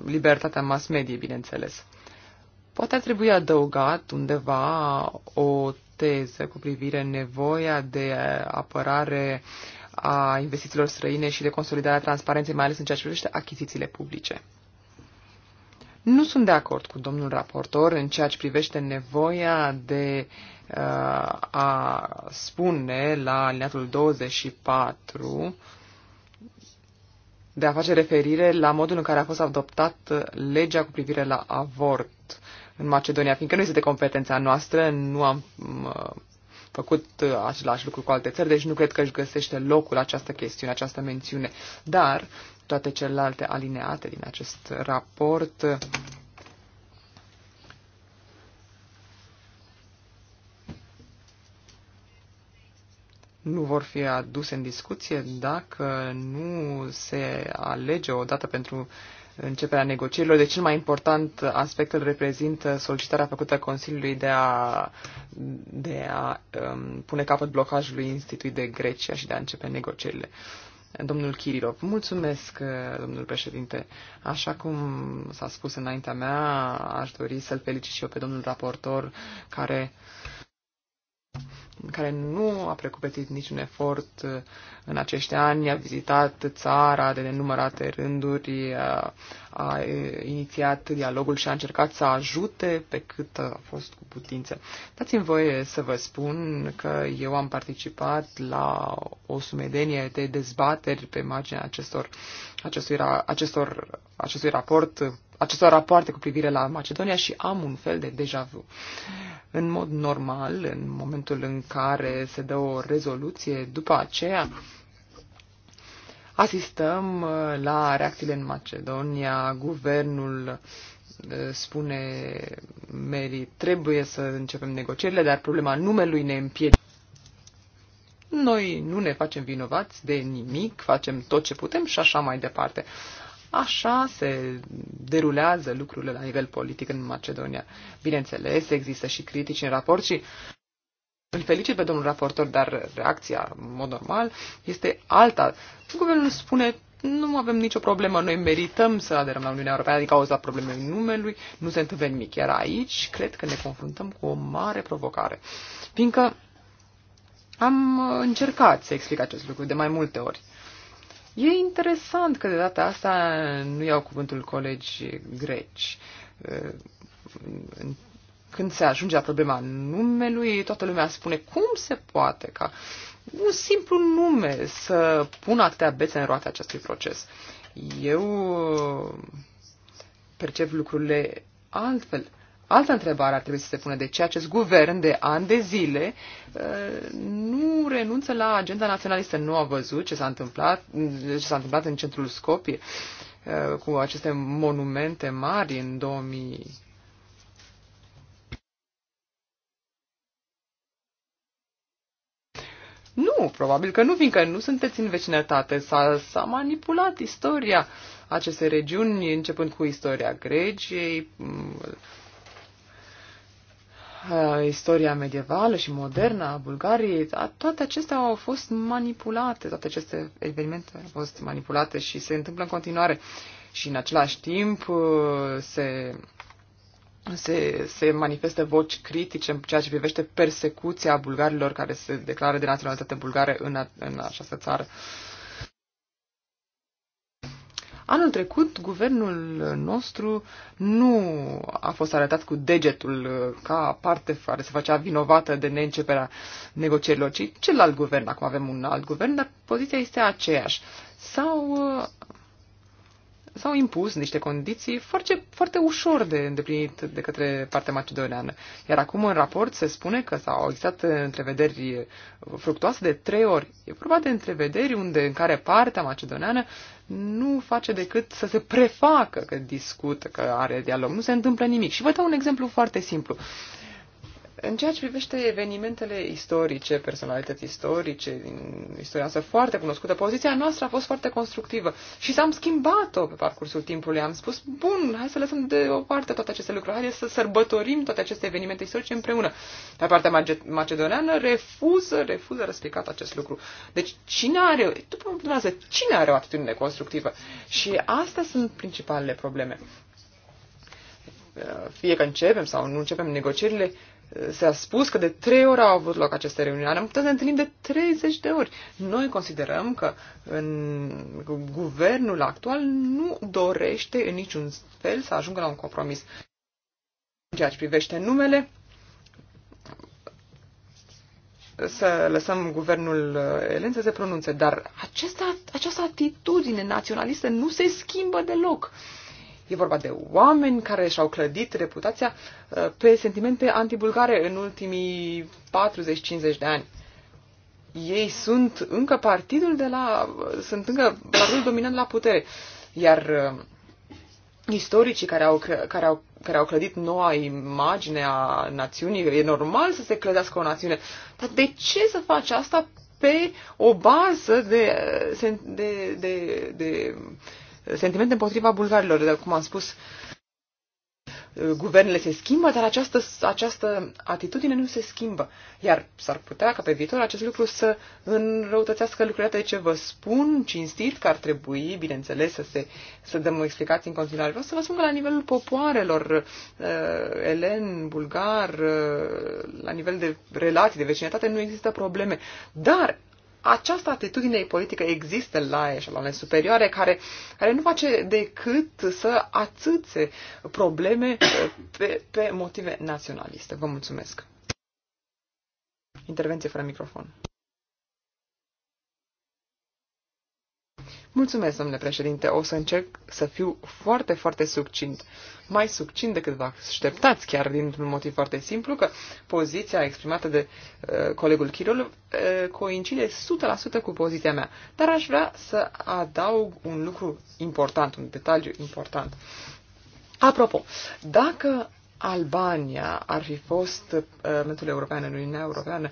libertatea mass media, bineînțeles. Poate ar trebui adăugat undeva o teză cu privire nevoia de apărare a investițiilor străine și de consolidarea transparenței, mai ales în ceea ce privește achizițiile publice. Nu sunt de acord cu domnul raportor în ceea ce privește nevoia de uh, a spune la alineatul 24 de a face referire la modul în care a fost adoptat legea cu privire la avort în Macedonia, fiindcă nu este de competența noastră, nu am uh, făcut uh, același lucru cu alte țări, deci nu cred că își găsește locul această chestiune, această mențiune. Dar toate celelalte alineate din acest raport nu vor fi aduse în discuție dacă nu se alege o dată pentru uh, începerea negocierilor. Deci cel mai important aspect îl reprezintă solicitarea făcută Consiliului de a, de a um, pune capăt blocajului instituit de Grecia și de a începe negocierile. Domnul Kirilov, mulțumesc, domnul președinte. Așa cum s-a spus înaintea mea, aș dori să-l felicit și eu pe domnul raportor, care care nu a precupețit niciun efort uh, în acești ani, a vizitat țara de nenumărate rânduri, uh, a, a inițiat dialogul și a încercat să ajute pe cât a fost cu putință. Dați-mi voie să vă spun că eu am participat la o sumedenie de dezbateri pe marginea acestor, acestui, acestor, acestui raport acestor rapoarte cu privire la Macedonia și am un fel de deja vu. În mod normal, în momentul în care se dă o rezoluție, după aceea asistăm uh, la reacțiile în Macedonia, guvernul uh, spune Mary, trebuie să începem negocierile, dar problema numelui ne împiedică. Noi nu ne facem vinovați de nimic, facem tot ce putem și așa mai departe. Așa se derulează lucrurile la nivel politic în Macedonia. Bineînțeles, există și critici în raport și îl felicit pe domnul raportor, dar reacția, în mod normal, este alta. Guvernul spune nu avem nicio problemă, noi merităm să aderăm la Uniunea Europeană din cauza problemei numelui, nu se întâmplă nimic. Iar aici cred că ne confruntăm cu o mare provocare, fiindcă am încercat să explic acest lucru de mai multe ori. E interesant că de data asta nu iau cuvântul colegi greci. Când se ajunge la problema numelui, toată lumea spune cum se poate ca un simplu nume să pună atâtea bețe în roate acestui proces. Eu percep lucrurile altfel. Altă întrebare ar trebui să se pună. De ce acest guvern de ani de zile uh, nu renunță la agenda naționalistă? Nu a văzut ce s-a întâmplat, uh, ce s-a întâmplat în centrul Scopie uh, cu aceste monumente mari în 2000. Nu, probabil că nu, fiindcă nu sunteți în vecinătate. S-a, s-a manipulat istoria acestei regiuni, începând cu istoria Greciei, istoria medievală și modernă a Bulgariei, toate acestea au fost manipulate, toate aceste evenimente au fost manipulate și se întâmplă în continuare. Și în același timp se, se, se manifestă voci critice în ceea ce privește persecuția bulgarilor care se declară de naționalitate bulgară în, a, în această țară. Uh, Anul trecut, guvernul nostru nu a fost arătat cu degetul uh, ca parte care se facea vinovată de neînceperea negocierilor, ci celălalt guvern. Acum avem un alt guvern, dar poziția este aceeași. Sau uh, s-au impus niște condiții foarte, foarte ușor de îndeplinit de către partea macedoneană. Iar acum în raport se spune că s-au existat întrevederi fructoase de trei ori. E vorba de întrevederi unde, în care partea macedoneană nu face decât să se prefacă că discută, că are dialog. Nu se întâmplă nimic. Și vă dau un exemplu foarte simplu. Uh, în ceea ce privește evenimentele istorice, personalități istorice, din istoria noastră foarte cunoscută, poziția noastră a fost foarte constructivă și am schimbat-o pe parcursul timpului. Am spus, bun, hai să lăsăm deoparte toate aceste lucruri, hai să sărbătorim toate aceste evenimente istorice împreună. Dar partea macedoneană refuză, refuză răspicat acest lucru. Deci cine are, după dumneavoastră, cine are o atitudine constructivă? Și astea sunt principalele probleme fie că începem sau nu începem negocierile, s-a spus că de trei ori au avut loc aceste reuniuni. Am putut să ne întâlnim de 30 de ori. Noi considerăm că în guvernul actual nu dorește în niciun fel să ajungă la un compromis. În ceea ce privește numele, să lăsăm guvernul uh, elen să se pronunțe, dar această, această atitudine naționalistă nu se schimbă deloc. Uh, E vorba de oameni care și-au clădit reputația uh, pe sentimente antibulgare în ultimii 40-50 de ani. Ei sunt încă partidul de la... sunt încă partidul dominant la putere. Iar uh, istoricii care au, care au, care au clădit noua imagine a națiunii, e normal să se clădească o națiune. Dar de ce să faci asta pe o bază de, uh, de, de, de sentiment împotriva bulgarilor, dar cum am spus, uh, guvernele se schimbă, dar această, această atitudine nu se schimbă. Iar s-ar putea ca pe viitor acest lucru să înrăutățească lucrurile. De ce vă spun cinstit că ar trebui, bineînțeles, să, se, să dăm explicații în continuare. Vreau să vă spun că la nivelul popoarelor, uh, elen, bulgar, uh, la nivel de relații, de vecinătate, nu există probleme. Dar această atitudine politică există la eșalone superioare care, care nu face decât să atâțe probleme uh, pe, pe motive naționaliste. Vă mulțumesc. Intervenție fără microfon. Mulțumesc, domnule președinte. O să încerc să fiu foarte, foarte succint. Mai succint decât vă așteptați, chiar dintr-un motiv foarte simplu, că poziția exprimată de uh, colegul Chirul uh, coincide 100% cu poziția mea. Dar aș vrea să adaug un lucru important, un detaliu important. Apropo, dacă Albania ar fi fost uh, mentul European în Uniunea Europeană,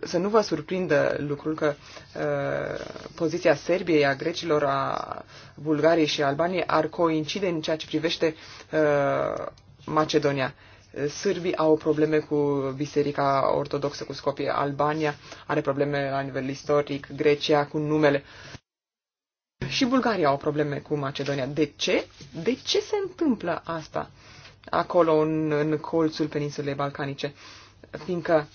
să nu vă surprindă lucrul că uh, poziția Serbiei, a grecilor, a Bulgariei și a Albaniei ar coincide în ceea ce privește uh, Macedonia. Sârbii au probleme cu Biserica Ortodoxă cu Scopie, Albania are probleme la nivel istoric, Grecia cu numele. Și Bulgaria au probleme cu Macedonia. De ce? De ce se întâmplă asta acolo în, în colțul peninsulei balcanice? Fiindcă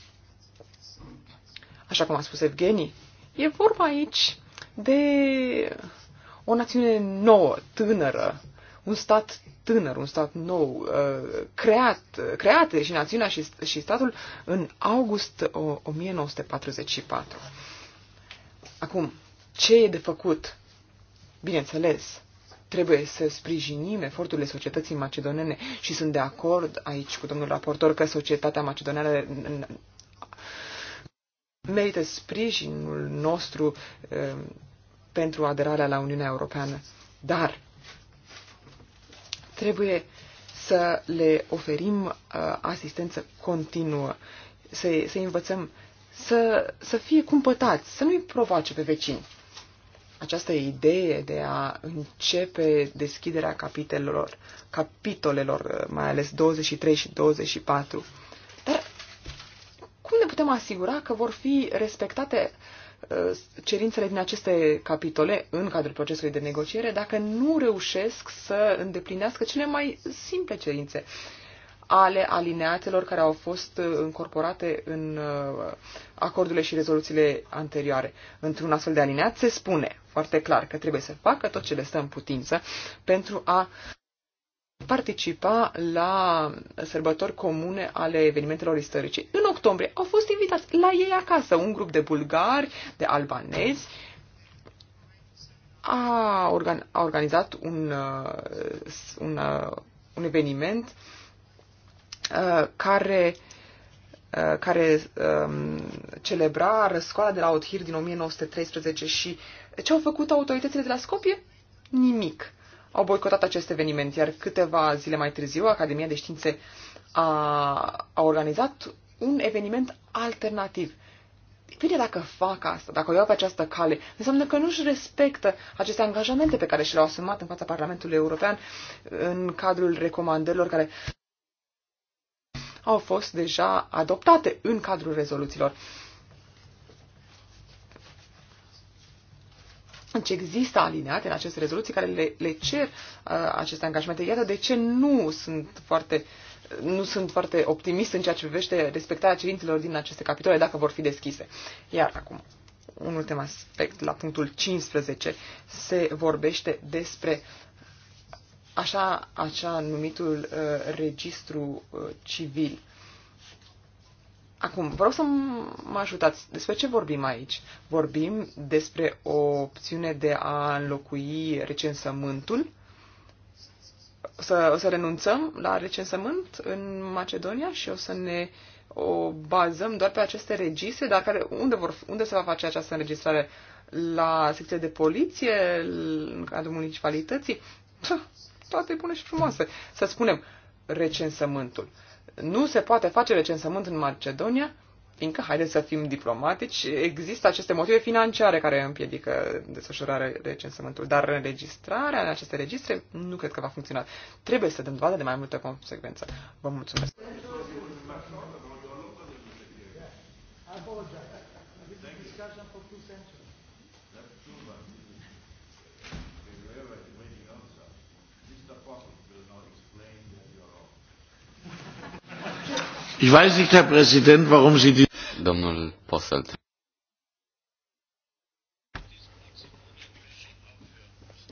așa cum a spus Evgenii, e vorba aici de o națiune nouă, tânără, un stat tânăr, un stat nou, uh, creat, create și națiunea și, și statul în august 1944. Acum, ce e de făcut? Bineînțeles, trebuie să sprijinim eforturile societății macedonene și sunt de acord aici cu domnul raportor că societatea macedoneană merită sprijinul nostru um, pentru aderarea la Uniunea Europeană, dar trebuie să le oferim uh, asistență continuă, să, să învățăm să, să fie cumpătați, să nu-i provoace pe vecini. Această idee de a începe deschiderea capitolelor, capitolelor, uh, mai ales 23 și 24, putem asigura că vor fi respectate uh, cerințele din aceste capitole în cadrul procesului de negociere dacă nu reușesc să îndeplinească cele mai simple cerințe ale alineatelor care au fost uh, încorporate în uh, acordurile și rezoluțiile anterioare. Într-un astfel de alineat se spune foarte clar că trebuie să facă tot ce le stă în putință pentru a participa la sărbători comune ale evenimentelor istorice. În octombrie au fost invitați la ei acasă un grup de bulgari, de albanezi, a, organ, a organizat un, uh, un, uh, un eveniment uh, care, uh, care um, celebra răscoala de la Othir din 1913 și ce au făcut autoritățile de la Scopie? Nimic au boicotat acest eveniment, iar câteva zile mai târziu Academia de Științe a, a organizat un eveniment alternativ. Bine, dacă fac asta, dacă o iau pe această cale, înseamnă că nu-și respectă aceste angajamente pe care și le-au asumat în fața Parlamentului European în cadrul recomandărilor care au fost deja adoptate în cadrul rezoluțiilor. Deci există alineate în aceste rezoluții care le, le cer uh, aceste angajamente. Iată de ce nu sunt foarte nu sunt foarte optimist în ceea ce privește respectarea cerințelor din aceste capitole dacă vor fi deschise. Iar acum, un ultim aspect, la punctul 15 se vorbește despre așa, așa numitul uh, registru uh, civil. Uh, Acum, vreau să mă ajutați. Despre ce vorbim aici? Vorbim despre o opțiune de a înlocui recensământul? Să, o să renunțăm la recensământ în Macedonia și o să ne o bazăm doar pe aceste registre, dar care, unde, vor, unde se va face această înregistrare? La secția de poliție, în cadrul municipalității? Pă, toate bune și frumoase. Să spunem, recensământul. Uh, nu se poate face recensământ în Macedonia, fiindcă, haideți să fim diplomatici, există aceste motive financiare care împiedică desfășurarea recensământului, dar înregistrarea în aceste registre nu cred că va funcționa. Trebuie să dăm dovadă de mai multă consecvență. Vă mulțumesc! Ich weiß nicht, Herr Präsident, warum Sie die... Domnul Posselt.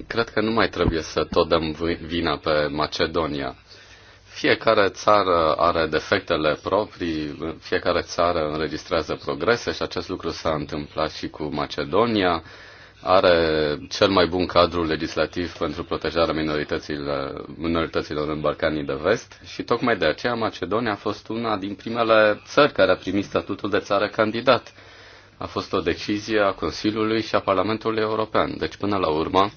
Cred că nu mai trebuie să tot dăm vina pe Macedonia. Fiecare țară are defectele proprii, fiecare țară înregistrează progrese și acest lucru s-a întâmplat și cu Macedonia are cel mai bun cadru legislativ pentru protejarea minorităților, minorităților în Balcanii de Vest și tocmai de aceea Macedonia a fost una din primele țări care a primit statutul de țară candidat. A fost o decizie a Consiliului și a Parlamentului European. Deci, până la urmă,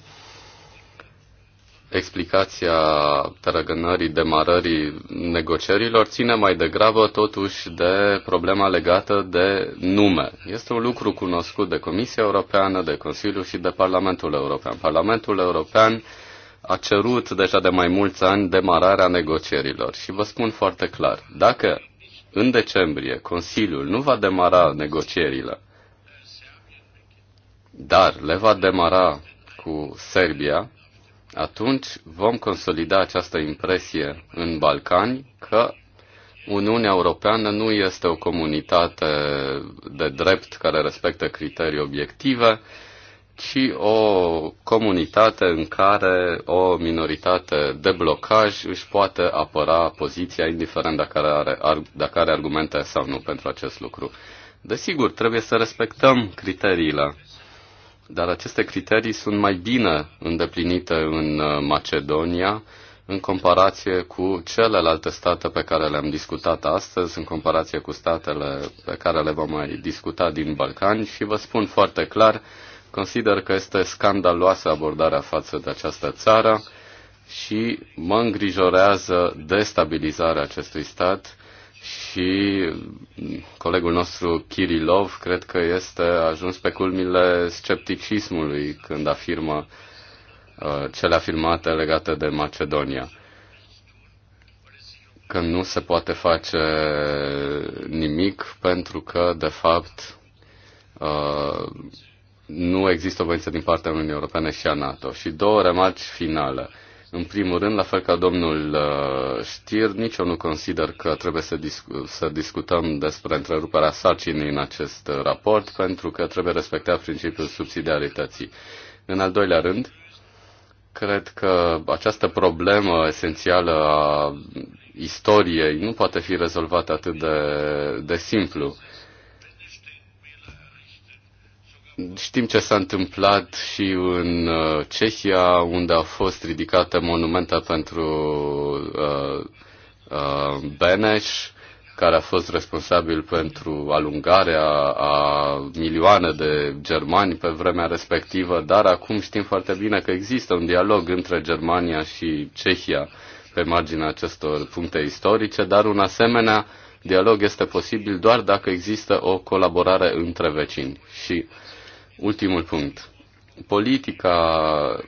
explicația tărăgânării, demarării negocierilor ține mai degrabă totuși de problema legată de nume. Este un lucru cunoscut de Comisia Europeană, de Consiliu și de Parlamentul European. Parlamentul European a cerut deja de mai mulți ani demararea negocierilor și vă spun foarte clar, dacă în decembrie Consiliul nu va demara negocierile, dar le va demara cu Serbia, atunci vom consolida această impresie în Balcani că Uniunea Europeană nu este o comunitate de drept care respectă criterii obiective, ci o comunitate în care o minoritate de blocaj își poate apăra poziția, indiferent dacă are, dacă are argumente sau nu pentru acest lucru. Desigur, trebuie să respectăm criteriile dar aceste criterii sunt mai bine îndeplinite în uh, Macedonia în comparație cu celelalte state pe care le-am discutat astăzi, în comparație cu statele pe care le vom mai discuta din Balcani și vă spun foarte clar, consider că este scandaloasă abordarea față de această țară și mă îngrijorează destabilizarea acestui stat și colegul nostru Kirilov cred că este ajuns pe culmile scepticismului când afirmă uh, cele afirmate legate de Macedonia. Că nu se poate face nimic pentru că, de fapt, uh, nu există o voință din partea Uniunii Europene și a NATO. Și două remarci finale. În primul rând, la fel ca domnul Știr, uh, nici eu nu consider că trebuie să, discu- să discutăm despre întreruperea sarcinii în acest uh, raport, pentru că trebuie respectat principiul subsidiarității. În al doilea rând, cred că această problemă esențială a istoriei nu poate fi rezolvată atât de, de simplu. Uh, Știm ce s-a întâmplat și în uh, Cehia, unde a fost ridicată monumenta pentru uh, uh, Beneș, care a fost responsabil pentru alungarea a milioane de germani pe vremea respectivă, dar acum știm foarte bine că există un dialog între Germania și Cehia pe marginea acestor puncte istorice, dar un asemenea dialog este posibil doar dacă există o colaborare între vecini. Și uh, Ultimul punct. Politica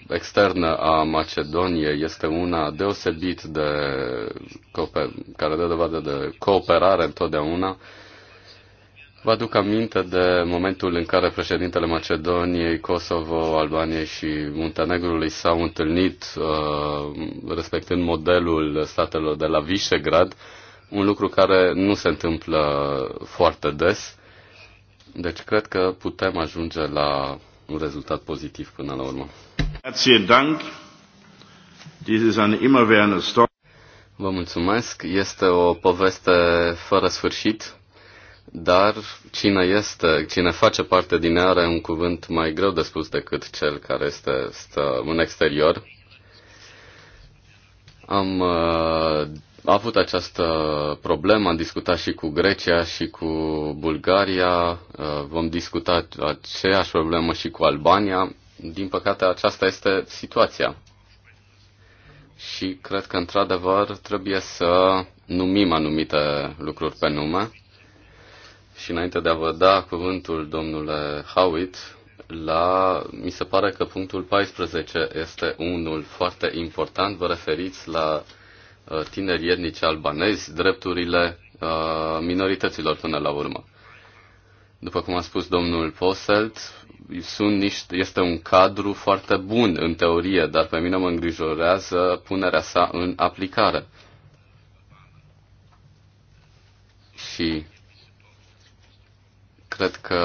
externă a Macedoniei este una deosebit de care dă dovadă de cooperare întotdeauna. Vă aduc aminte de momentul în care președintele Macedoniei, Kosovo, Albaniei și Muntenegrului s-au întâlnit uh, respectând modelul statelor de la Visegrad, un lucru care nu se întâmplă foarte des deci cred că putem ajunge la un rezultat pozitiv până la urmă. Vă mulțumesc. Este o poveste fără sfârșit, dar cine este, cine face parte din ea are un cuvânt mai greu de spus decât cel care este stă în exterior. Am uh, a avut această problemă, am discutat și cu Grecia și cu Bulgaria, uh, vom discuta aceeași problemă și cu Albania. Din păcate, aceasta este situația. Și cred că, într-adevăr, trebuie să numim anumite lucruri pe nume. Și înainte de a vă da cuvântul domnule Howitt, la, mi se pare că punctul 14 este unul foarte important. Vă referiți la Uh, tineri etnici albanezi, drepturile uh, minorităților până la urmă. După cum a spus domnul Poselt, sunt niște, este un cadru foarte bun în teorie, dar pe mine mă îngrijorează punerea sa în aplicare. Și cred că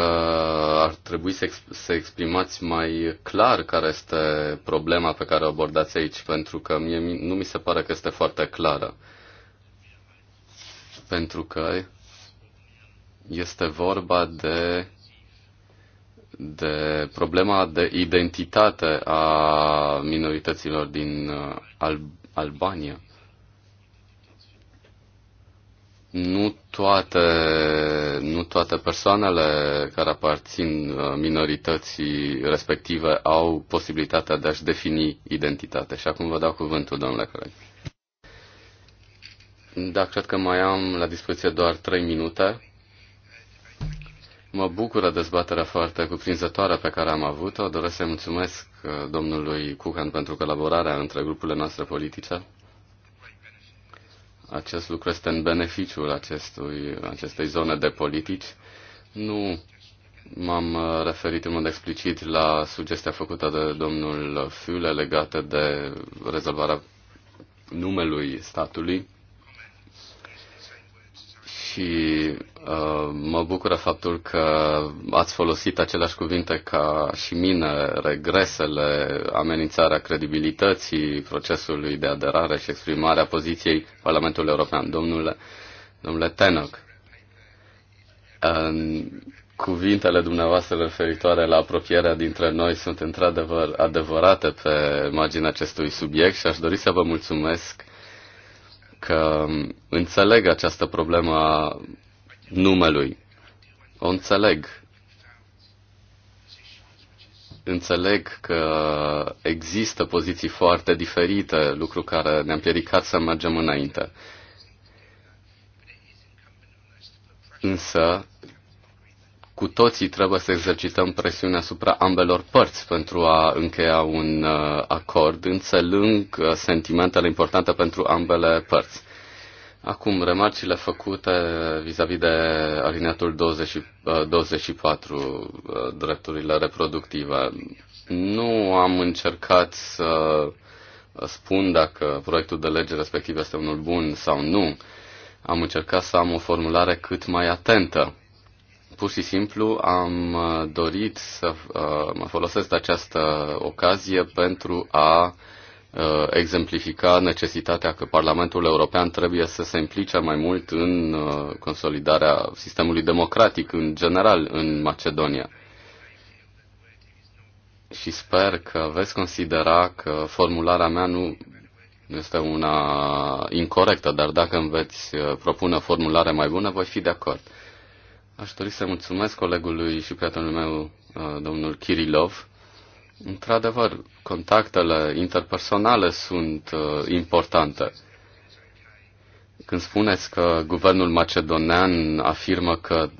ar trebui să, exp- să exprimați mai clar care este problema pe care o abordați aici, pentru că mie nu mi se pare că este foarte clară. Pentru că este vorba de, de problema de identitate a minorităților din uh, Al- Albania. nu toate, nu toate persoanele care aparțin uh, minorității respective au posibilitatea de a-și defini identitatea. Și acum vă dau cuvântul, domnule Craig. Da, cred că mai am la dispoziție doar trei minute. Mă bucură dezbaterea foarte cuprinzătoare pe care am avut-o. Doresc să mulțumesc uh, domnului Cucan pentru colaborarea între grupurile noastre politice acest lucru este în beneficiul acestui, acestei zone de politici. Nu m-am uh, referit în mod explicit la sugestia făcută de domnul Fiule legată de rezolvarea numelui statului și uh, mă bucură faptul că ați folosit aceleași cuvinte ca și mine, regresele, amenințarea credibilității procesului de aderare și exprimarea poziției Parlamentului European. Domnule, domnule Tenoc, uh, cuvintele dumneavoastră referitoare la apropierea dintre noi sunt într-adevăr adevărate pe marginea acestui subiect și aș dori să vă mulțumesc că înțeleg această problemă a numelui. O înțeleg. Înțeleg că există poziții foarte diferite, lucru care ne-a împiedicat să mergem înainte. Însă, cu toții trebuie să exercităm presiune asupra ambelor părți pentru a încheia un uh, acord, înțelând uh, sentimentele importante pentru ambele părți. Acum, remarcile făcute vis-a-vis -vis de alineatul 20, 24, uh, drepturile reproductive. Nu am încercat să spun dacă proiectul de lege respectiv este unul bun sau nu. Am încercat să am o formulare cât mai atentă pur și simplu am uh, dorit să uh, mă folosesc această ocazie pentru a uh, exemplifica necesitatea că Parlamentul European trebuie să se implice mai mult în consolidarea sistemului democratic în general în Macedonia. Și sper că veți considera că formularea mea nu este una incorrectă, dar dacă îmi veți propune o formulare mai bună, voi fi de acord. Aș dori să mulțumesc colegului și prietenul meu, uh, domnul Kirilov. Într-adevăr, contactele interpersonale sunt uh, importante. Când spuneți că guvernul macedonean afirmă că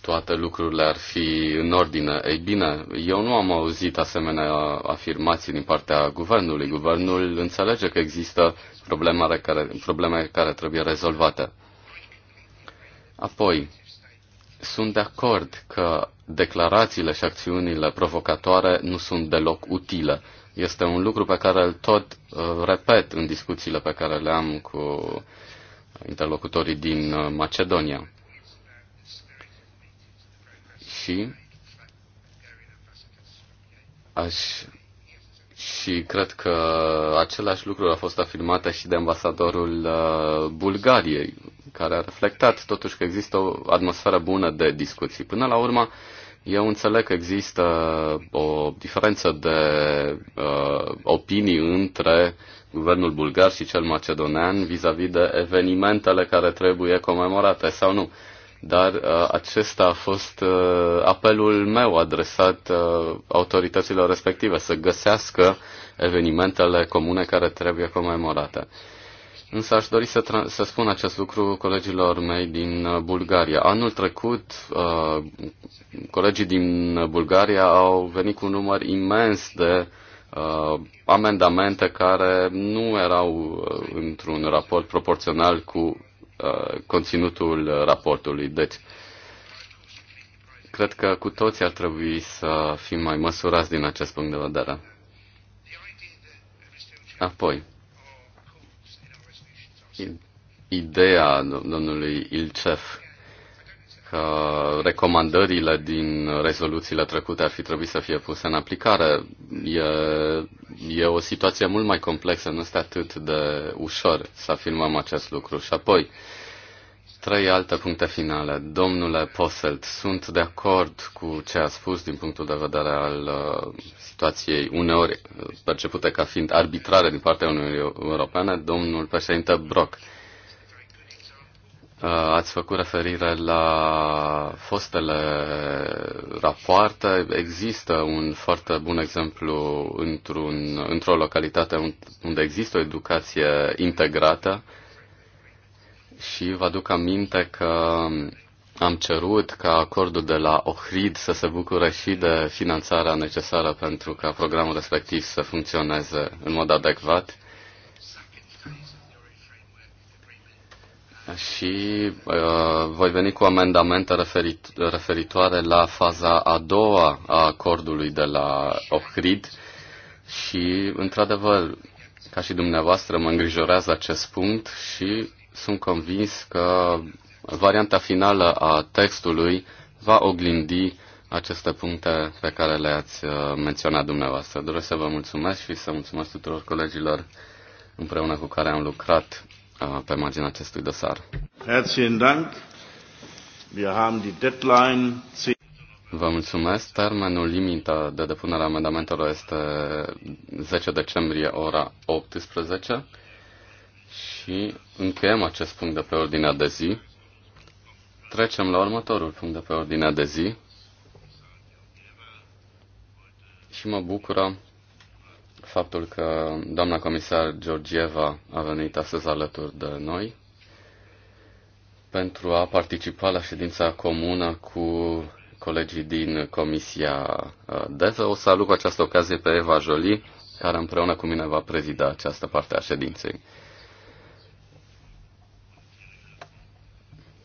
toate lucrurile ar fi în ordine, ei bine, eu nu am auzit asemenea afirmații din partea guvernului. Guvernul înțelege că există probleme care, probleme care trebuie rezolvate. Apoi, sunt de acord că declarațiile și acțiunile provocatoare nu sunt deloc utile. Este un lucru pe care îl tot uh, repet în discuțiile pe care le am cu interlocutorii din uh, Macedonia. Și aș și cred că același lucru a fost afirmat și de ambasadorul uh, Bulgariei, care a reflectat totuși că există o atmosferă bună de discuții. Până la urmă, eu înțeleg că există o diferență de uh, opinii între guvernul bulgar și cel macedonean vis-a-vis -vis de evenimentele care trebuie comemorate sau nu dar uh, acesta a fost uh, apelul meu adresat uh, autorităților respective, să găsească evenimentele comune care trebuie comemorate. Însă aș dori să, să spun acest lucru colegilor mei din Bulgaria. Anul trecut, uh, colegii din Bulgaria au venit cu un număr imens de uh, amendamente care nu erau într-un raport proporțional cu Uh, conținutul raportului. Deci, cred că cu toți ar trebui să fim mai măsurați din acest punct de vedere. Apoi, ideea domnului Ilcef că recomandările din rezoluțiile trecute ar fi trebuit să fie puse în aplicare. E, e o situație mult mai complexă, nu este atât de ușor să afirmăm acest lucru. Și apoi, trei alte puncte finale. Domnule Posselt, sunt de acord cu ce a spus din punctul de vedere al uh, situației uneori uh, percepute ca fiind arbitrare din partea Uniunii Europene, domnul președinte Brock. Uh, ați făcut referire la fostele rapoarte. Există un foarte bun exemplu într-un, într-o localitate unde există o educație integrată și vă aduc aminte că am cerut ca acordul de la Ohrid să se bucure și de finanțarea necesară pentru ca programul respectiv să funcționeze în mod adecvat și uh, voi veni cu amendamente referit, referitoare la faza a doua a acordului de la Ohrid și, într-adevăr, ca și dumneavoastră, mă îngrijorează acest punct și sunt convins că varianta finală a textului va oglindi aceste puncte pe care le-ați uh, menționat dumneavoastră. Doresc să vă mulțumesc și să mulțumesc tuturor colegilor împreună cu care am lucrat Uh, pe marginea acestui dosar. Vă mulțumesc. Termenul limită de depunere a amendamentelor este 10 decembrie, ora 18. Și încheiem acest punct de pe ordinea de zi. Trecem la următorul punct de pe ordinea de zi. Și mă bucură faptul că doamna comisar Georgieva a venit astăzi alături de noi pentru a participa la ședința comună cu colegii din Comisia uh, DEVE. O să aluc această ocazie pe Eva Joli care împreună cu mine va prezida această parte a ședinței.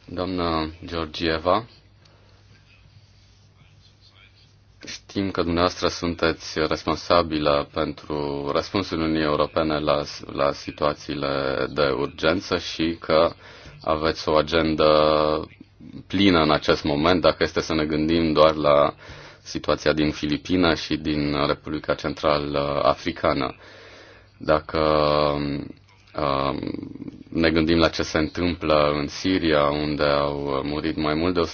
Doamna Georgieva, Știm că dumneavoastră sunteți responsabilă pentru răspunsul Uniunii Europene la, la situațiile de urgență și că aveți o agendă plină în acest moment, dacă este să ne gândim doar la situația din Filipina și din Republica Central Africană. Dacă Um, ne gândim la ce se întâmplă în Siria, unde au murit mai mult de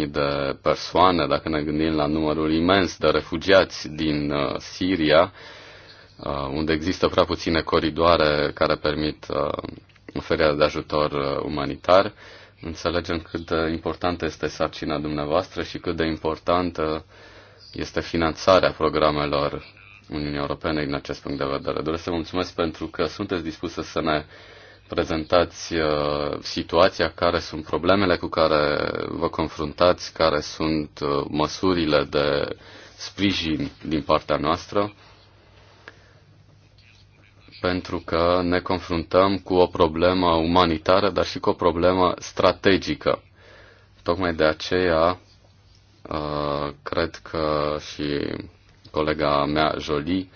140.000 de persoane, dacă ne gândim la numărul imens de refugiați din uh, Siria, uh, unde există prea puține coridoare care permit uh, oferirea de ajutor umanitar, înțelegem cât de importantă este sarcina dumneavoastră și cât de importantă este finanțarea programelor Uniunii Europene din acest punct de vedere. Doresc să vă mulțumesc pentru că sunteți dispusă să ne prezentați uh, situația, care sunt problemele cu care vă confruntați, care sunt uh, măsurile de sprijin din partea noastră, pentru că ne confruntăm cu o problemă umanitară, dar și cu o problemă strategică. Tocmai de aceea, uh, cred că și colega mea, Jolie,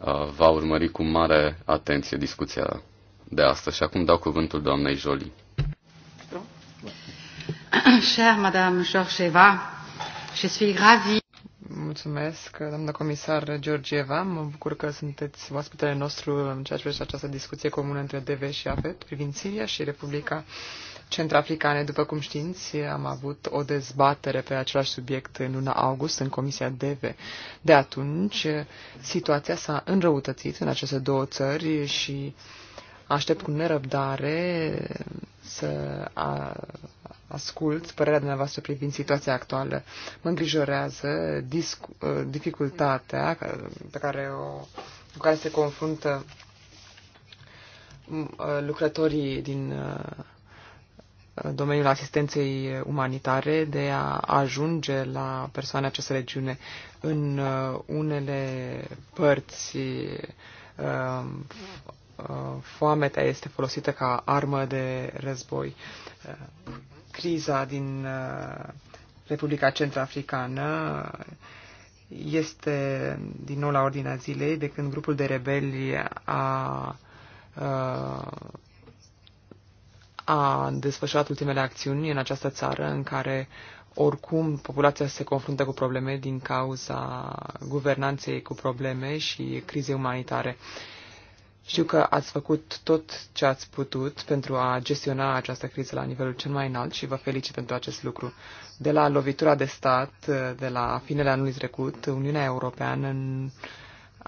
uh, va urmări cu mare atenție discuția de astăzi. Și acum dau cuvântul doamnei Jolie. Chère Madame Georgieva, je suis Mulțumesc, doamna comisar Georgieva. Mă bucur că sunteți oaspetele nostru în ceea ce privește această discuție comună între DV și AFET privind Siria și Republica centrafricane. După cum știți, am avut o dezbatere pe același subiect în luna august în Comisia DEVE. De atunci, situația s-a înrăutățit în aceste două țări și aștept cu nerăbdare să ascult părerea dumneavoastră privind situația actuală. Mă îngrijorează ă, dificultatea pe care o, cu care se confruntă ă, lucrătorii din ă, domeniul asistenței umanitare de a ajunge la persoane această regiune. În uh, unele părți uh, uh, foametea este folosită ca armă de război. Criza din Republica Centrafricană este din nou la ordinea zilei de când grupul de rebeli a a desfășurat ultimele acțiuni în această țară în care oricum populația se confruntă cu probleme din cauza guvernanței cu probleme și crize umanitare. Știu că ați făcut tot ce ați putut pentru a gestiona această criză la nivelul cel mai înalt și vă felicit pentru acest lucru. De la lovitura de stat, de la finele anului trecut, Uniunea Europeană în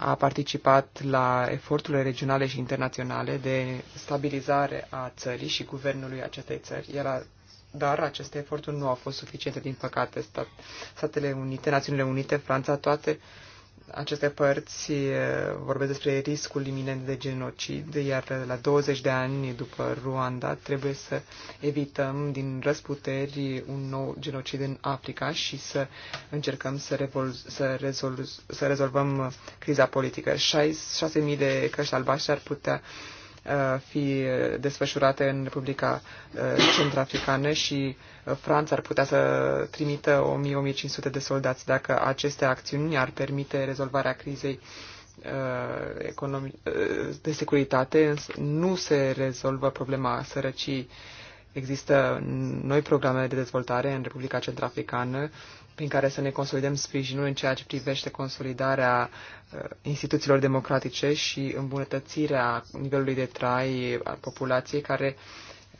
a participat la eforturile regionale și internaționale de stabilizare a țării și guvernului acestei țări, iar dar aceste eforturi nu au fost suficiente, din păcate. Stat, Statele Unite, Națiunile Unite, Franța, toate uh, aceste părți vorbesc despre riscul iminent de genocid, iar la 20 de ani după Ruanda trebuie să evităm din răsputeri un nou genocid în Africa și să încercăm să, revol- să, rezol- să rezolvăm criza politică. 6.000 de căști albaștri ar putea uh, Uh, fi desfășurate în Republica uh, Centrafricană și uh, Franța ar putea să trimită 1000-1500 de soldați. Dacă aceste acțiuni ar permite rezolvarea crizei de securitate, nu se rezolvă problema sărăcii. Există noi programe de dezvoltare în Republica Centrafricană prin care să ne consolidăm sprijinul în ceea ce privește consolidarea uh, instituțiilor democratice și îmbunătățirea nivelului de trai al populației care,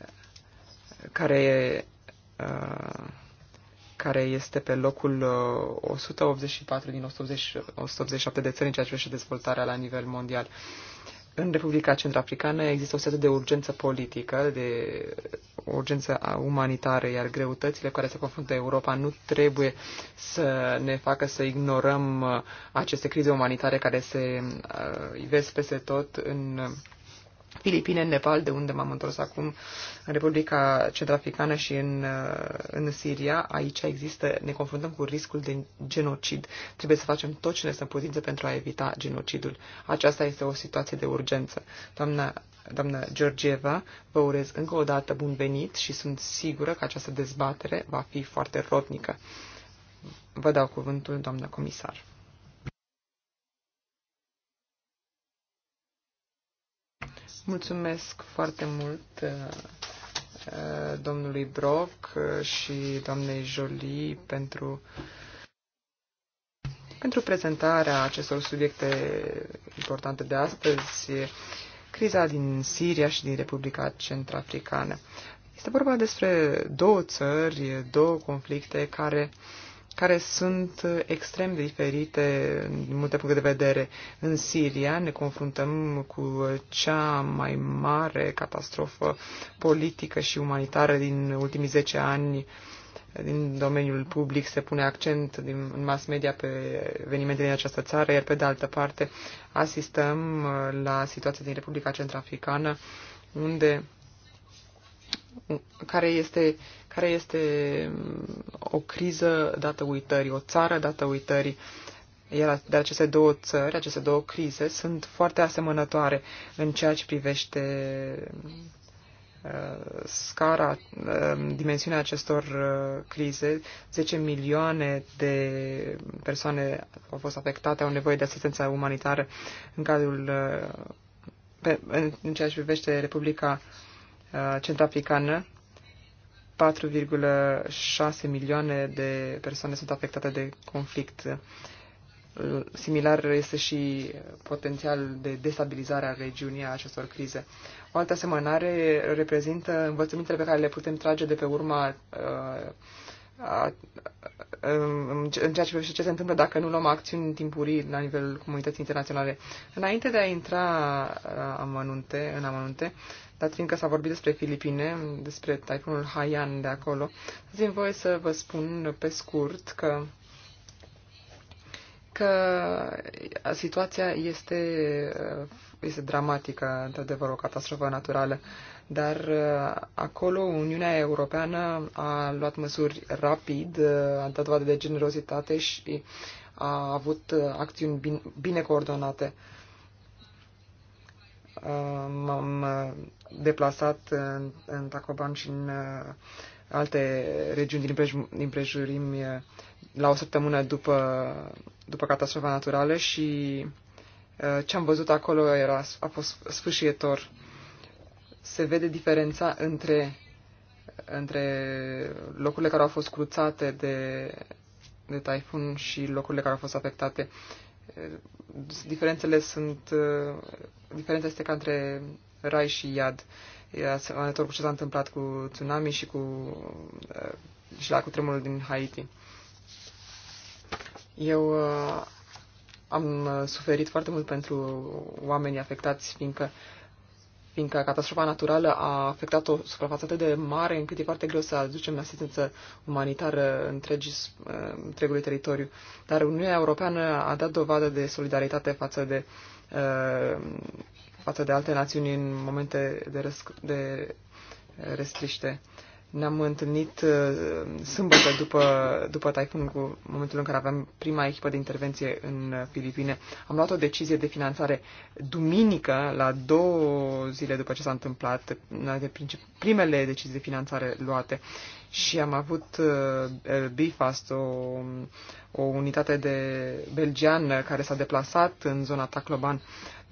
uh, care, uh, care este pe locul 184 din 180, 187 de țări în ceea ce privește dezvoltarea la nivel mondial. În Republica Centrafricană există o situație de urgență politică, de urgență umanitară, iar greutățile cu care se confruntă Europa nu trebuie să ne facă să ignorăm uh, aceste crize umanitare care se uh, ivesc peste tot în Filipine, în Nepal, de unde m-am întors acum, în Republica Centrafricană și în, în Siria. Aici există, ne confruntăm cu riscul de genocid. Trebuie să facem tot ce ne stă putință pentru a evita genocidul. Aceasta este o situație de urgență. Doamna doamna Georgieva, vă urez încă o dată bun venit și sunt sigură că această dezbatere va fi foarte rodnică. Vă dau cuvântul, doamna comisar. Mulțumesc foarte mult uh, uh, domnului Brock uh, și doamnei Jolie pentru, pentru prezentarea acestor subiecte importante de astăzi, criza din Siria și din Republica Centrafricană. Este vorba despre două țări, două conflicte care uh, care sunt uh, extrem de diferite din multe puncte de vedere. În Siria ne confruntăm cu uh, cea mai mare catastrofă politică și umanitară din ultimii 10 ani din domeniul public se pune accent din, în mass media pe evenimentele din această țară, iar pe de altă parte asistăm uh, la situația din Republica Centrafricană, unde care este care este o criză dată uitării, o țară dată uitării. Iar de aceste două țări, aceste două crize, sunt foarte asemănătoare în ceea ce privește uh, scara, uh, dimensiunea acestor uh, crize, 10 milioane de persoane au fost afectate, au nevoie de asistență umanitară în cadrul, în ceea ce privește Republica Centrafricană, 4,6 milioane de persoane sunt afectate de conflict. Similar este și potențial de destabilizare a regiunii a acestor crize. O altă asemănare reprezintă învățămintele pe care le putem trage de pe urma uh, a, uh, în ceea ce ce se întâmplă dacă nu luăm acțiuni timpurii la nivelul comunității internaționale. Înainte de a intra uh, amănunte, în amănunte, dar fiindcă s-a vorbit despre Filipine, despre taifunul Haiyan de acolo, dați-mi voie să vă spun pe scurt că că situația este, este dramatică, într-adevăr, o catastrofă naturală, dar acolo Uniunea Europeană a luat măsuri rapid, a dat dovadă de generozitate și a avut acțiuni bine, bine coordonate m-am deplasat în, în Tacoban și în uh, alte regiuni din din prejurimi la o săptămână după, după catastrofa naturală și uh, ce am văzut acolo era, a fost sfârșietor. Se vede diferența între, între locurile care au fost cruțate de, de taifun și locurile care au fost afectate Eh, diferențele sunt, eh, diferența este ca între rai și iad, asemănător cu ce s-a întâmplat cu tsunami și cu eh, și la cutremurul din Haiti. Eu am suferit foarte mult pentru oamenii afectați, fiindcă uh, fiindcă catastrofa naturală a afectat o suprafață atât de mare încât e foarte greu să aducem asistență umanitară întregi, ă, întregului teritoriu. Dar Uniunea Europeană a dat dovadă de solidaritate față de, ă, față de alte națiuni în momente de, răsc- de restriște. Ne-am întâlnit uh, sâmbătă după, după Typhoon, cu momentul în care aveam prima echipă de intervenție în Filipine. Am luat o decizie de finanțare duminică, la două zile după ce s-a întâmplat, una de primele decizii de finanțare luate. Și am avut uh, Bifast, o, o unitate de belgeană care s-a deplasat în zona Tacloban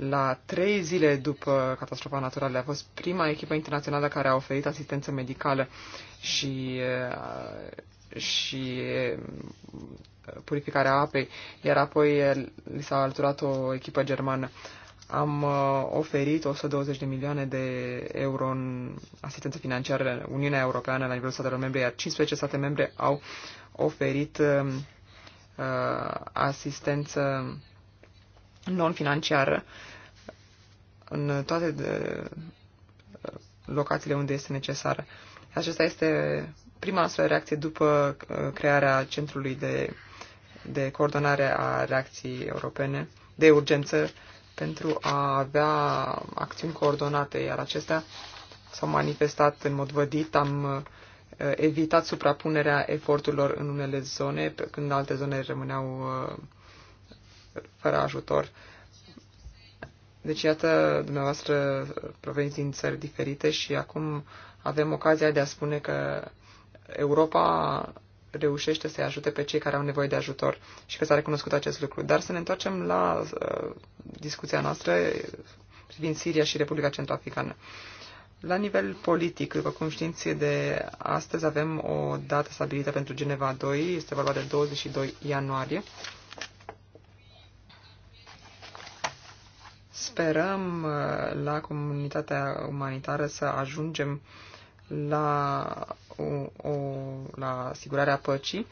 la trei zile după catastrofa naturală a fost prima echipă internațională care a oferit asistență medicală și, uh, și uh, purificarea apei, iar apoi uh, li s-a alturat o echipă germană. Am oferit 120 de milioane de euro în asistență financiară Uniunea Europeană la nivelul statelor membre, iar 15 state membre au oferit uh, asistență non-financiară în toate de locațiile unde este necesară. Aceasta este prima noastră reacție după uh, crearea Centrului de, de Coordonare a Reacției Europene de urgență pentru a avea acțiuni coordonate, iar acestea s-au manifestat în mod vădit. Am uh, evitat suprapunerea eforturilor în unele zone, când alte zone rămâneau uh, fără ajutor. Deci, iată, dumneavoastră proveniți din țări diferite și acum avem ocazia de a spune că Europa reușește să-i ajute pe cei care au nevoie de ajutor și că s-a recunoscut acest lucru. Dar să ne întoarcem la uh, discuția noastră privind Siria și Republica Centrafricană. La nivel politic, după cum știți, de astăzi avem o dată stabilită pentru Geneva 2, este vorba de 22 ianuarie. Sperăm uh, la comunitatea umanitară să ajungem la, o, o, la asigurarea păcii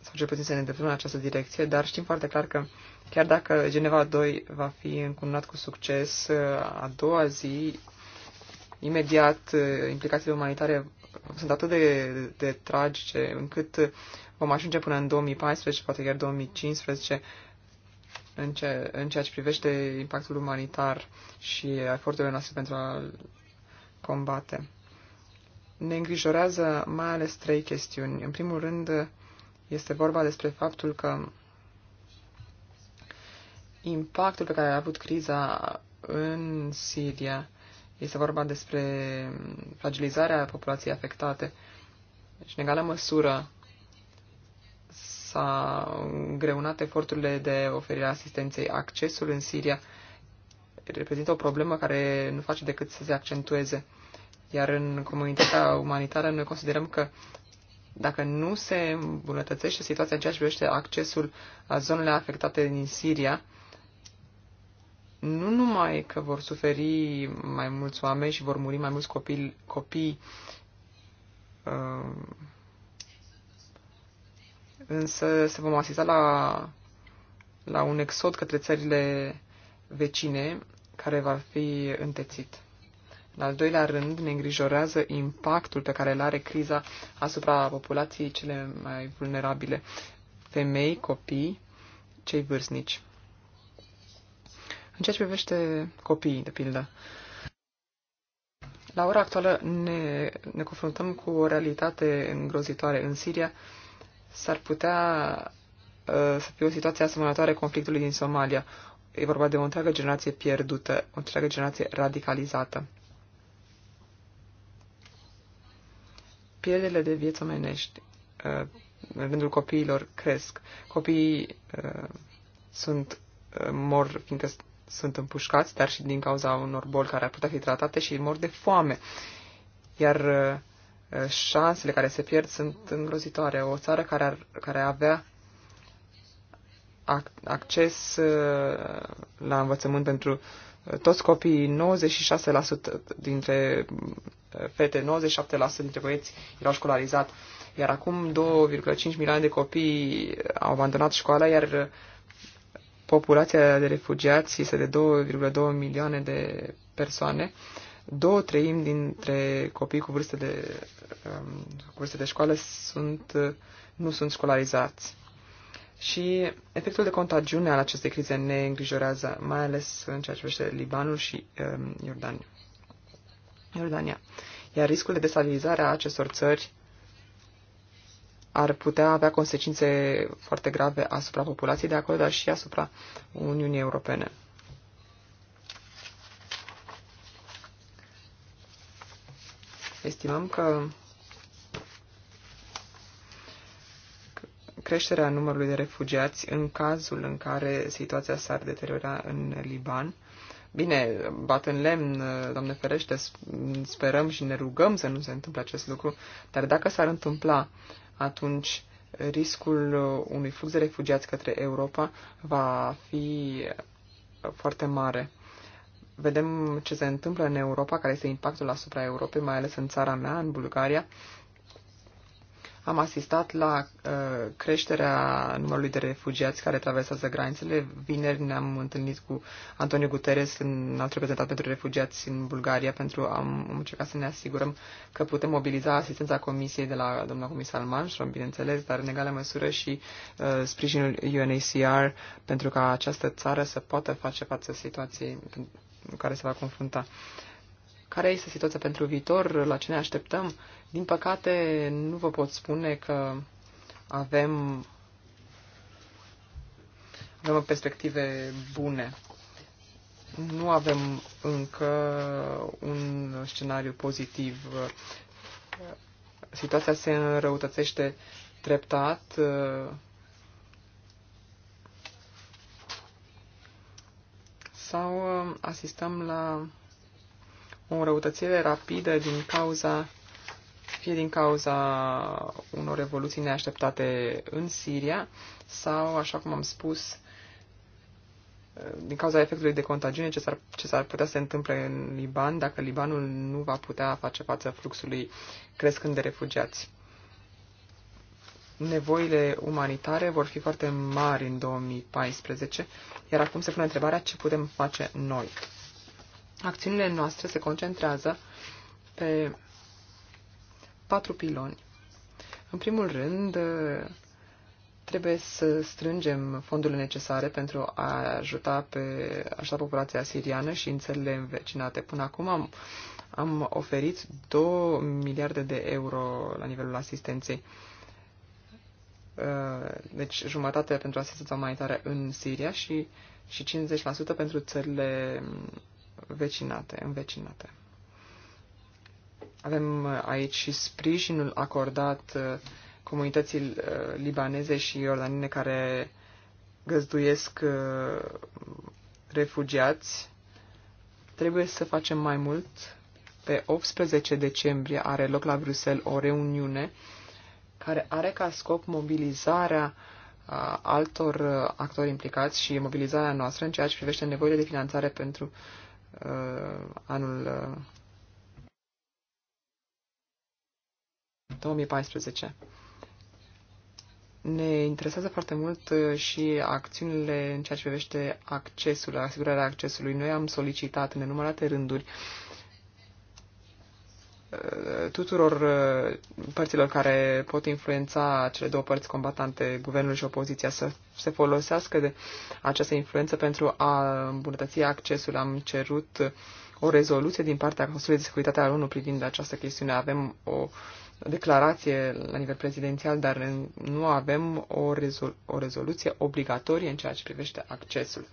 sau cel puțin să ne îndreptăm în această direcție, dar știm foarte clar că chiar dacă Geneva 2 va fi încununat cu succes, uh, a doua zi, imediat, uh, implicațiile umanitare sunt atât de, de tragice încât vom ajunge până în 2014, poate chiar 2015, în, ce, în ceea ce privește impactul umanitar și eforturile noastre pentru a combate. Ne îngrijorează mai ales trei chestiuni. În primul rând, este vorba despre faptul că impactul pe care a avut criza în Siria este vorba despre fragilizarea populației afectate și, deci, în egală măsură, s-a greunat eforturile de oferire a asistenței. Accesul în Siria reprezintă o problemă care nu face decât să se accentueze. Iar în comunitatea umanitară noi considerăm că dacă nu se îmbunătățește situația în ceea ce privește accesul la zonele afectate din Siria, nu numai că vor suferi mai mulți oameni și vor muri mai mulți copii, copii um, uh, însă se vom asista la, la un exod către țările vecine care va fi întețit. În al doilea rând, ne îngrijorează impactul pe care îl are criza asupra populației cele mai vulnerabile, femei, copii, cei vârstnici. În ceea ce privește copiii, de pildă, la ora actuală ne, ne confruntăm cu o realitate îngrozitoare. În Siria, s-ar putea uh, să fie o situație asemănătoare conflictului din Somalia. E vorba de o întreagă generație pierdută, o întreagă generație radicalizată. Pierderile de vieți omenești uh, în rândul copiilor cresc. Copiii uh, sunt uh, mor fiindcă sunt împușcați, dar și din cauza unor boli care ar putea fi tratate și mor de foame. Iar uh, șansele care se pierd sunt îngrozitoare. O țară care, ar, care avea acces uh, la învățământ pentru uh, toți copiii, 96% dintre uh, fete, 97% dintre băieți erau școlarizați, iar acum 2,5 milioane de copii au abandonat școala, iar populația de refugiați este de 2,2 milioane de persoane. Uh, două treimi dintre copii cu vârste de, um, cu vârste de școală sunt, uh, nu sunt școlarizați. Și efectul de contagiune al acestei crize ne îngrijorează, mai ales în ceea ce privește Libanul și um, Iordania. Iordania. Iar riscul de destabilizare a acestor țări ar putea avea consecințe foarte grave asupra populației de acolo, dar și asupra Uniunii Europene. Estimăm că creșterea numărului de refugiați în cazul în care situația s-ar deteriora în Liban. Bine, bat în lemn, Doamne ferește, sperăm și ne rugăm să nu se întâmple acest lucru, dar dacă s-ar întâmpla, atunci riscul unui flux de refugiați către Europa va fi foarte mare vedem ce se întâmplă în Europa, care este impactul asupra Europei, mai ales în țara mea, în Bulgaria, am asistat la uh, creșterea numărului de refugiați care traversează granițele. Vineri ne-am întâlnit cu Antonio Guterres, alt reprezentant pentru refugiați în Bulgaria, pentru a încerca să ne asigurăm că putem mobiliza asistența Comisiei de la domnul comisar Malmström, bineînțeles, dar în egală măsură și uh, sprijinul UNHCR pentru ca această țară să poată face față situației care se va confrunta. Care este situația pentru viitor? La ce ne așteptăm? Din păcate, nu vă pot spune că avem, avem perspective bune. Nu avem încă un scenariu pozitiv. Situația se înrăutățește treptat sau um, asistăm la o răutățire rapidă din cauza, fie din cauza unor revoluții neașteptate în Siria sau, așa cum am spus, din cauza efectului de contagiune ce s-ar, ce s-ar putea să se întâmple în Liban dacă Libanul nu va putea face față fluxului crescând de refugiați nevoile umanitare vor fi foarte mari în 2014, iar acum se pune întrebarea ce putem face noi. Acțiunile noastre se concentrează pe patru piloni. În primul rând, trebuie să strângem fondurile necesare pentru a ajuta pe așa populația siriană și în țările învecinate. Până acum am, am oferit 2 miliarde de euro la nivelul asistenței. Uh, Uh, deci jumătate pentru asistența umanitară în Siria și, și 50% pentru țările vecinate, învecinate. Avem aici și sprijinul acordat uh, comunității uh, libaneze și iordanine care găzduiesc refugiați. Trebuie să facem mai mult. Pe 18 decembrie are loc la Bruxelles o reuniune uh, care are ca scop mobilizarea altor actori implicați și mobilizarea noastră în ceea ce privește nevoile de finanțare pentru uh, anul uh, 2014. Ne interesează foarte mult și acțiunile în ceea ce privește accesul, asigurarea accesului. Noi am solicitat în nenumărate rânduri uh, Uh, tuturor uh, părților care pot influența cele două părți combatante, guvernul și opoziția, să se folosească de această influență pentru a îmbunătăți accesul. Am cerut o rezoluție din partea Consiliului de Securitate al ONU privind această chestiune. Avem o declarație la nivel prezidențial, dar nu avem o, rezol- o rezoluție obligatorie în ceea ce privește accesul.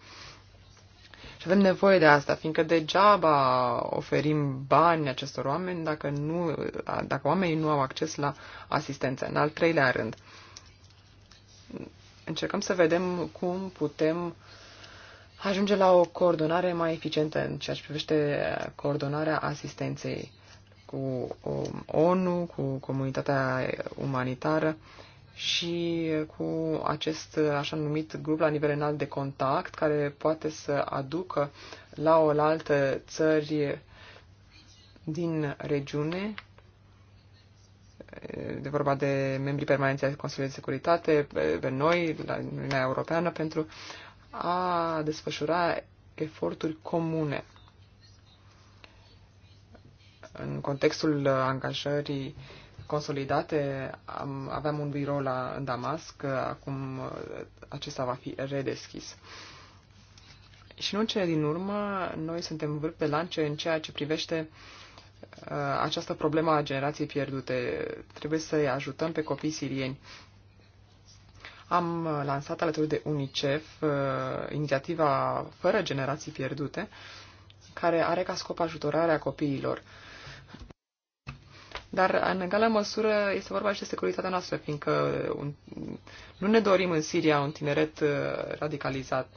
Și deci avem nevoie de asta, fiindcă degeaba oferim bani acestor oameni dacă, nu, dacă oamenii nu au acces la asistență. În al treilea rând, încercăm să vedem cum putem ajunge la o coordonare mai eficientă în ceea ce privește coordonarea asistenței cu um, ONU, cu comunitatea umanitară și cu acest așa numit grup la nivel înalt de contact care poate să aducă la o altă țări din regiune, de vorba de membrii permanenți ai Consiliului de Securitate, pe noi, la Uniunea Europeană, pentru a desfășura eforturi comune. În contextul angajării uh, consolidate. Am, aveam un birou la, în Damasc, acum acesta va fi redeschis. Și nu în cele din urmă, noi suntem vârf pe lance în ceea ce privește uh, această problemă a generației pierdute. Trebuie să-i ajutăm pe copii sirieni. Am uh, lansat alături de UNICEF uh, inițiativa Fără Generații Pierdute, care are ca scop ajutorarea copiilor. Uh, dar, în egală măsură, este vorba și de securitatea noastră, fiindcă un, nu ne dorim în Siria un tineret uh, radicalizat.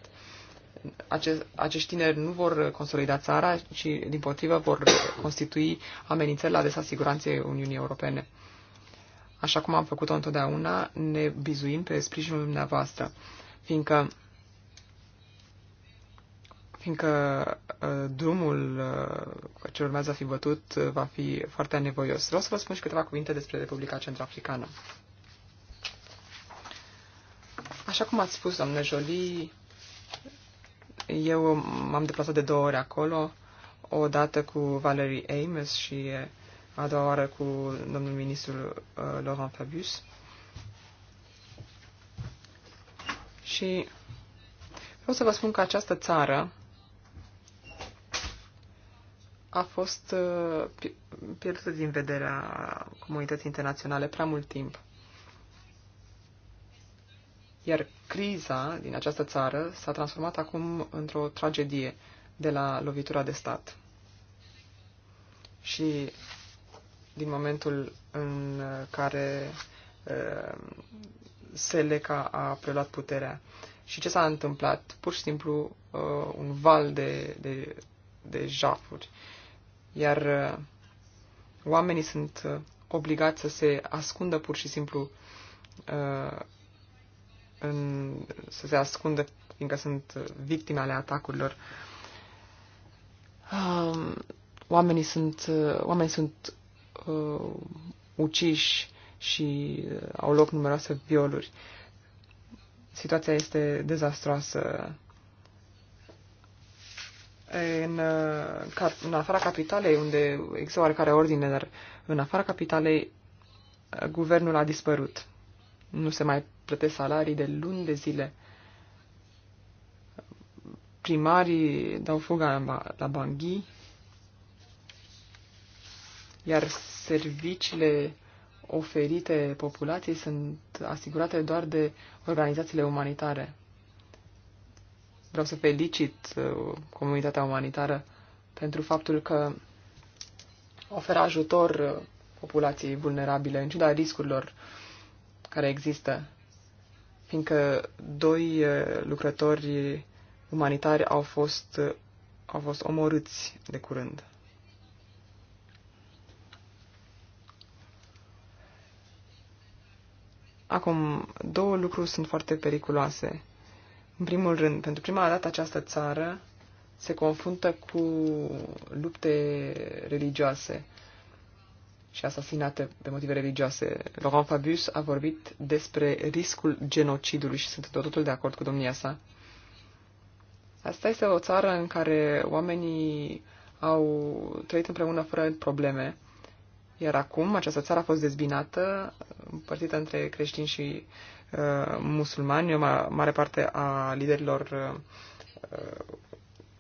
Acest, acești tineri nu vor consolida țara, ci, din potrivă, vor constitui amenințări la adresa siguranței Uniunii Europene. Așa cum am făcut-o întotdeauna, ne bizuim pe sprijinul dumneavoastră, fiindcă fiindcă uh, drumul uh, ce urmează a fi bătut uh, va fi foarte anevoios. Vreau să vă spun și câteva cuvinte despre Republica Centrafricană. Așa cum ați spus, doamne Jolie, eu m-am deplasat de două ori acolo, o dată cu Valerie Ames și a doua oară cu domnul ministru uh, Laurent Fabius. Și vreau să vă spun că această țară a fost uh, pierdută din vederea comunității internaționale prea mult timp. Iar criza din această țară s-a transformat acum într-o tragedie de la lovitura de stat. Și din momentul în care uh, Seleca a preluat puterea. Și ce s-a întâmplat? Pur și simplu uh, un val de, de, de jafuri iar uh, oamenii sunt uh, obligați să se ascundă pur și simplu uh, în, să se ascundă, fiindcă sunt victime ale atacurilor. Um, oamenii sunt, oamenii sunt uh, uciși și au loc numeroase violuri. Situația este dezastroasă în, uh, în afara capitalei, unde există oarecare ordine, dar în afara capitalei uh, guvernul a dispărut. Nu se mai plătesc salarii de luni de zile. Primarii dau fuga la Banghi, iar serviciile oferite populației sunt asigurate doar de organizațiile umanitare. Vreau să felicit uh, comunitatea umanitară pentru faptul că oferă ajutor uh, populației vulnerabile, în ciuda riscurilor care există, fiindcă doi uh, lucrători umanitari au fost, au fost omorâți de curând. Acum, două lucruri sunt foarte periculoase în primul rând, pentru prima dată această țară se confruntă cu lupte religioase și asasinate pe motive religioase. Laurent Fabius a vorbit despre riscul genocidului și sunt totul de acord cu domnia sa. Asta este o țară în care oamenii au trăit împreună fără probleme, iar acum această țară a fost dezbinată, împărțită între creștini și Uh, musulmani, o mare parte a liderilor uh, uh,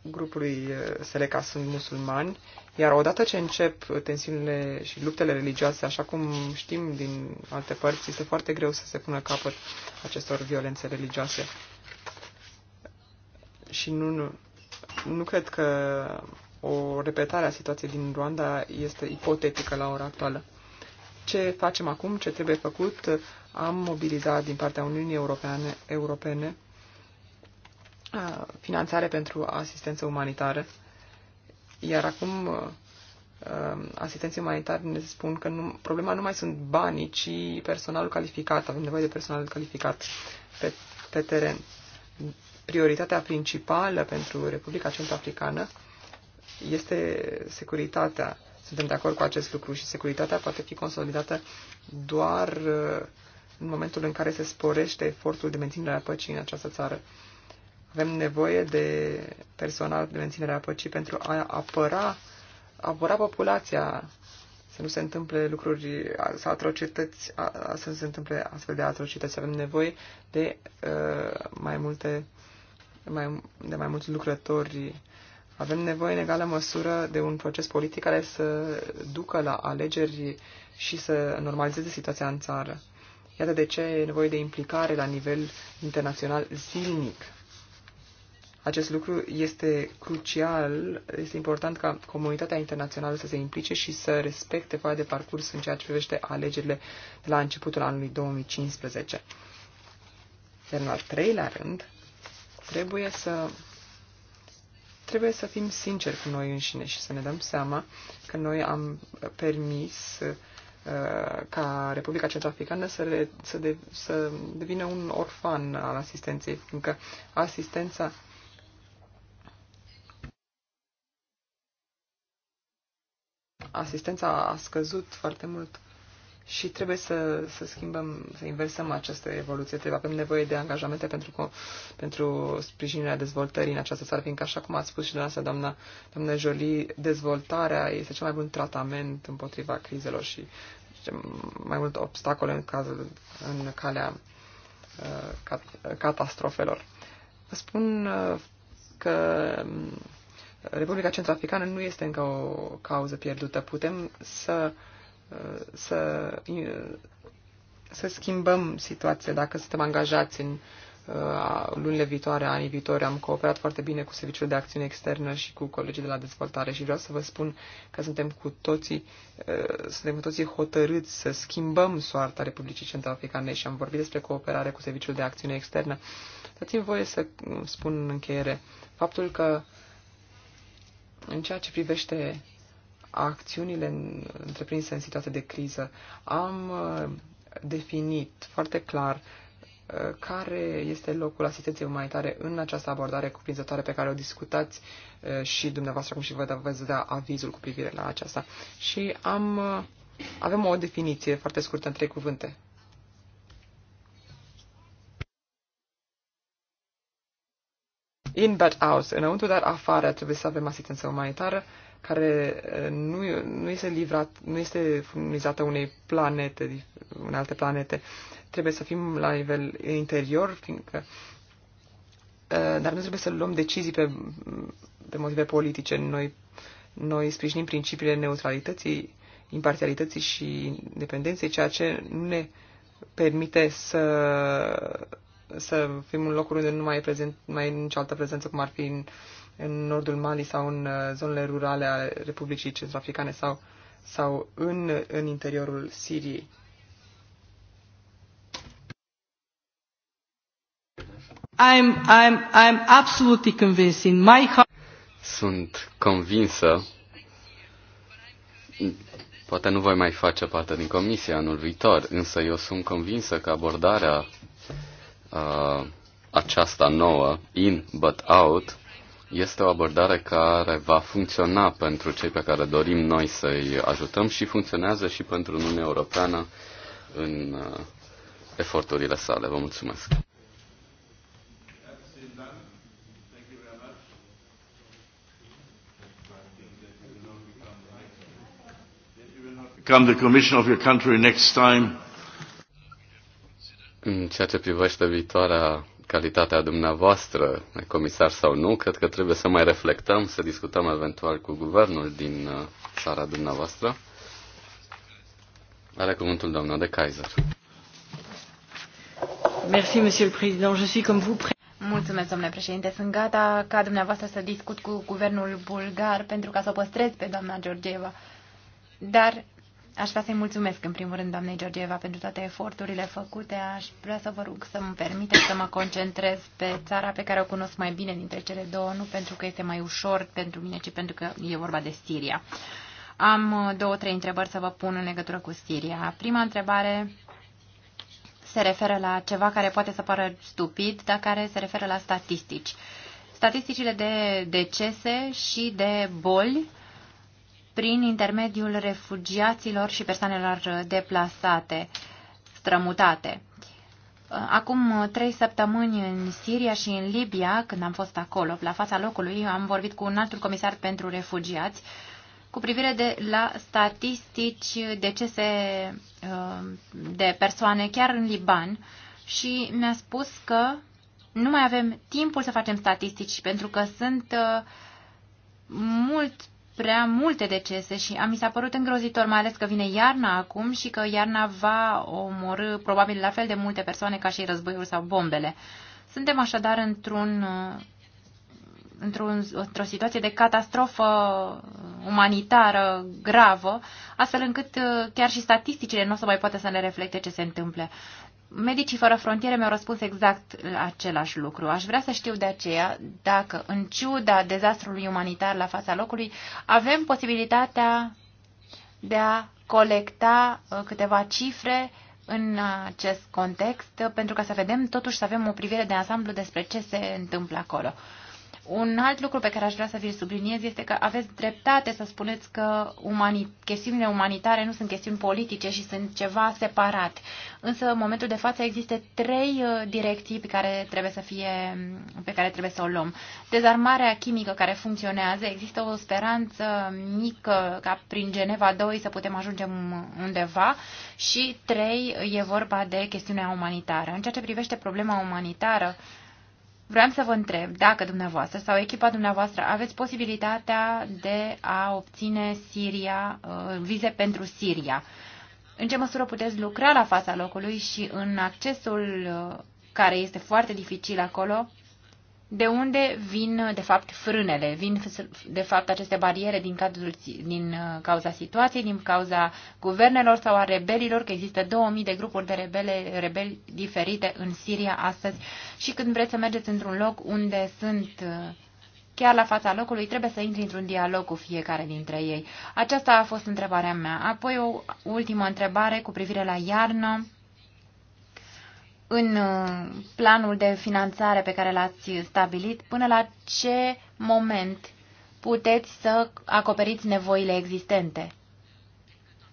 grupului Seleca sunt musulmani, iar odată ce încep tensiunile și luptele religioase, așa cum știm din alte părți, este foarte greu să se pună capăt acestor violențe religioase. Și nu, nu, nu cred că o repetare a situației din Rwanda este ipotetică la ora actuală. Ce facem acum, ce trebuie făcut, am mobilizat din partea Uniunii Europeane, Europene finanțare pentru asistență umanitară, iar acum asistenții umanitari ne spun că nu, problema nu mai sunt banii, ci personalul calificat. Avem nevoie de personal calificat pe, pe teren. Prioritatea principală pentru Republica Centrafricană este securitatea. Suntem de acord cu acest lucru și securitatea poate fi consolidată doar în momentul în care se sporește efortul de menținere a păcii în această țară. Avem nevoie de personal de menținere a păcii pentru a apăra, apăra populația, să nu se întâmple lucruri, să, atrocități, să nu se întâmple astfel de atrocități. Avem nevoie de uh, mai multe mai, de mai mulți lucrători. Avem nevoie în egală măsură de un proces politic care să ducă la alegeri și să normalizeze situația în țară. Iată de ce e nevoie de implicare la nivel internațional zilnic. Acest lucru este crucial, este important ca comunitatea internațională să se implice și să respecte foaia de parcurs în ceea ce privește alegerile de la începutul anului 2015. Iar în al treilea rând, trebuie să trebuie să fim sinceri cu noi înșine și să ne dăm seama că noi am permis Uh, ca Republica Centrafricană să, re, să, de, să devină un orfan al asistenței, fiindcă asistența asistența a scăzut foarte mult și trebuie să, să schimbăm, să inversăm această evoluție. Trebuie, avem nevoie de angajamente pentru, pentru sprijinirea dezvoltării în această țară, fiindcă, așa cum ați spus și dumneavoastră, doamna, doamna Jolie, dezvoltarea este cel mai bun tratament împotriva crizelor și mai mult obstacole în, cazul, în calea uh, cat, catastrofelor. Vă spun uh, că um, Republica Centrafricană nu este încă o cauză pierdută. Putem să uh, să, să schimbăm situația dacă suntem angajați în lunile viitoare, anii viitori. Am cooperat foarte bine cu Serviciul de Acțiune Externă și cu colegii de la dezvoltare și vreau să vă spun că suntem cu toții, suntem cu toții hotărâți să schimbăm soarta Republicii Centrafricane și am vorbit despre cooperare cu Serviciul de Acțiune Externă. Dați-mi voie să spun în încheiere faptul că în ceea ce privește acțiunile întreprinse în situație de criză. Am uh, definit foarte clar uh, care este locul asistenței umanitare în această abordare cuprinzătoare pe care o discutați uh, și dumneavoastră cum și vă veți da avizul cu privire la aceasta. Și am, avem o definiție foarte scurtă în trei cuvinte. In but out, înăuntru, dar afară trebuie să avem asistență umanitară uh, care nu, nu, este livrat, nu este furnizată unei planete, unei alte planete. Trebuie să fim la nivel interior, fiindcă dar nu trebuie să luăm decizii pe, pe motive politice. Noi, noi sprijinim principiile neutralității, imparțialității și independenței, ceea ce ne permite să, să fim un locuri unde nu mai e prezent, mai e nicio altă prezență, cum ar fi în în nordul Mali sau în uh, zonele rurale ale Republicii Centrafricane sau, sau în, în interiorul Siriei. I'm, I'm, I'm absolutely convinced in my heart. Sunt convinsă, poate nu voi mai face parte din comisie anul viitor, însă eu sunt convinsă că abordarea uh, aceasta nouă, in but out, este o abordare care va funcționa pentru cei pe care dorim noi să-i ajutăm și funcționează și pentru Uniunea Europeană în uh, eforturile sale. Vă mulțumesc! become the of your country next time. În ceea ce privește viitoarea calitatea dumneavoastră, comisar sau nu, cred că trebuie să mai reflectăm, să discutăm eventual cu guvernul din uh, țara dumneavoastră. Are cuvântul doamna de Kaiser. Merci, monsieur le président. Je suis comme vous Mulțumesc, domnule președinte. Sunt gata ca dumneavoastră să discut cu guvernul bulgar pentru ca să o păstrez pe doamna Georgieva. Dar Aș vrea să-i mulțumesc, în primul rând, doamnei Georgieva, pentru toate eforturile făcute. Aș vrea să vă rug să-mi permite să mă concentrez pe țara pe care o cunosc mai bine dintre cele două, nu pentru că este mai ușor pentru mine, ci pentru că e vorba de Siria. Am uh, două, trei întrebări să vă pun în legătură cu Siria. Prima întrebare se referă la ceva care poate să pară stupid, dar care se referă la statistici. Statisticile de decese și de boli prin intermediul refugiaților și persoanelor deplasate, strămutate. Acum trei săptămâni în Siria și în Libia, când am fost acolo, la fața locului, am vorbit cu un altul comisar pentru refugiați cu privire de, la statistici decese uh, de persoane chiar în Liban și mi-a spus că nu mai avem timpul să facem statistici pentru că sunt uh, mult prea multe decese și mi s-a părut îngrozitor, mai ales că vine iarna acum și că iarna va omorâ probabil la fel de multe persoane ca și războiul sau bombele. Suntem așadar într-un, uh, într-un, într-o situație de catastrofă umanitară gravă, astfel încât uh, chiar și statisticile nu o să mai poată să ne reflecte ce se întâmple. Medicii fără frontiere mi-au răspuns exact uh, același lucru. Aș vrea să știu de aceea dacă, în ciuda dezastrului umanitar la fața locului, avem posibilitatea de a colecta uh, câteva cifre în acest context, uh, pentru ca să vedem, totuși, să avem o privire de ansamblu despre ce se întâmplă acolo. Un alt lucru pe care aș vrea să vi-l subliniez este că aveți dreptate să spuneți că umani, chestiunile umanitare nu sunt chestiuni politice și sunt ceva separat. Însă, în momentul de față, există trei uh, direcții pe care trebuie să, fie, pe care trebuie să o luăm. Dezarmarea chimică care funcționează, există o speranță mică ca prin Geneva 2 să putem ajunge undeva și trei e vorba de chestiunea umanitară. În ceea ce privește problema umanitară, Vreau să vă întreb dacă dumneavoastră sau echipa dumneavoastră aveți posibilitatea de a obține Siria, uh, vize pentru Siria. În ce măsură puteți lucra la fața locului și în accesul uh, care este foarte dificil acolo, de unde vin, de fapt, frânele, vin, de fapt, aceste bariere din, cadrul, din uh, cauza situației, din cauza guvernelor sau a rebelilor, că există 2000 de grupuri de rebele, rebeli diferite în Siria astăzi și când vreți să mergeți într-un loc unde sunt uh, chiar la fața locului, trebuie să intri într-un dialog cu fiecare dintre ei. Aceasta a fost întrebarea mea. Apoi o ultimă întrebare cu privire la iarnă în uh, planul de finanțare pe care l-ați stabilit, până la ce moment puteți să acoperiți nevoile existente?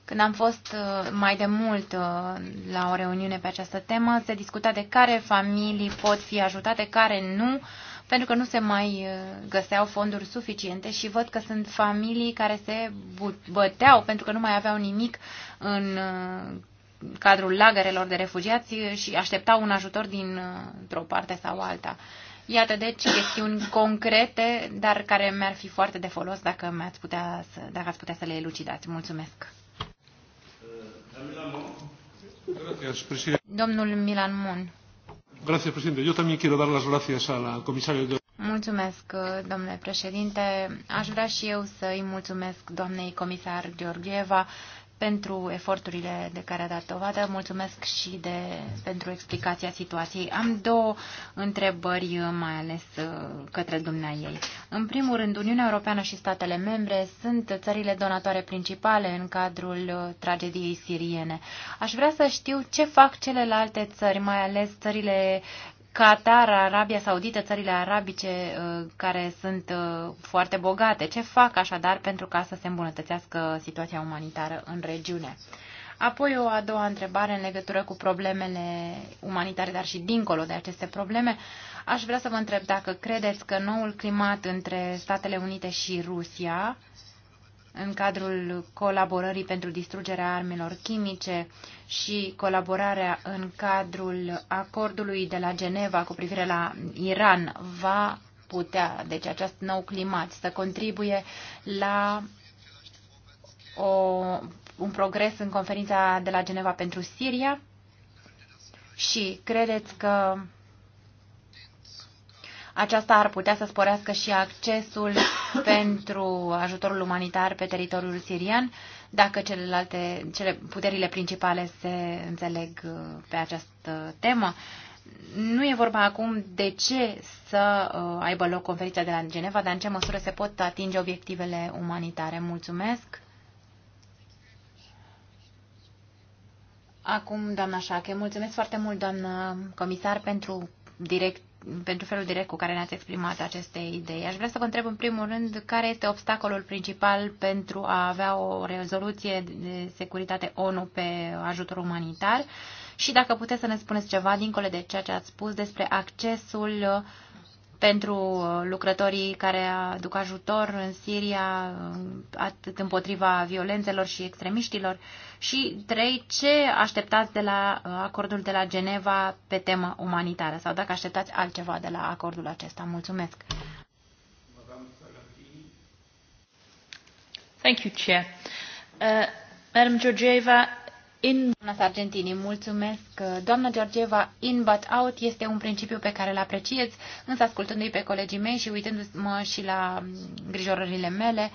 Când am fost uh, mai de mult uh, la o reuniune pe această temă, se discuta de care familii pot fi ajutate, care nu, pentru că nu se mai găseau fonduri suficiente și văd că sunt familii care se băteau pentru că nu mai aveau nimic în cadrul lagărelor de refugiați și așteptau un ajutor dintr-o uh, parte sau alta. Iată, deci, chestiuni concrete, dar care mi-ar fi foarte de folos dacă, ați putea să, dacă ați putea să le elucidați. Mulțumesc. Domnul Milan Mun. Gracias, presidente. Yo también quiero dar las gracias a la comisaria. Mulțumesc, domnule președinte. Aș vrea și eu să-i mulțumesc doamnei comisar Georgieva pentru eforturile de care a dat dovadă. Mulțumesc și de, pentru explicația situației. Am două întrebări, mai ales uh, către ei. În primul rând, Uniunea Europeană și statele membre sunt țările donatoare principale în cadrul uh, tragediei siriene. Aș vrea să știu ce fac celelalte țări, mai ales țările Qatar, Arabia Saudită, țările arabice uh, care sunt uh, foarte bogate. Ce fac așadar pentru ca să se îmbunătățească situația umanitară în regiune? Apoi o a doua întrebare în legătură cu problemele umanitare, dar și dincolo de aceste probleme. Aș vrea să vă întreb dacă credeți că noul climat între Statele Unite și Rusia în cadrul colaborării pentru distrugerea armelor chimice și colaborarea în cadrul acordului de la Geneva cu privire la Iran va putea, deci acest nou climat, să contribuie la o, un progres în conferința de la Geneva pentru Siria? Și credeți că aceasta ar putea să sporească și accesul pentru ajutorul umanitar pe teritoriul sirian, dacă celelalte, cele puterile principale se înțeleg uh, pe această temă. Nu e vorba acum de ce să uh, aibă loc conferința de la Geneva, dar în ce măsură se pot atinge obiectivele umanitare. Mulțumesc! Acum, doamna Șache, mulțumesc foarte mult, doamnă comisar, pentru direct pentru felul direct cu care ne-ați exprimat aceste idei. Aș vrea să vă întreb în primul rând care este obstacolul principal pentru a avea o rezoluție de securitate ONU pe ajutor umanitar și dacă puteți să ne spuneți ceva dincolo de ceea ce ați spus despre accesul uh, pentru uh, lucrătorii care aduc ajutor în Siria, uh, atât împotriva violențelor și extremiștilor? Și, trei, ce așteptați de la uh, acordul de la Geneva pe temă umanitară sau dacă așteptați altceva de la acordul acesta? Mulțumesc! Thank you, Chair. Uh, Madam Georgieva, in... Doamna Sargentini, mulțumesc. Doamna Georgieva, in but out este un principiu pe care îl apreciez, însă ascultându-i pe colegii mei și uitându-mă și la grijorările mele,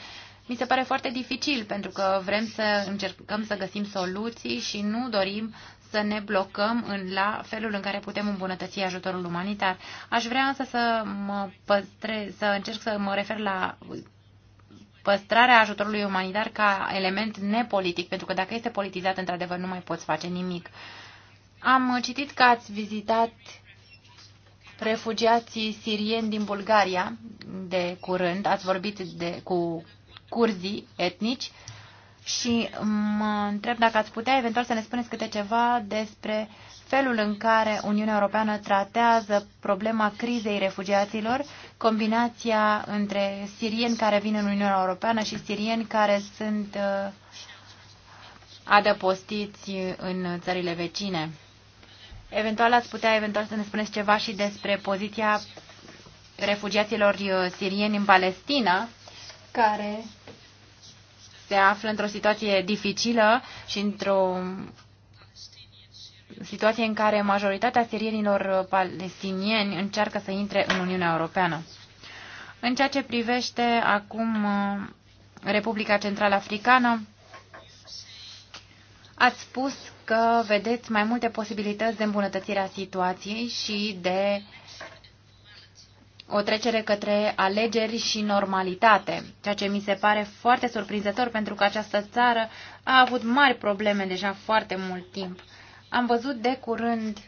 mi se pare foarte dificil pentru că vrem să încercăm să găsim soluții și nu dorim să ne blocăm în, la felul în care putem îmbunătăți ajutorul umanitar. Aș vrea însă să mă păstrez, să încerc să mă refer la păstrarea ajutorului umanitar ca element nepolitic, pentru că dacă este politizat, într-adevăr, nu mai poți face nimic. Am citit că ați vizitat refugiații sirieni din Bulgaria de curând, ați vorbit de, cu curzii etnici și mă întreb dacă ați putea eventual să ne spuneți câte ceva despre felul în care Uniunea Europeană tratează problema crizei refugiaților combinația între sirieni care vin în Uniunea Europeană și sirieni care sunt uh, adăpostiți în țările vecine. Eventual ați putea eventual să ne spuneți ceva și despre poziția refugiaților uh, sirieni în Palestina, care se află într-o situație dificilă și într-o situație în care majoritatea sirienilor uh, palestinieni încearcă să intre în Uniunea Europeană. În ceea ce privește acum uh, Republica Central Africană, ați spus că vedeți mai multe posibilități de îmbunătățire a situației și de o trecere către alegeri și normalitate, ceea ce mi se pare foarte surprinzător pentru că această țară a avut mari probleme deja foarte mult timp. Am văzut de curând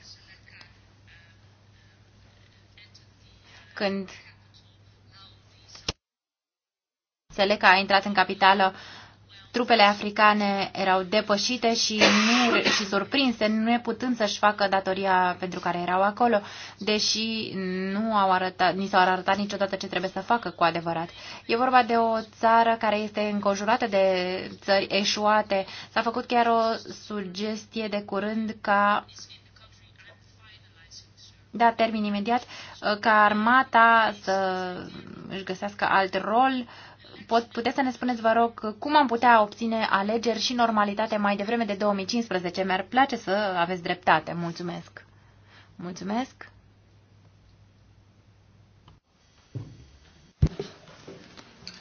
când Seleca a intrat în capitală Trupele africane erau depășite și, nu, și surprinse, nu putând să-și facă datoria pentru care erau acolo, deși nu au arătat, ni s-au arătat niciodată ce trebuie să facă cu adevărat. E vorba de o țară care este înconjurată de țări eșuate. S-a făcut chiar o sugestie de curând ca da, termin imediat, ca armata să își găsească alt rol uh, pot, puteți să ne spuneți, vă rog, cum am putea obține alegeri și normalitate mai devreme de 2015? Mi-ar place să aveți dreptate. Mulțumesc. Mulțumesc.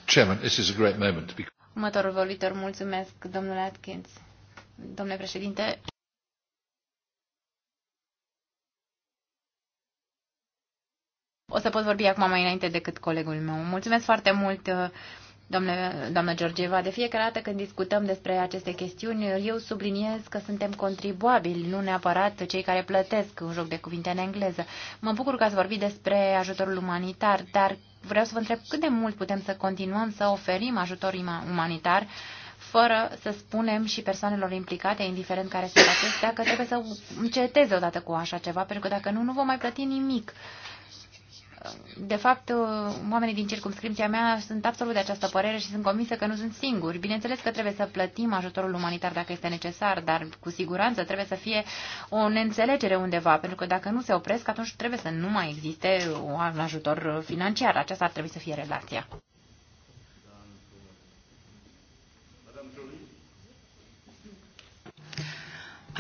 Chairman, this is a great moment. Următorul vorbitor, mulțumesc, domnule Atkins. Domnule președinte, O să pot vorbi acum mai înainte decât colegul meu. Mulțumesc foarte mult Domnule, doamnă Georgieva, de fiecare dată când discutăm despre aceste chestiuni, eu subliniez că suntem contribuabili, nu neapărat cei care plătesc un joc de cuvinte în engleză. Mă bucur că ați vorbit despre ajutorul umanitar, dar vreau să vă întreb cât de mult putem să continuăm să oferim ajutor umanitar fără să spunem și persoanelor implicate, indiferent care sunt acestea, că trebuie să înceteze odată cu așa ceva, pentru că dacă nu, nu vom mai plăti nimic. Uh, de fapt, oamenii din circumscripția mea sunt absolut de această părere și sunt convinsă că nu sunt singuri. Bineînțeles că trebuie să plătim ajutorul umanitar dacă este necesar, dar cu siguranță trebuie să fie o neînțelegere undeva, pentru că dacă nu se opresc, atunci trebuie să nu mai existe un ajutor financiar. Aceasta ar trebui să fie relația.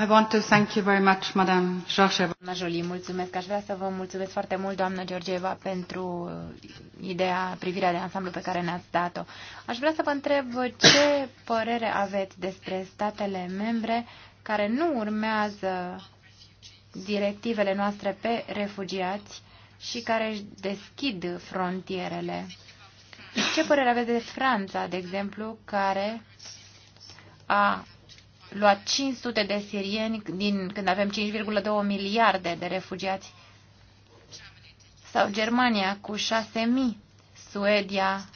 I want to thank you very much, Madame Georgieva. Jolie, mulțumesc. Aș vrea să vă mulțumesc foarte mult, doamnă Georgieva, pentru uh, ideea, privirea de ansamblu pe care ne-ați dat-o. Aș vrea să vă întreb uh, ce părere aveți despre statele membre care nu urmează directivele noastre pe refugiați și care își deschid frontierele. Ce părere aveți de Franța, de exemplu, care a luat 500 de sirieni din când avem 5,2 miliarde de refugiați. Sau Germania cu 6.000, Suedia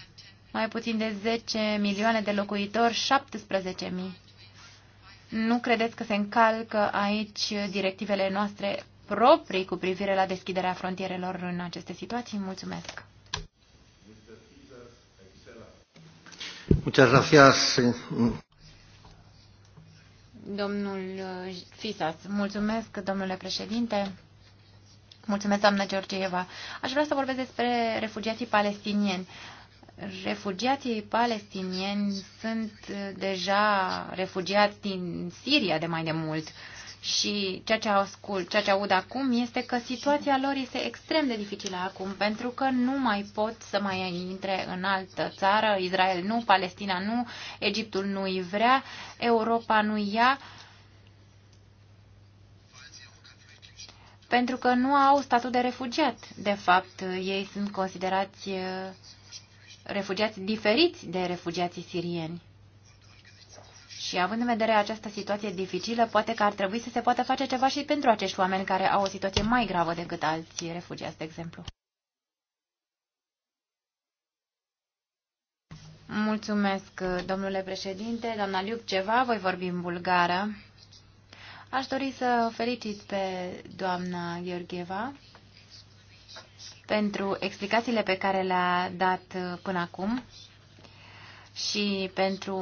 mai puțin de 10 milioane de locuitori, 17.000. Nu credeți că se încalcă aici directivele noastre proprii cu privire la deschiderea frontierelor în aceste situații? Mulțumesc! Muchas gracias. Domnul uh, Fisas, mulțumesc, domnule președinte. Mulțumesc, doamnă Georgieva. Aș vrea să vorbesc despre refugiații palestinieni. Refugiații palestinieni sunt uh, deja refugiați din Siria de mai de mult. Uh, și ceea ce, ascult, ceea ce aud acum este că situația lor este extrem de dificilă acum, pentru că nu mai pot să mai intre în altă țară. Israel nu, Palestina nu, Egiptul nu îi vrea, Europa nu ia. pentru că nu au statut de refugiat. De fapt, ei sunt considerați eh, refugiați diferiți de refugiații sirieni. Și având în vedere această situație dificilă, poate că ar trebui să se poată face ceva și pentru acești oameni care au o situație mai gravă decât alții refugiați, de exemplu. Mulțumesc, domnule președinte. Doamna Liuc, ceva, voi vorbi în bulgară. Aș dori să felicit pe doamna Gheorgheva pentru explicațiile pe care le-a dat până acum și pentru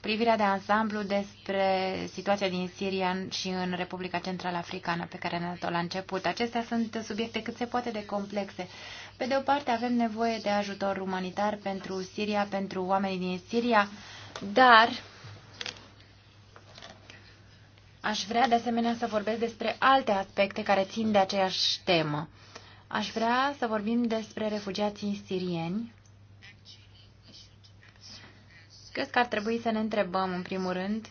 privirea de ansamblu despre situația din Siria și în Republica Central Africană pe care ne-a dat-o la început. Acestea sunt subiecte cât se poate de complexe. Pe de o parte avem nevoie de ajutor umanitar pentru Siria, pentru oamenii din Siria, dar aș vrea de asemenea să vorbesc despre alte aspecte care țin de aceeași temă. Aș vrea să vorbim despre refugiații sirieni, Cred că ar trebui să ne întrebăm, în primul rând,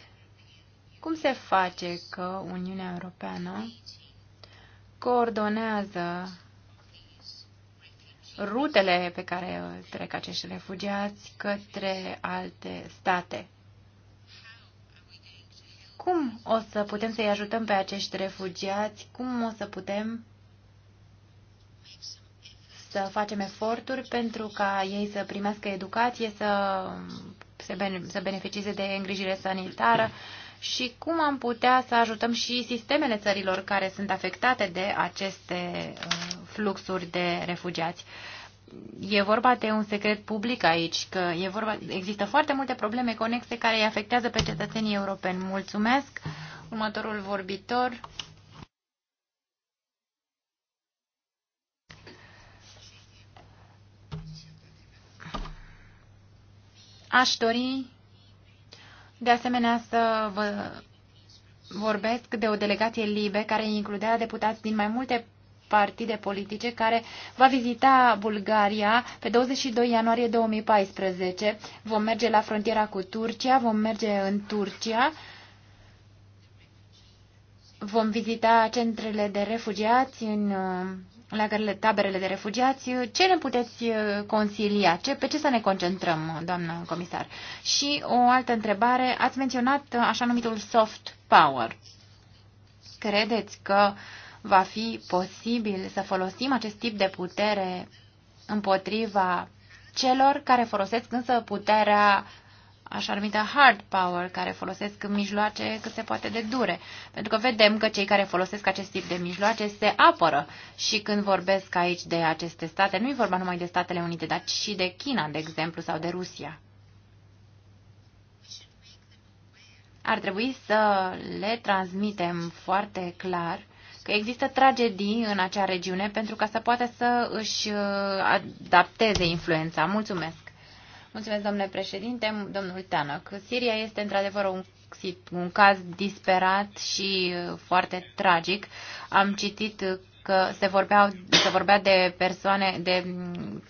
cum se face că Uniunea Europeană coordonează rutele pe care trec acești refugiați către alte state. Cum o să putem să-i ajutăm pe acești refugiați? Cum o să putem să facem eforturi pentru ca ei să primească educație, să să beneficieze de îngrijire sanitară și cum am putea să ajutăm și sistemele țărilor care sunt afectate de aceste uh, fluxuri de refugiați. E vorba de un secret public aici, că e vorba, există foarte multe probleme conexe care îi afectează pe cetățenii europeni. Mulțumesc! Următorul vorbitor Aș dori de asemenea să vă vorbesc de o delegație libe care includea deputați din mai multe partide politice care va vizita Bulgaria pe 22 ianuarie 2014. Vom merge la frontiera cu Turcia, vom merge în Turcia, vom vizita centrele de refugiați în lagările, taberele de refugiați, ce ne puteți uh, consilia? Ce, pe ce să ne concentrăm, doamnă comisar? Și o altă întrebare, ați menționat uh, așa numitul soft power. Credeți că va fi posibil să folosim acest tip de putere împotriva celor care folosesc însă puterea așa numită hard power, care folosesc mijloace cât se poate de dure. Pentru că vedem că cei care folosesc acest tip de mijloace se apără și când vorbesc aici de aceste state, nu e vorba numai de Statele Unite, dar și de China, de exemplu, sau de Rusia. Ar trebui să le transmitem foarte clar că există tragedii în acea regiune pentru ca să poată să își uh, adapteze influența. Mulțumesc! Mulțumesc, domnule președinte, domnul Tanăc. Siria este într-adevăr un, un caz disperat și uh, foarte tragic. Am citit că se, vorbeau, se vorbea de persoane, de mm,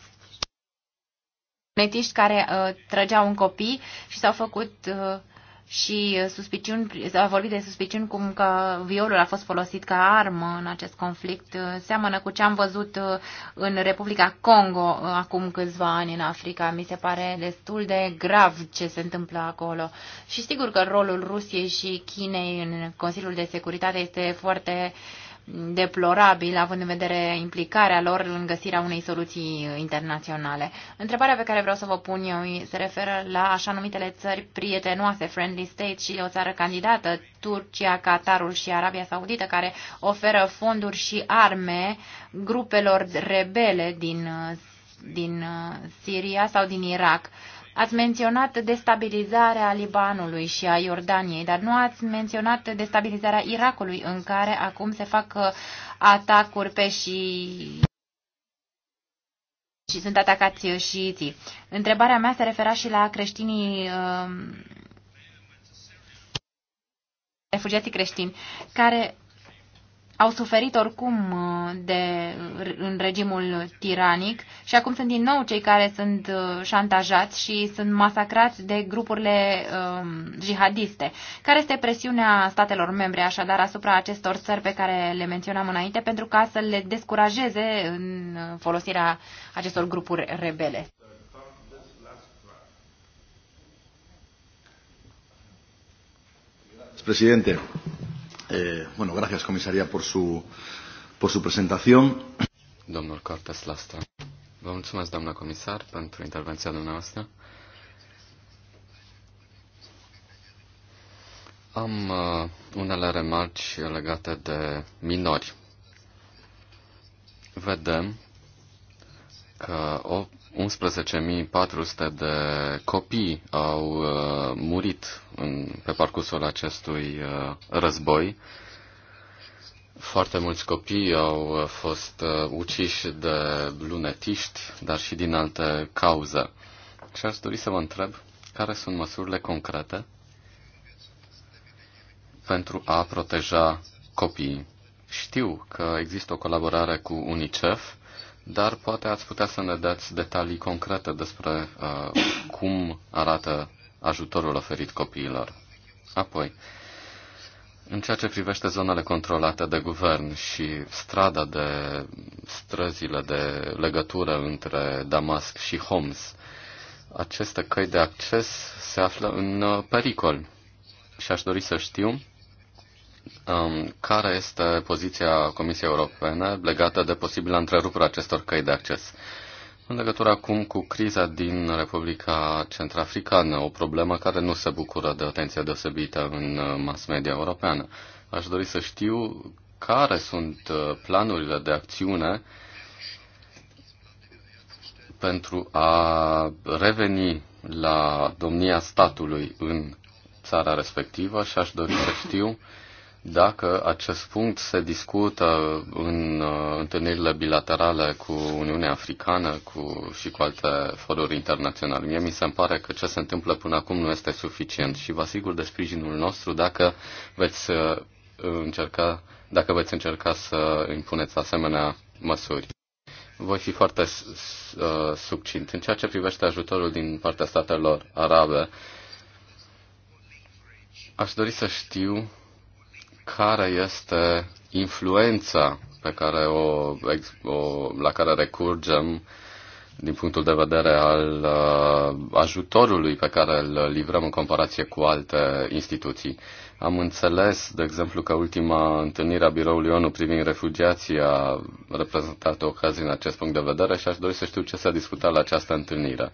netiști care uh, trăgeau un copii și s-au făcut uh, și uh, suspiciuni, a vorbit de suspiciuni cum că violul a fost folosit ca armă în acest conflict. Uh, seamănă cu ce am văzut uh, în Republica Congo acum câțiva ani în Africa. Mi se pare destul de grav ce se întâmplă acolo. Și sigur că rolul Rusiei și Chinei în Consiliul de Securitate este foarte uh, deplorabil, având în vedere implicarea lor în găsirea unei soluții internaționale. Întrebarea pe care vreau să vă pun eu se referă la așa numitele țări prietenoase, friendly state și o țară candidată, Turcia, Qatarul și Arabia Saudită, care oferă fonduri și arme grupelor rebele din, din uh, Siria sau din Irak. Uh, Ați menționat destabilizarea Libanului și a Iordaniei, dar nu ați menționat destabilizarea Irakului, în care acum se fac uh, atacuri pe și și sunt atacați șiiții. Întrebarea mea se refera și la creștinii uh, refugiații creștini, care au suferit oricum uh, de, în regimul tiranic și acum sunt din nou cei care sunt uh, șantajați și sunt masacrați de grupurile um, jihadiste. Care este presiunea statelor membre așadar asupra acestor țări pe care le menționam înainte pentru ca să le descurajeze în uh, folosirea acestor grupuri rebele? Președinte, Eh, bueno, gracias, comisaria, por su, por su presentación. Domnul Cortes Lastra. Vă mulțumesc, doamna comisar, pentru intervenția dumneavoastră. Am uh, unele remarci legate de minori. Vedem că o 11.400 de copii au uh, murit în, pe parcursul acestui uh, război. Foarte mulți copii au uh, fost uciși de lunetiști, dar și din alte cauze. Și aș dori să vă întreb care sunt măsurile concrete pentru a proteja copiii. Știu că există o colaborare cu UNICEF, dar poate ați putea să ne dați detalii concrete despre uh, cum arată ajutorul oferit copiilor. Apoi, în ceea ce privește zonele controlate de guvern și strada de străzile de legătură între Damasc și Homs, aceste căi de acces se află în uh, pericol. Și aș dori să știu Um, care este poziția Comisiei Europene legată de posibilă întrerupere acestor căi de acces? În legătură acum cu criza din Republica Centrafricană, o problemă care nu se bucură de atenția deosebită în uh, mass media europeană. Aș dori să știu care sunt uh, planurile de acțiune pentru a reveni la domnia statului în țara respectivă și aș dori să știu dacă acest punct se discută în uh, întâlnirile bilaterale cu Uniunea Africană cu, și cu alte foruri internaționale, mie mi se pare că ce se întâmplă până acum nu este suficient și vă asigur de sprijinul nostru dacă veți uh, încerca, dacă veți încerca să impuneți asemenea măsuri. Voi fi foarte uh, succint. În ceea ce privește ajutorul din partea statelor arabe, aș dori să știu care este influența pe care o, o, la care recurgem din punctul de vedere al uh, ajutorului pe care îl livrăm în comparație cu alte instituții. Am înțeles, de exemplu, că ultima întâlnire a biroului ONU privind refugiații a reprezentat o ocazie în acest punct de vedere și aș dori să știu ce s-a discutat la această întâlnire.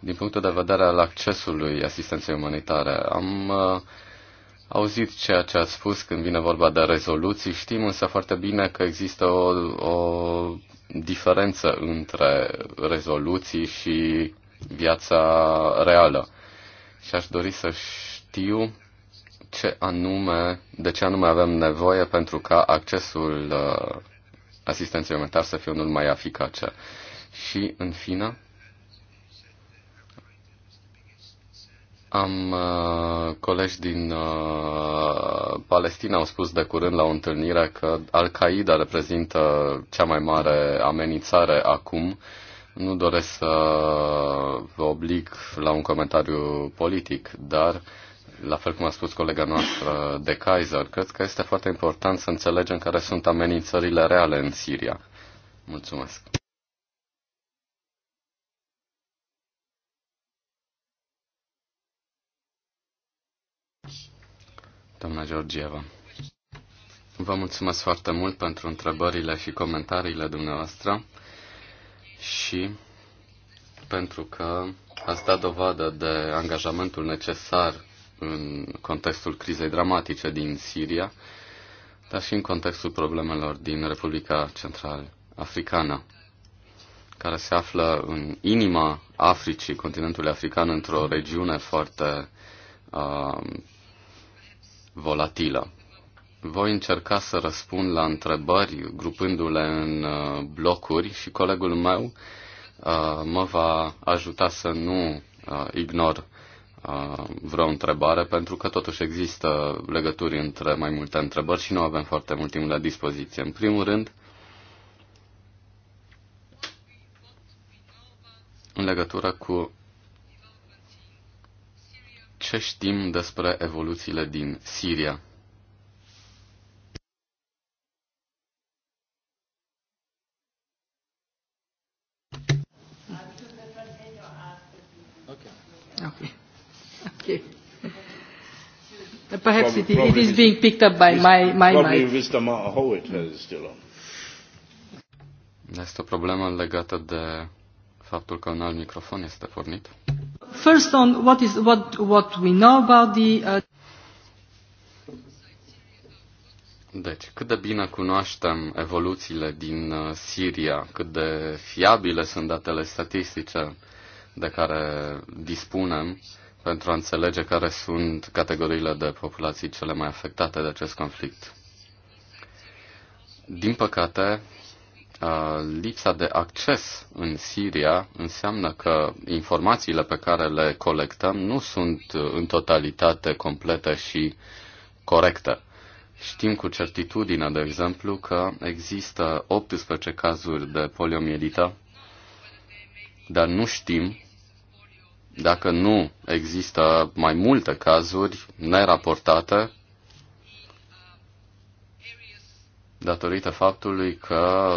Din punctul de vedere al accesului asistenței umanitare, am uh, auzit ceea ce ați spus când vine vorba de rezoluții, știm însă foarte bine că există o, o diferență între rezoluții și viața reală. Și aș dori să știu ce anume, de ce anume avem nevoie pentru ca accesul uh, asistenței alimentare să fie unul mai eficace. Și, în fine, Am uh, colegi din uh, Palestina au spus de curând la o întâlnire că Al-Qaeda reprezintă cea mai mare amenințare acum. Nu doresc să vă oblig la un comentariu politic, dar, la fel cum a spus colega noastră de Kaiser, cred că este foarte important să înțelegem care sunt amenințările reale în Siria. Mulțumesc. doamna Georgieva. Vă mulțumesc foarte mult pentru întrebările și comentariile dumneavoastră și pentru că ați dat dovadă de angajamentul necesar în contextul crizei dramatice din Siria, dar și în contextul problemelor din Republica Central Africană, care se află în inima Africii, continentului african, într-o regiune foarte uh, volatilă. Voi încerca să răspund la întrebări grupându-le în uh, blocuri și colegul meu uh, mă va ajuta să nu uh, ignor vreo întrebare, pentru că totuși există legături între mai multe întrebări și nu avem foarte mult timp la dispoziție. În primul rând, în legătură cu ce știm despre evoluțiile din Siria? Okay. Okay. Perhaps it, it is being picked up by my, my probably mic. Mr. Mahowitt has still on. Este o problemă legată de faptul că un alt microfon este pornit. First on what is what what we know about the uh... Deci, cât de bine cunoaștem evoluțiile din uh, Siria, cât de fiabile sunt datele statistice de care dispunem pentru a înțelege care sunt categoriile de populații cele mai afectate de acest conflict. Din păcate, Uh, lipsa de acces în Siria înseamnă că informațiile pe care le colectăm nu sunt uh, în totalitate complete și corecte. Știm cu certitudine, de exemplu, că există 18 cazuri de poliomielită, dar nu știm dacă nu există mai multe cazuri neraportate datorită faptului că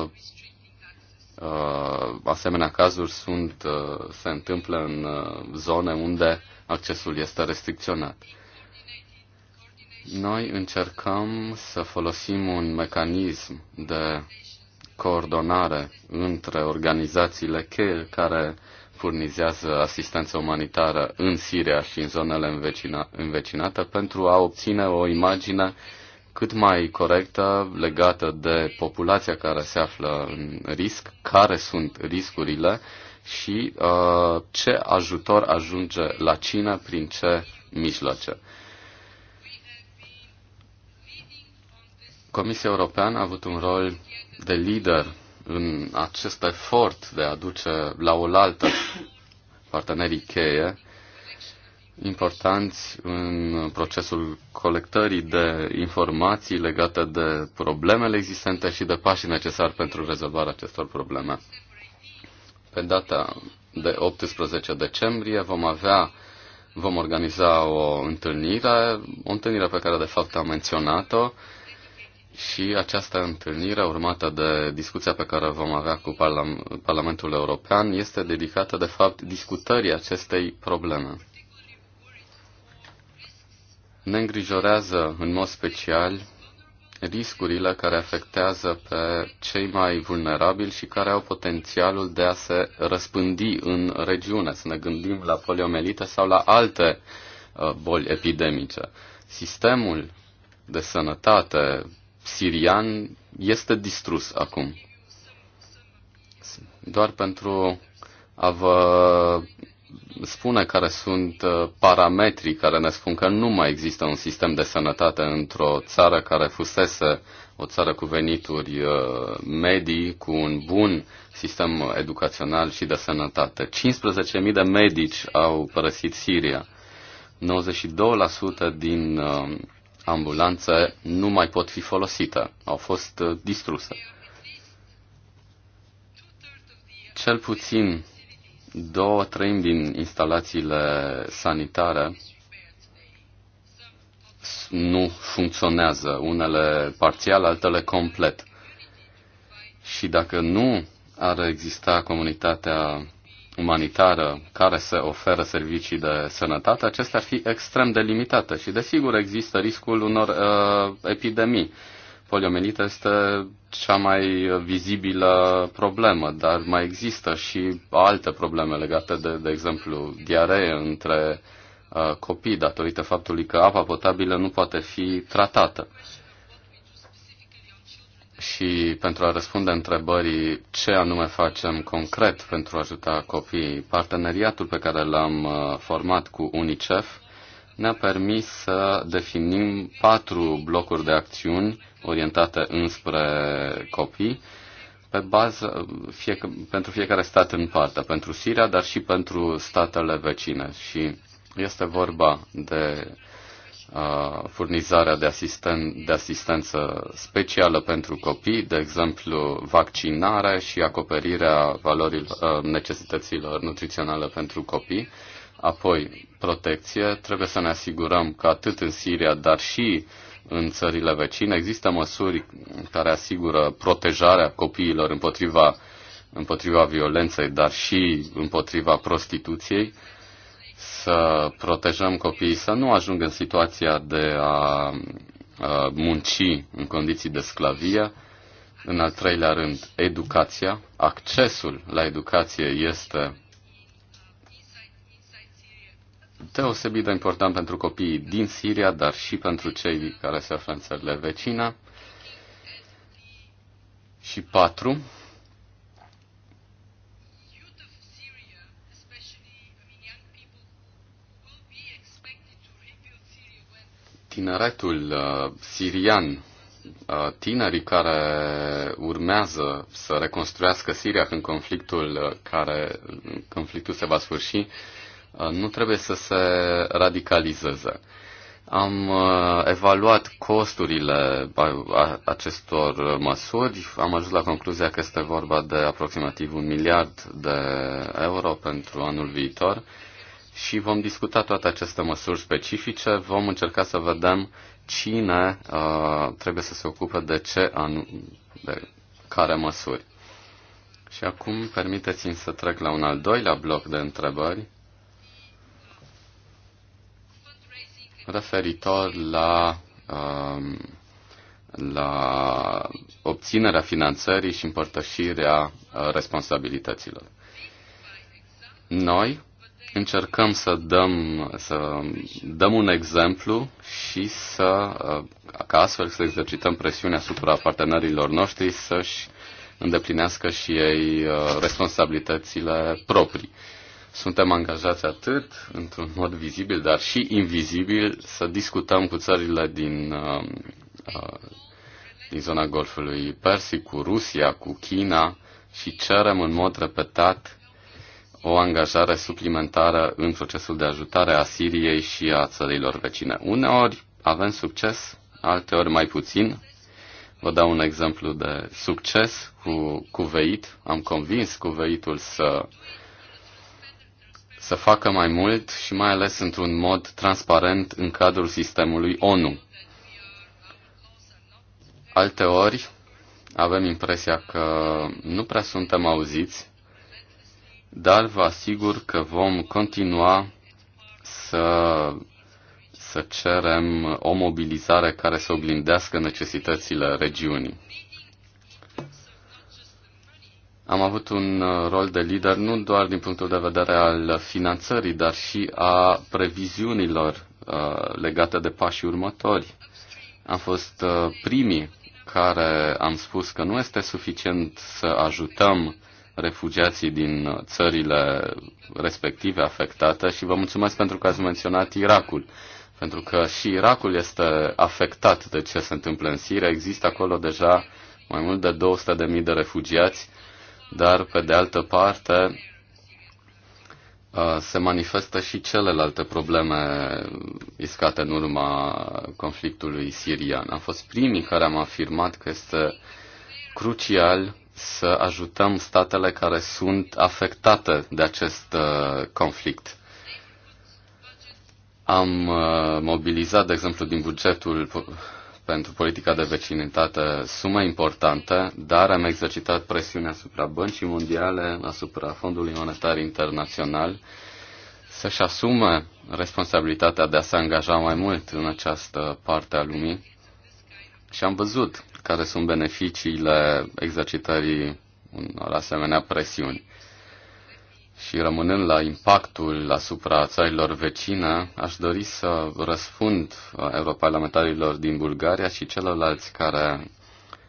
Uh, asemenea cazuri sunt, uh, se întâmplă în uh, zone unde accesul este restricționat. Noi încercăm să folosim un mecanism de coordonare între organizațiile cheie care furnizează asistență umanitară în Siria și în zonele învecina, învecinate pentru a obține o imagine uh, cât mai corectă legată de populația care se află în risc, care sunt riscurile și uh, ce ajutor ajunge la cine prin ce mijloace. Comisia Europeană a avut un rol de lider în acest efort de a aduce la oaltă partenerii cheie importanți în procesul colectării de informații legate de problemele existente și de pașii necesari pentru rezolvarea acestor probleme. Pe data de 18 decembrie vom avea vom organiza o întâlnire, o întâlnire pe care de fapt am menționat-o și această întâlnire urmată de discuția pe care vom avea cu Parlamentul European este dedicată de fapt discutării acestei probleme. Ne îngrijorează în mod special riscurile care afectează pe cei mai vulnerabili și care au potențialul de a se răspândi în regiune, să ne gândim la poliomelită sau la alte uh, boli epidemice. Sistemul de sănătate sirian este distrus acum. Doar pentru a vă spune care sunt uh, parametrii care ne spun că nu mai există un sistem de sănătate într-o țară care fusese o țară cu venituri uh, medii, cu un bun sistem educațional și de sănătate. 15.000 de medici au părăsit Siria. 92% din uh, ambulanțe nu mai pot fi folosite, au fost distruse. Cel puțin Două treimi din instalațiile sanitare nu funcționează, unele parțial, altele complet. Și dacă nu ar exista comunitatea umanitară care se oferă servicii de sănătate, acestea ar fi extrem de limitate și, desigur, există riscul unor uh, epidemii poliomielită este cea mai vizibilă problemă, dar mai există și alte probleme legate de, de exemplu, diaree între uh, copii datorită faptului că apa potabilă nu poate fi tratată. Și pentru a răspunde întrebării ce anume facem concret pentru a ajuta copiii, parteneriatul pe care l-am uh, format cu UNICEF ne-a permis să definim patru blocuri de acțiuni orientate înspre copii, pe bază, fie, pentru fiecare stat în parte, pentru Siria, dar și pentru statele vecine. Și este vorba de uh, furnizarea de, asisten, de asistență specială pentru copii, de exemplu vaccinare și acoperirea valorilor, uh, necesităților nutriționale pentru copii. Uh, Apoi, protecție. Trebuie să ne asigurăm că atât în Siria, dar și în țările vecine există măsuri care asigură protejarea copiilor împotriva, împotriva violenței, dar și împotriva prostituției să protejăm copiii să nu ajungă în situația de a munci în condiții de sclavie. În al treilea rând, educația. Accesul la educație este deosebit de important pentru copiii din Siria, dar și pentru cei care se află în țările vecine. Și patru, tineretul uh, sirian, uh, tinerii care urmează să reconstruiască Siria când conflictul, uh, care, conflictul se va sfârși, uh, Uh, nu trebuie să se radicalizeze. Am uh, evaluat costurile acestor măsuri, am ajuns la concluzia că este vorba de aproximativ un miliard de euro pentru anul viitor și vom discuta toate aceste măsuri specifice, vom încerca să vedem cine uh, trebuie să se ocupe de ce anu- de care măsuri. Și acum permiteți-mi să trec la un al doilea bloc de întrebări referitor la, um, la obținerea finanțării și împărtășirea uh, responsabilităților. Noi încercăm să dăm, să dăm un exemplu și să, uh, ca astfel să exercităm presiunea asupra partenerilor noștri să-și îndeplinească și ei uh, responsabilitățile proprii. Suntem angajați atât, într-un mod vizibil, dar și invizibil, să discutăm cu țările din, um, uh, din zona Golfului Persic, cu Rusia, cu China și cerem în mod repetat o angajare suplimentară în procesul de ajutare a Siriei și a țărilor vecine. Uneori avem succes, alteori mai puțin. Vă dau un exemplu de succes cu cuveit. Am convins cuveitul să să facă mai mult și mai ales într-un mod transparent în cadrul sistemului ONU. Alte ori avem impresia că nu prea suntem auziți, dar vă asigur că vom continua să, să cerem o mobilizare care să oglindească necesitățile regiunii am avut un uh, rol de lider nu doar din punctul de vedere al finanțării, dar și a previziunilor uh, legate de pașii următori. Am fost uh, primii care am spus că nu este suficient să ajutăm refugiații din țările respective afectate și vă mulțumesc pentru că ați menționat Irakul pentru că și Irakul este afectat de ce se întâmplă în Siria. Există acolo deja mai mult de 200.000 de refugiați dar pe de altă parte uh, se manifestă și celelalte probleme iscate în urma conflictului sirian. Am fost primii care am afirmat că este crucial să ajutăm statele care sunt afectate de acest uh, conflict. Am uh, mobilizat, de exemplu, din bugetul pentru politica de vecinitate sume importante, dar am exercitat presiune asupra băncii mondiale, asupra Fondului Monetar Internațional, să-și asume responsabilitatea de a se angaja mai mult în această parte a lumii. Și am văzut care sunt beneficiile exercitării unor asemenea presiuni. Și rămânând la impactul asupra țărilor vecine, aș dori să răspund uh, europarlamentarilor din Bulgaria și celorlalți care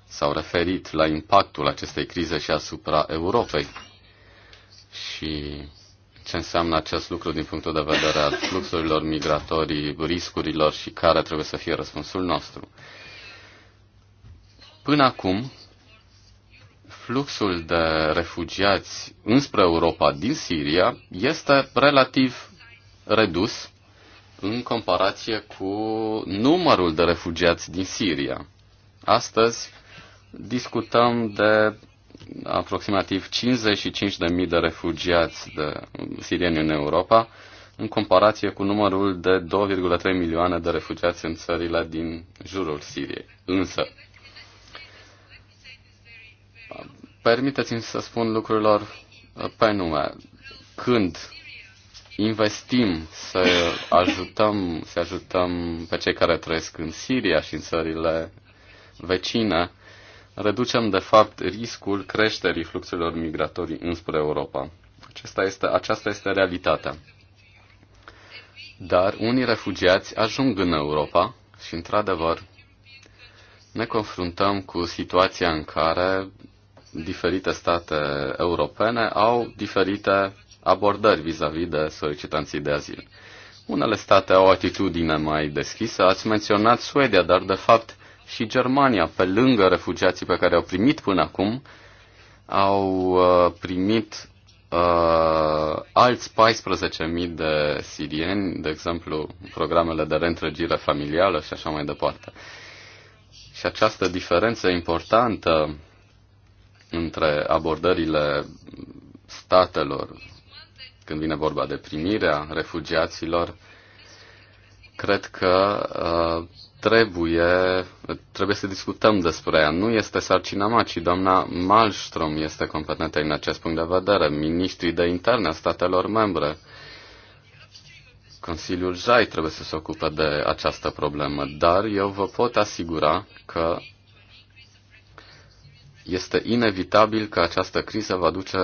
s-au referit la impactul acestei crize și asupra Europei și ce înseamnă acest lucru din punctul de vedere al fluxurilor migratorii, riscurilor și care trebuie să fie răspunsul nostru. Până acum, fluxul de refugiați înspre Europa din Siria este relativ redus în comparație cu numărul de refugiați din Siria. Astăzi discutăm de aproximativ 55.000 de refugiați de sirieni în Europa, în comparație cu numărul de 2,3 milioane de refugiați în țările din jurul Siriei. Însă, Permiteți-mi să spun lucrurilor uh, pe nume. Când investim să ajutăm, să ajutăm pe cei care trăiesc în Siria și în țările vecine, reducem de fapt riscul creșterii fluxurilor migratorii înspre Europa. Acesta este, aceasta este realitatea. Dar unii refugiați ajung în Europa și, într-adevăr, ne confruntăm cu situația în care diferite state europene au diferite abordări vis-a-vis -vis de solicitanții de azil. Unele state au o atitudine mai deschisă. Ați menționat Suedia, dar de fapt și Germania, pe lângă refugiații pe care au primit până acum, au uh, primit uh, alți 14.000 de sirieni, de exemplu, programele de reîntregire familială și așa mai departe. Și această diferență importantă între abordările statelor când vine vorba de primirea refugiaților, cred că uh, trebuie, trebuie să discutăm despre ea. Nu este sarcina mea, ci doamna Malmström este competentă în acest punct de vedere, ministrii de interne a statelor membre. Consiliul JAI trebuie să se ocupe de această problemă, dar eu vă pot asigura că este inevitabil că această criză va duce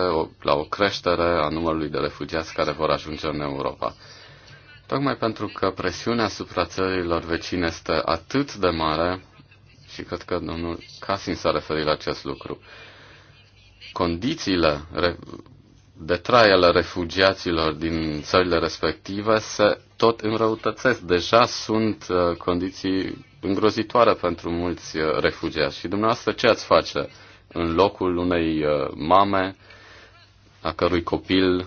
la o creștere a numărului de refugiați care vor ajunge în Europa. Tocmai pentru că presiunea asupra țărilor vecine este atât de mare, și cred că domnul Casin s-a referit la acest lucru, condițiile de trai ale refugiaților din țările respective se tot înrăutățesc. Deja sunt uh, condiții îngrozitoare pentru mulți uh, refugiați. Și dumneavoastră ce ați face? în locul unei uh, mame a cărui copil uh,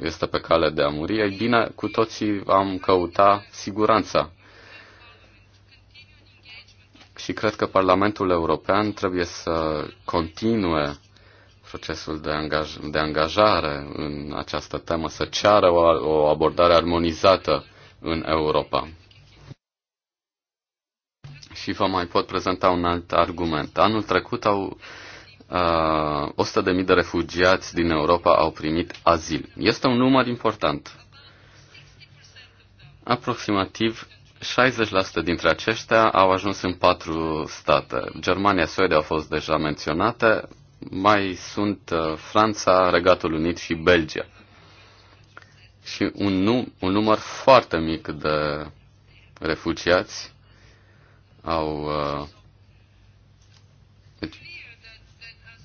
este pe cale de a muri, ei bine, cu toții am căuta siguranța. Și cred că Parlamentul European trebuie să continue procesul de, angaj- de angajare în această temă, să ceară o, o abordare armonizată în Europa. Și vă mai pot prezenta un alt argument. Anul trecut au uh, 100.000 de refugiați din Europa au primit azil. Este un număr important. Aproximativ 60% dintre aceștia au ajuns în patru state. Germania, Suedia au fost deja menționate, mai sunt uh, Franța, Regatul Unit și Belgia. Și un, num- un număr foarte mic de refugiați au, uh, deci,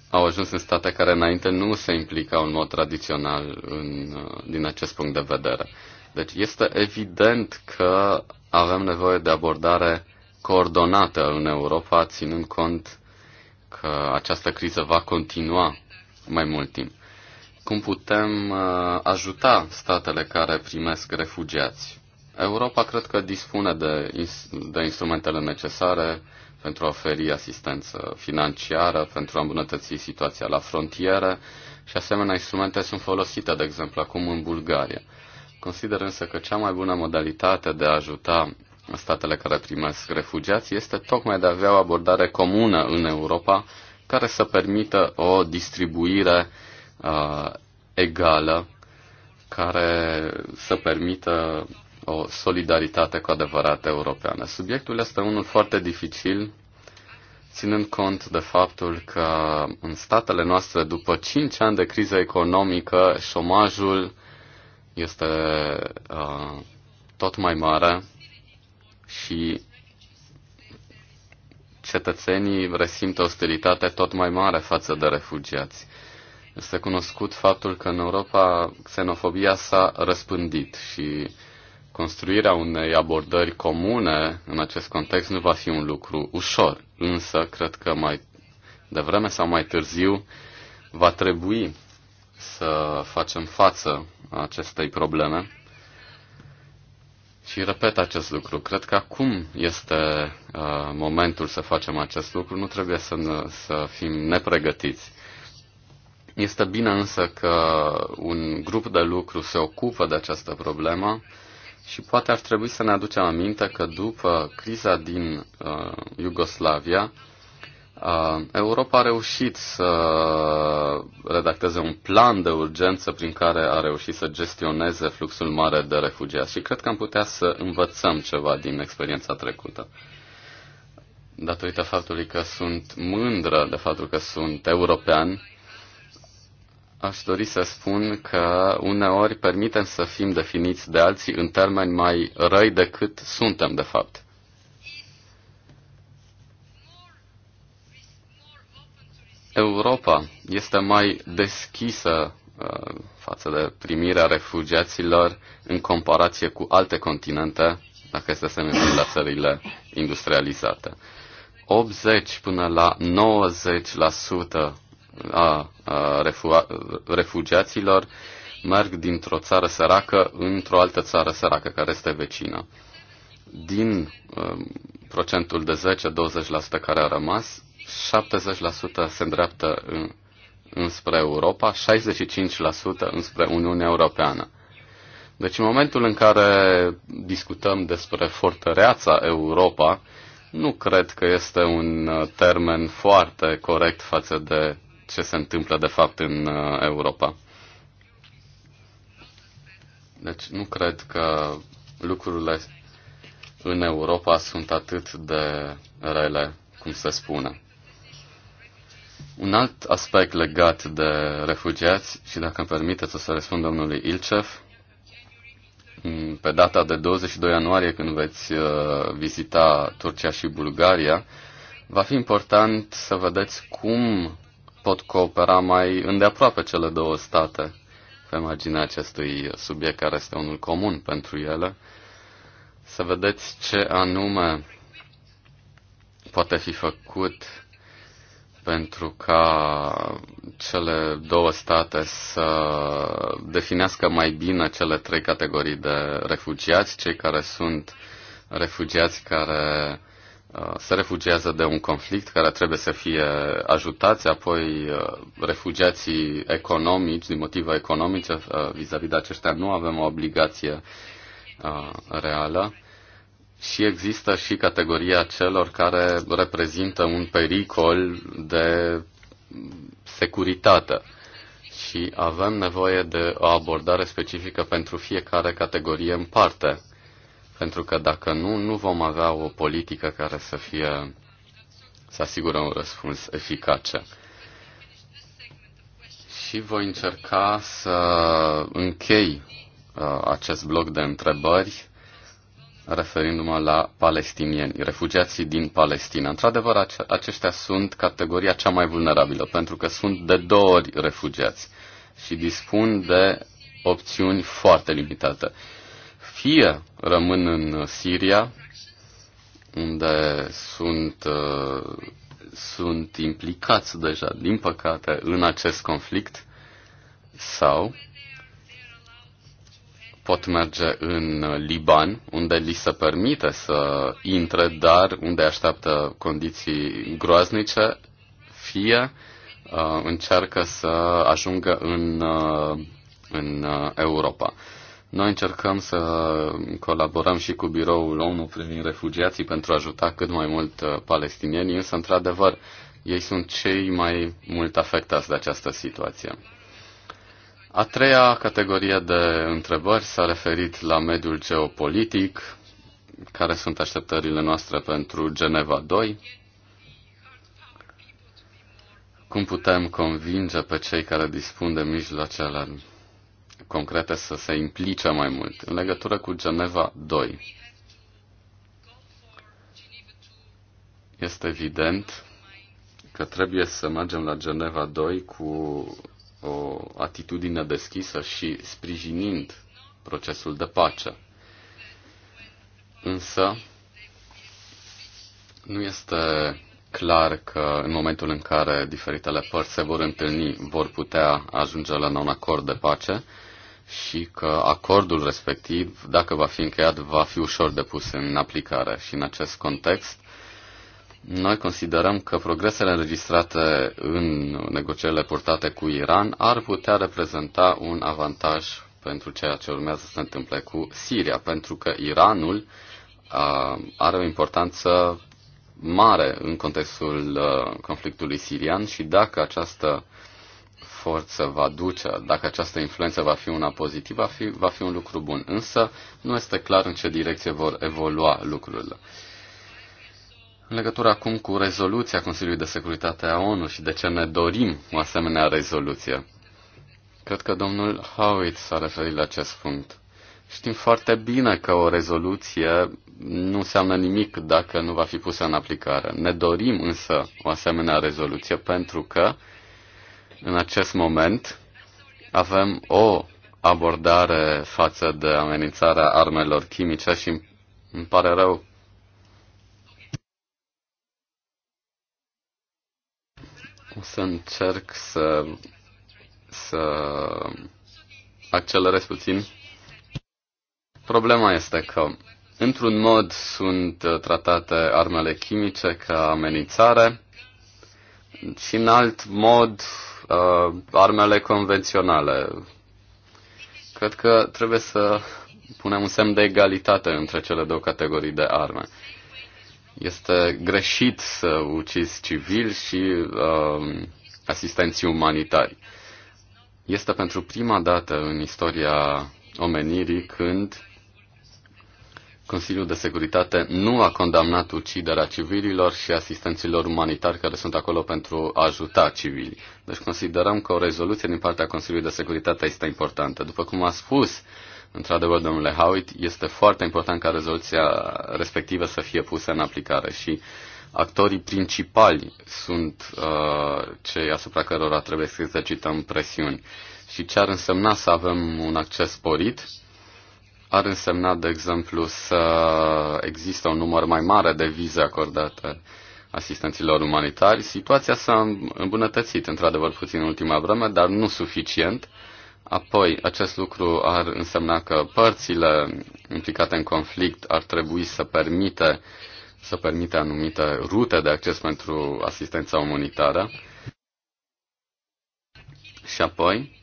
au ajuns în state care înainte nu se implicau în mod tradițional în, uh, din acest punct de vedere. Deci este evident că avem nevoie de abordare coordonată în Europa, ținând cont că această criză va continua mai mult timp. Cum putem uh, ajuta statele care primesc refugiați? Europa cred că dispune de, de instrumentele necesare pentru a oferi asistență financiară, pentru a îmbunătăți situația la frontiere și asemenea instrumente sunt folosite, de exemplu, acum în Bulgaria. Consider însă că cea mai bună modalitate de a ajuta statele care primesc refugiați este tocmai de a avea o abordare comună în Europa care să permită o distribuire uh, egală, care să permită o solidaritate cu adevărat europeană. Subiectul este unul foarte dificil, ținând cont de faptul că în statele noastre, după 5 ani de criză economică, șomajul este uh, tot mai mare și cetățenii resimt ostilitate tot mai mare față de refugiați. Este cunoscut faptul că în Europa xenofobia s-a răspândit și uh, construirea unei abordări comune în acest context nu va fi un lucru ușor, însă cred că mai devreme sau mai târziu va trebui să facem față acestei probleme. Și repet acest lucru. Cred că acum este uh, momentul să facem acest lucru. Nu trebuie să, ne, să fim nepregătiți. Este bine însă că un grup de lucru se ocupă de această problemă și poate ar trebui să ne aducem aminte că după criza din uh, Iugoslavia, uh, Europa a reușit să redacteze un plan de urgență prin care a reușit să gestioneze fluxul mare de refugiați și cred că am putea să învățăm ceva din experiența trecută. Datorită faptului că sunt mândră de faptul că sunt european, Aș dori să spun că uneori permitem să fim definiți de alții în termeni mai răi decât suntem, de fapt. Europa este mai deschisă uh, față de primirea refugiaților în comparație cu alte continente, dacă este să ne gândim la țările industrializate. 80 până la 90% a, a refugiaților merg dintr-o țară săracă într-o altă țară săracă care este vecină. Din um, procentul de 10-20% care a rămas, 70% se îndreaptă în, înspre Europa, 65% înspre Uniunea Europeană. Deci în momentul în care discutăm despre fortăreața Europa, nu cred că este un uh, termen foarte corect față de ce se întâmplă de fapt în uh, Europa. Deci nu cred că lucrurile în Europa sunt atât de rele, cum se spune. Un alt aspect legat de refugiați, și dacă îmi permiteți o să răspund domnului Ilcev, mm, pe data de 22 ianuarie, când veți uh, vizita Turcia și Bulgaria, va fi important să vedeți cum pot coopera mai îndeaproape cele două state pe marginea acestui subiect care este unul comun pentru ele, să vedeți ce anume poate fi făcut pentru ca cele două state să definească mai bine cele trei categorii de refugiați, cei care sunt refugiați care Uh, se refugiază de un conflict care trebuie să fie ajutați, apoi uh, refugiații economici, din motive economice, uh, vis-a-vis -vis de aceștia nu avem o obligație reală. Și există și categoria celor care reprezintă un pericol de securitate. Și avem nevoie de o abordare specifică pentru fiecare categorie în parte pentru că dacă nu, nu vom avea o politică care să fie să asigură un răspuns eficace. Și voi încerca să închei uh, acest bloc de întrebări referindu-mă la palestinieni, refugiații din Palestina. Într-adevăr, aceștia sunt categoria cea mai vulnerabilă, pentru că sunt de două ori refugiați și dispun de opțiuni foarte limitate fie rămân în Siria, unde sunt, uh, sunt implicați deja, din păcate, în acest conflict, sau pot merge în Liban, unde li se permite să intre, dar unde așteaptă condiții groaznice, fie uh, încearcă să ajungă în, uh, în Europa. Noi încercăm să colaborăm și cu biroul ONU privind refugiații pentru a ajuta cât mai mult uh, palestinienii, însă, într-adevăr, ei sunt cei mai mult afectați de această situație. A treia categorie de întrebări s-a referit la mediul geopolitic, care sunt așteptările noastre pentru Geneva 2, cum putem convinge pe cei care dispun de mijloacele concrete să se implice mai mult. În legătură cu Geneva 2, este evident că trebuie să mergem la Geneva 2 cu o atitudine deschisă și sprijinind procesul de pace. Însă, nu este clar că în momentul în care diferitele părți se vor întâlni, vor putea ajunge la un acord de pace, și că acordul respectiv, dacă va fi încheiat, va fi ușor de pus în aplicare. Și în acest context, noi considerăm că progresele înregistrate în negocierile purtate cu Iran ar putea reprezenta un avantaj pentru ceea ce urmează să se întâmple cu Siria, pentru că Iranul uh, are o importanță mare în contextul uh, conflictului sirian și dacă această forță va duce, dacă această influență va fi una pozitivă, va fi, va fi un lucru bun. Însă nu este clar în ce direcție vor evolua lucrurile. În legătură acum cu rezoluția Consiliului de Securitate a ONU și de ce ne dorim o asemenea rezoluție. Cred că domnul Howitt s-a referit la acest punct. Știm foarte bine că o rezoluție nu înseamnă nimic dacă nu va fi pusă în aplicare. Ne dorim însă o asemenea rezoluție pentru că în acest moment avem o abordare față de amenințarea armelor chimice și îmi pare rău. O să încerc să, să accelerez puțin. Problema este că, într-un mod, sunt uh, tratate armele chimice ca amenințare și, în alt mod, uh, armele convenționale. Cred că trebuie să punem un semn de egalitate între cele două categorii de arme. Este greșit să ucizi civili și uh, um, asistenții umanitari. Este pentru prima dată în istoria omenirii când Consiliul de Securitate nu a condamnat uciderea civililor și asistenților umanitari care sunt acolo pentru a ajuta civili. Deci considerăm că o rezoluție din partea Consiliului de Securitate este importantă. După cum a spus, într-adevăr, domnule Howitt, este foarte important ca rezoluția respectivă să fie pusă în aplicare și actorii principali sunt uh, cei asupra cărora trebuie să exercităm presiuni. Și ce ar însemna să avem un acces sporit? Uh, ar însemna, de exemplu, să există un număr mai mare de vize acordate asistenților umanitari. Situația s-a îmbunătățit, într-adevăr, puțin în ultima vreme, dar nu suficient. Apoi, acest lucru ar însemna că părțile implicate în conflict ar trebui să permite, să permite anumite rute de acces pentru asistența umanitară. Și apoi,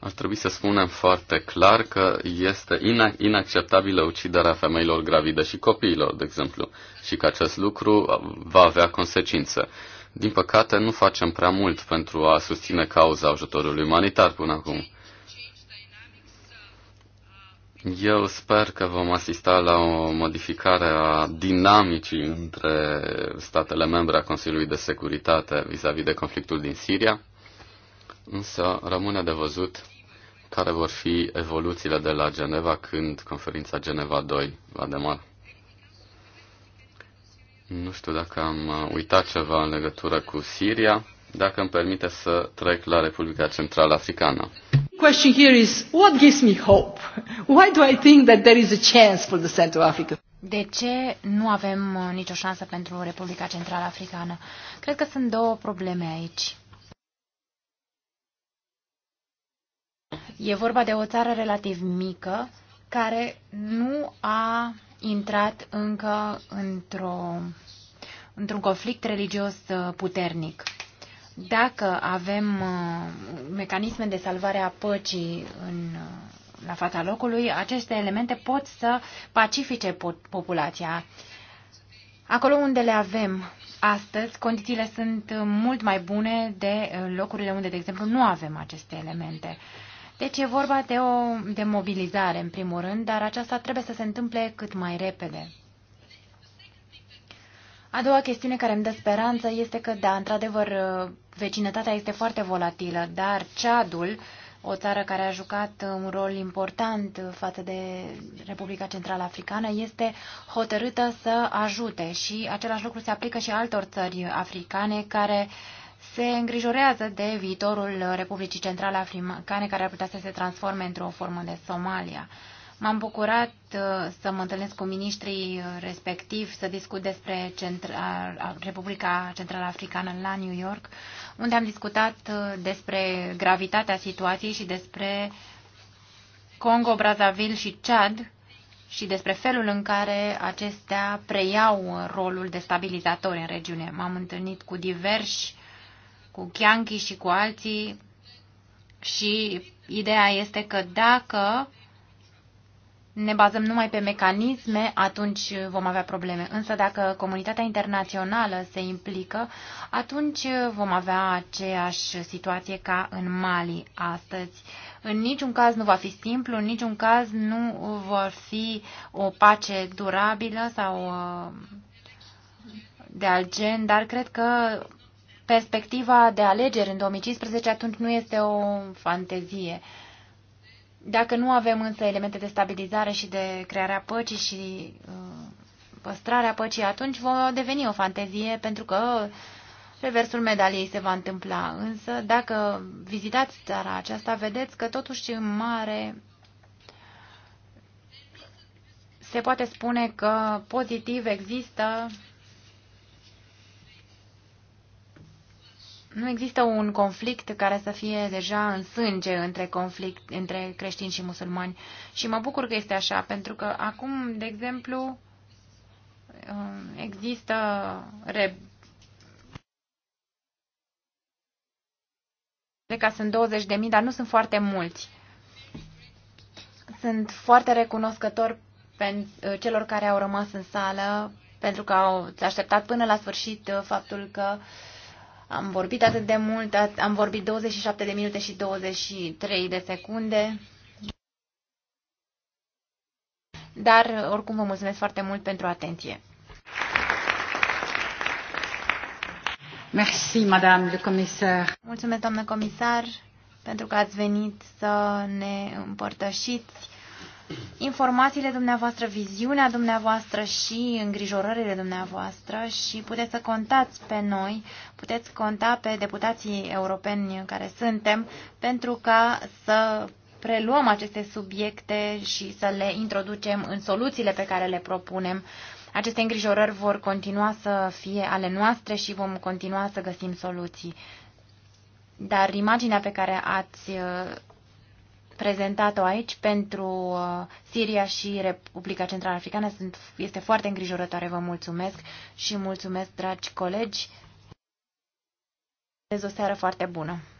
ar trebui să spunem foarte clar că este inacceptabilă uciderea femeilor gravide și copiilor, de exemplu, și că acest lucru va avea consecințe. Din păcate, nu facem prea mult pentru a susține cauza ajutorului umanitar până acum. Eu sper că vom asista la o modificare a dinamicii între statele membre a Consiliului de Securitate vis-a-vis -vis de conflictul din Siria însă rămâne de văzut care vor fi evoluțiile de la Geneva când conferința Geneva 2 va demara. Nu știu dacă am uh, uitat ceva în legătură cu Siria, dacă îmi permite să trec la Republica Central Africană. Question here is what gives me hope? Why do I think that there is a chance for the Central Africa? De ce nu avem uh, nicio șansă pentru Republica Central Africană? Cred că sunt două probleme aici. E vorba de o țară relativ mică care nu a intrat încă într-o, într-un conflict religios uh, puternic. Dacă avem uh, mecanisme de salvare a păcii în, uh, la fața locului, aceste elemente pot să pacifice populația. Acolo unde le avem astăzi, condițiile sunt mult mai bune de locurile unde, de exemplu, nu avem aceste elemente. Deci e vorba de o de mobilizare, în primul rând, dar aceasta trebuie să se întâmple cât mai repede. A doua chestiune care îmi dă speranță este că, da, într-adevăr, vecinătatea este foarte volatilă, dar Ceadul, o țară care a jucat un rol important față de Republica Centrală Africană, este hotărâtă să ajute și același lucru se aplică și altor țări africane care uh, se îngrijorează de viitorul Republicii Centrale Africane, care ar putea să se transforme într-o formă de Somalia. M-am bucurat uh, să mă întâlnesc cu ministrii respectivi, să discut despre Centra, Republica Centrală Africană la New York, unde am discutat uh, despre gravitatea situației și despre Congo, Brazzaville și Chad și despre felul în care acestea preiau rolul de stabilizator în regiune. M-am întâlnit cu diversi cu Chianchi și cu alții și ideea este că dacă ne bazăm numai pe mecanisme, atunci vom avea probleme. Însă dacă comunitatea internațională se implică, atunci vom avea aceeași situație ca în Mali astăzi. În niciun caz nu va fi simplu, în niciun caz nu vor fi o pace durabilă sau uh, de alt gen, dar cred că perspectiva de alegeri în 2015 atunci nu este o fantezie. Dacă nu avem însă elemente de stabilizare și de crearea păcii și uh, păstrarea păcii, atunci va deveni o fantezie pentru că reversul medaliei se va întâmpla. Însă dacă vizitați țara aceasta, vedeți că totuși în mare se poate spune că pozitiv există Nu există un conflict care să fie deja în sânge între, conflict, între creștini și musulmani. Și mă bucur că este așa, pentru că acum, de exemplu, um, există re... ca sunt 20.000, dar nu sunt foarte mulți. Sunt foarte recunoscător uh, celor care au rămas în sală, pentru că au așteptat până la sfârșit uh, faptul că uh, am vorbit atât de mult, am vorbit 27 de minute și 23 de secunde. Dar, oricum, vă mulțumesc foarte mult pentru atenție. Merci, madame le comisar. Mulțumesc, doamnă comisar, pentru că ați venit să ne împărtășiți informațiile dumneavoastră, viziunea dumneavoastră și îngrijorările dumneavoastră și puteți să contați pe noi, puteți conta pe deputații europeni care suntem pentru ca să preluăm aceste subiecte și să le introducem în soluțiile pe care le propunem. Aceste îngrijorări vor continua să fie ale noastre și vom continua să găsim soluții. Dar imaginea pe care ați prezentat-o aici pentru uh, Siria și Republica Central Africană sunt, este foarte îngrijorătoare. Vă mulțumesc și mulțumesc, dragi colegi. Vă o seară foarte bună!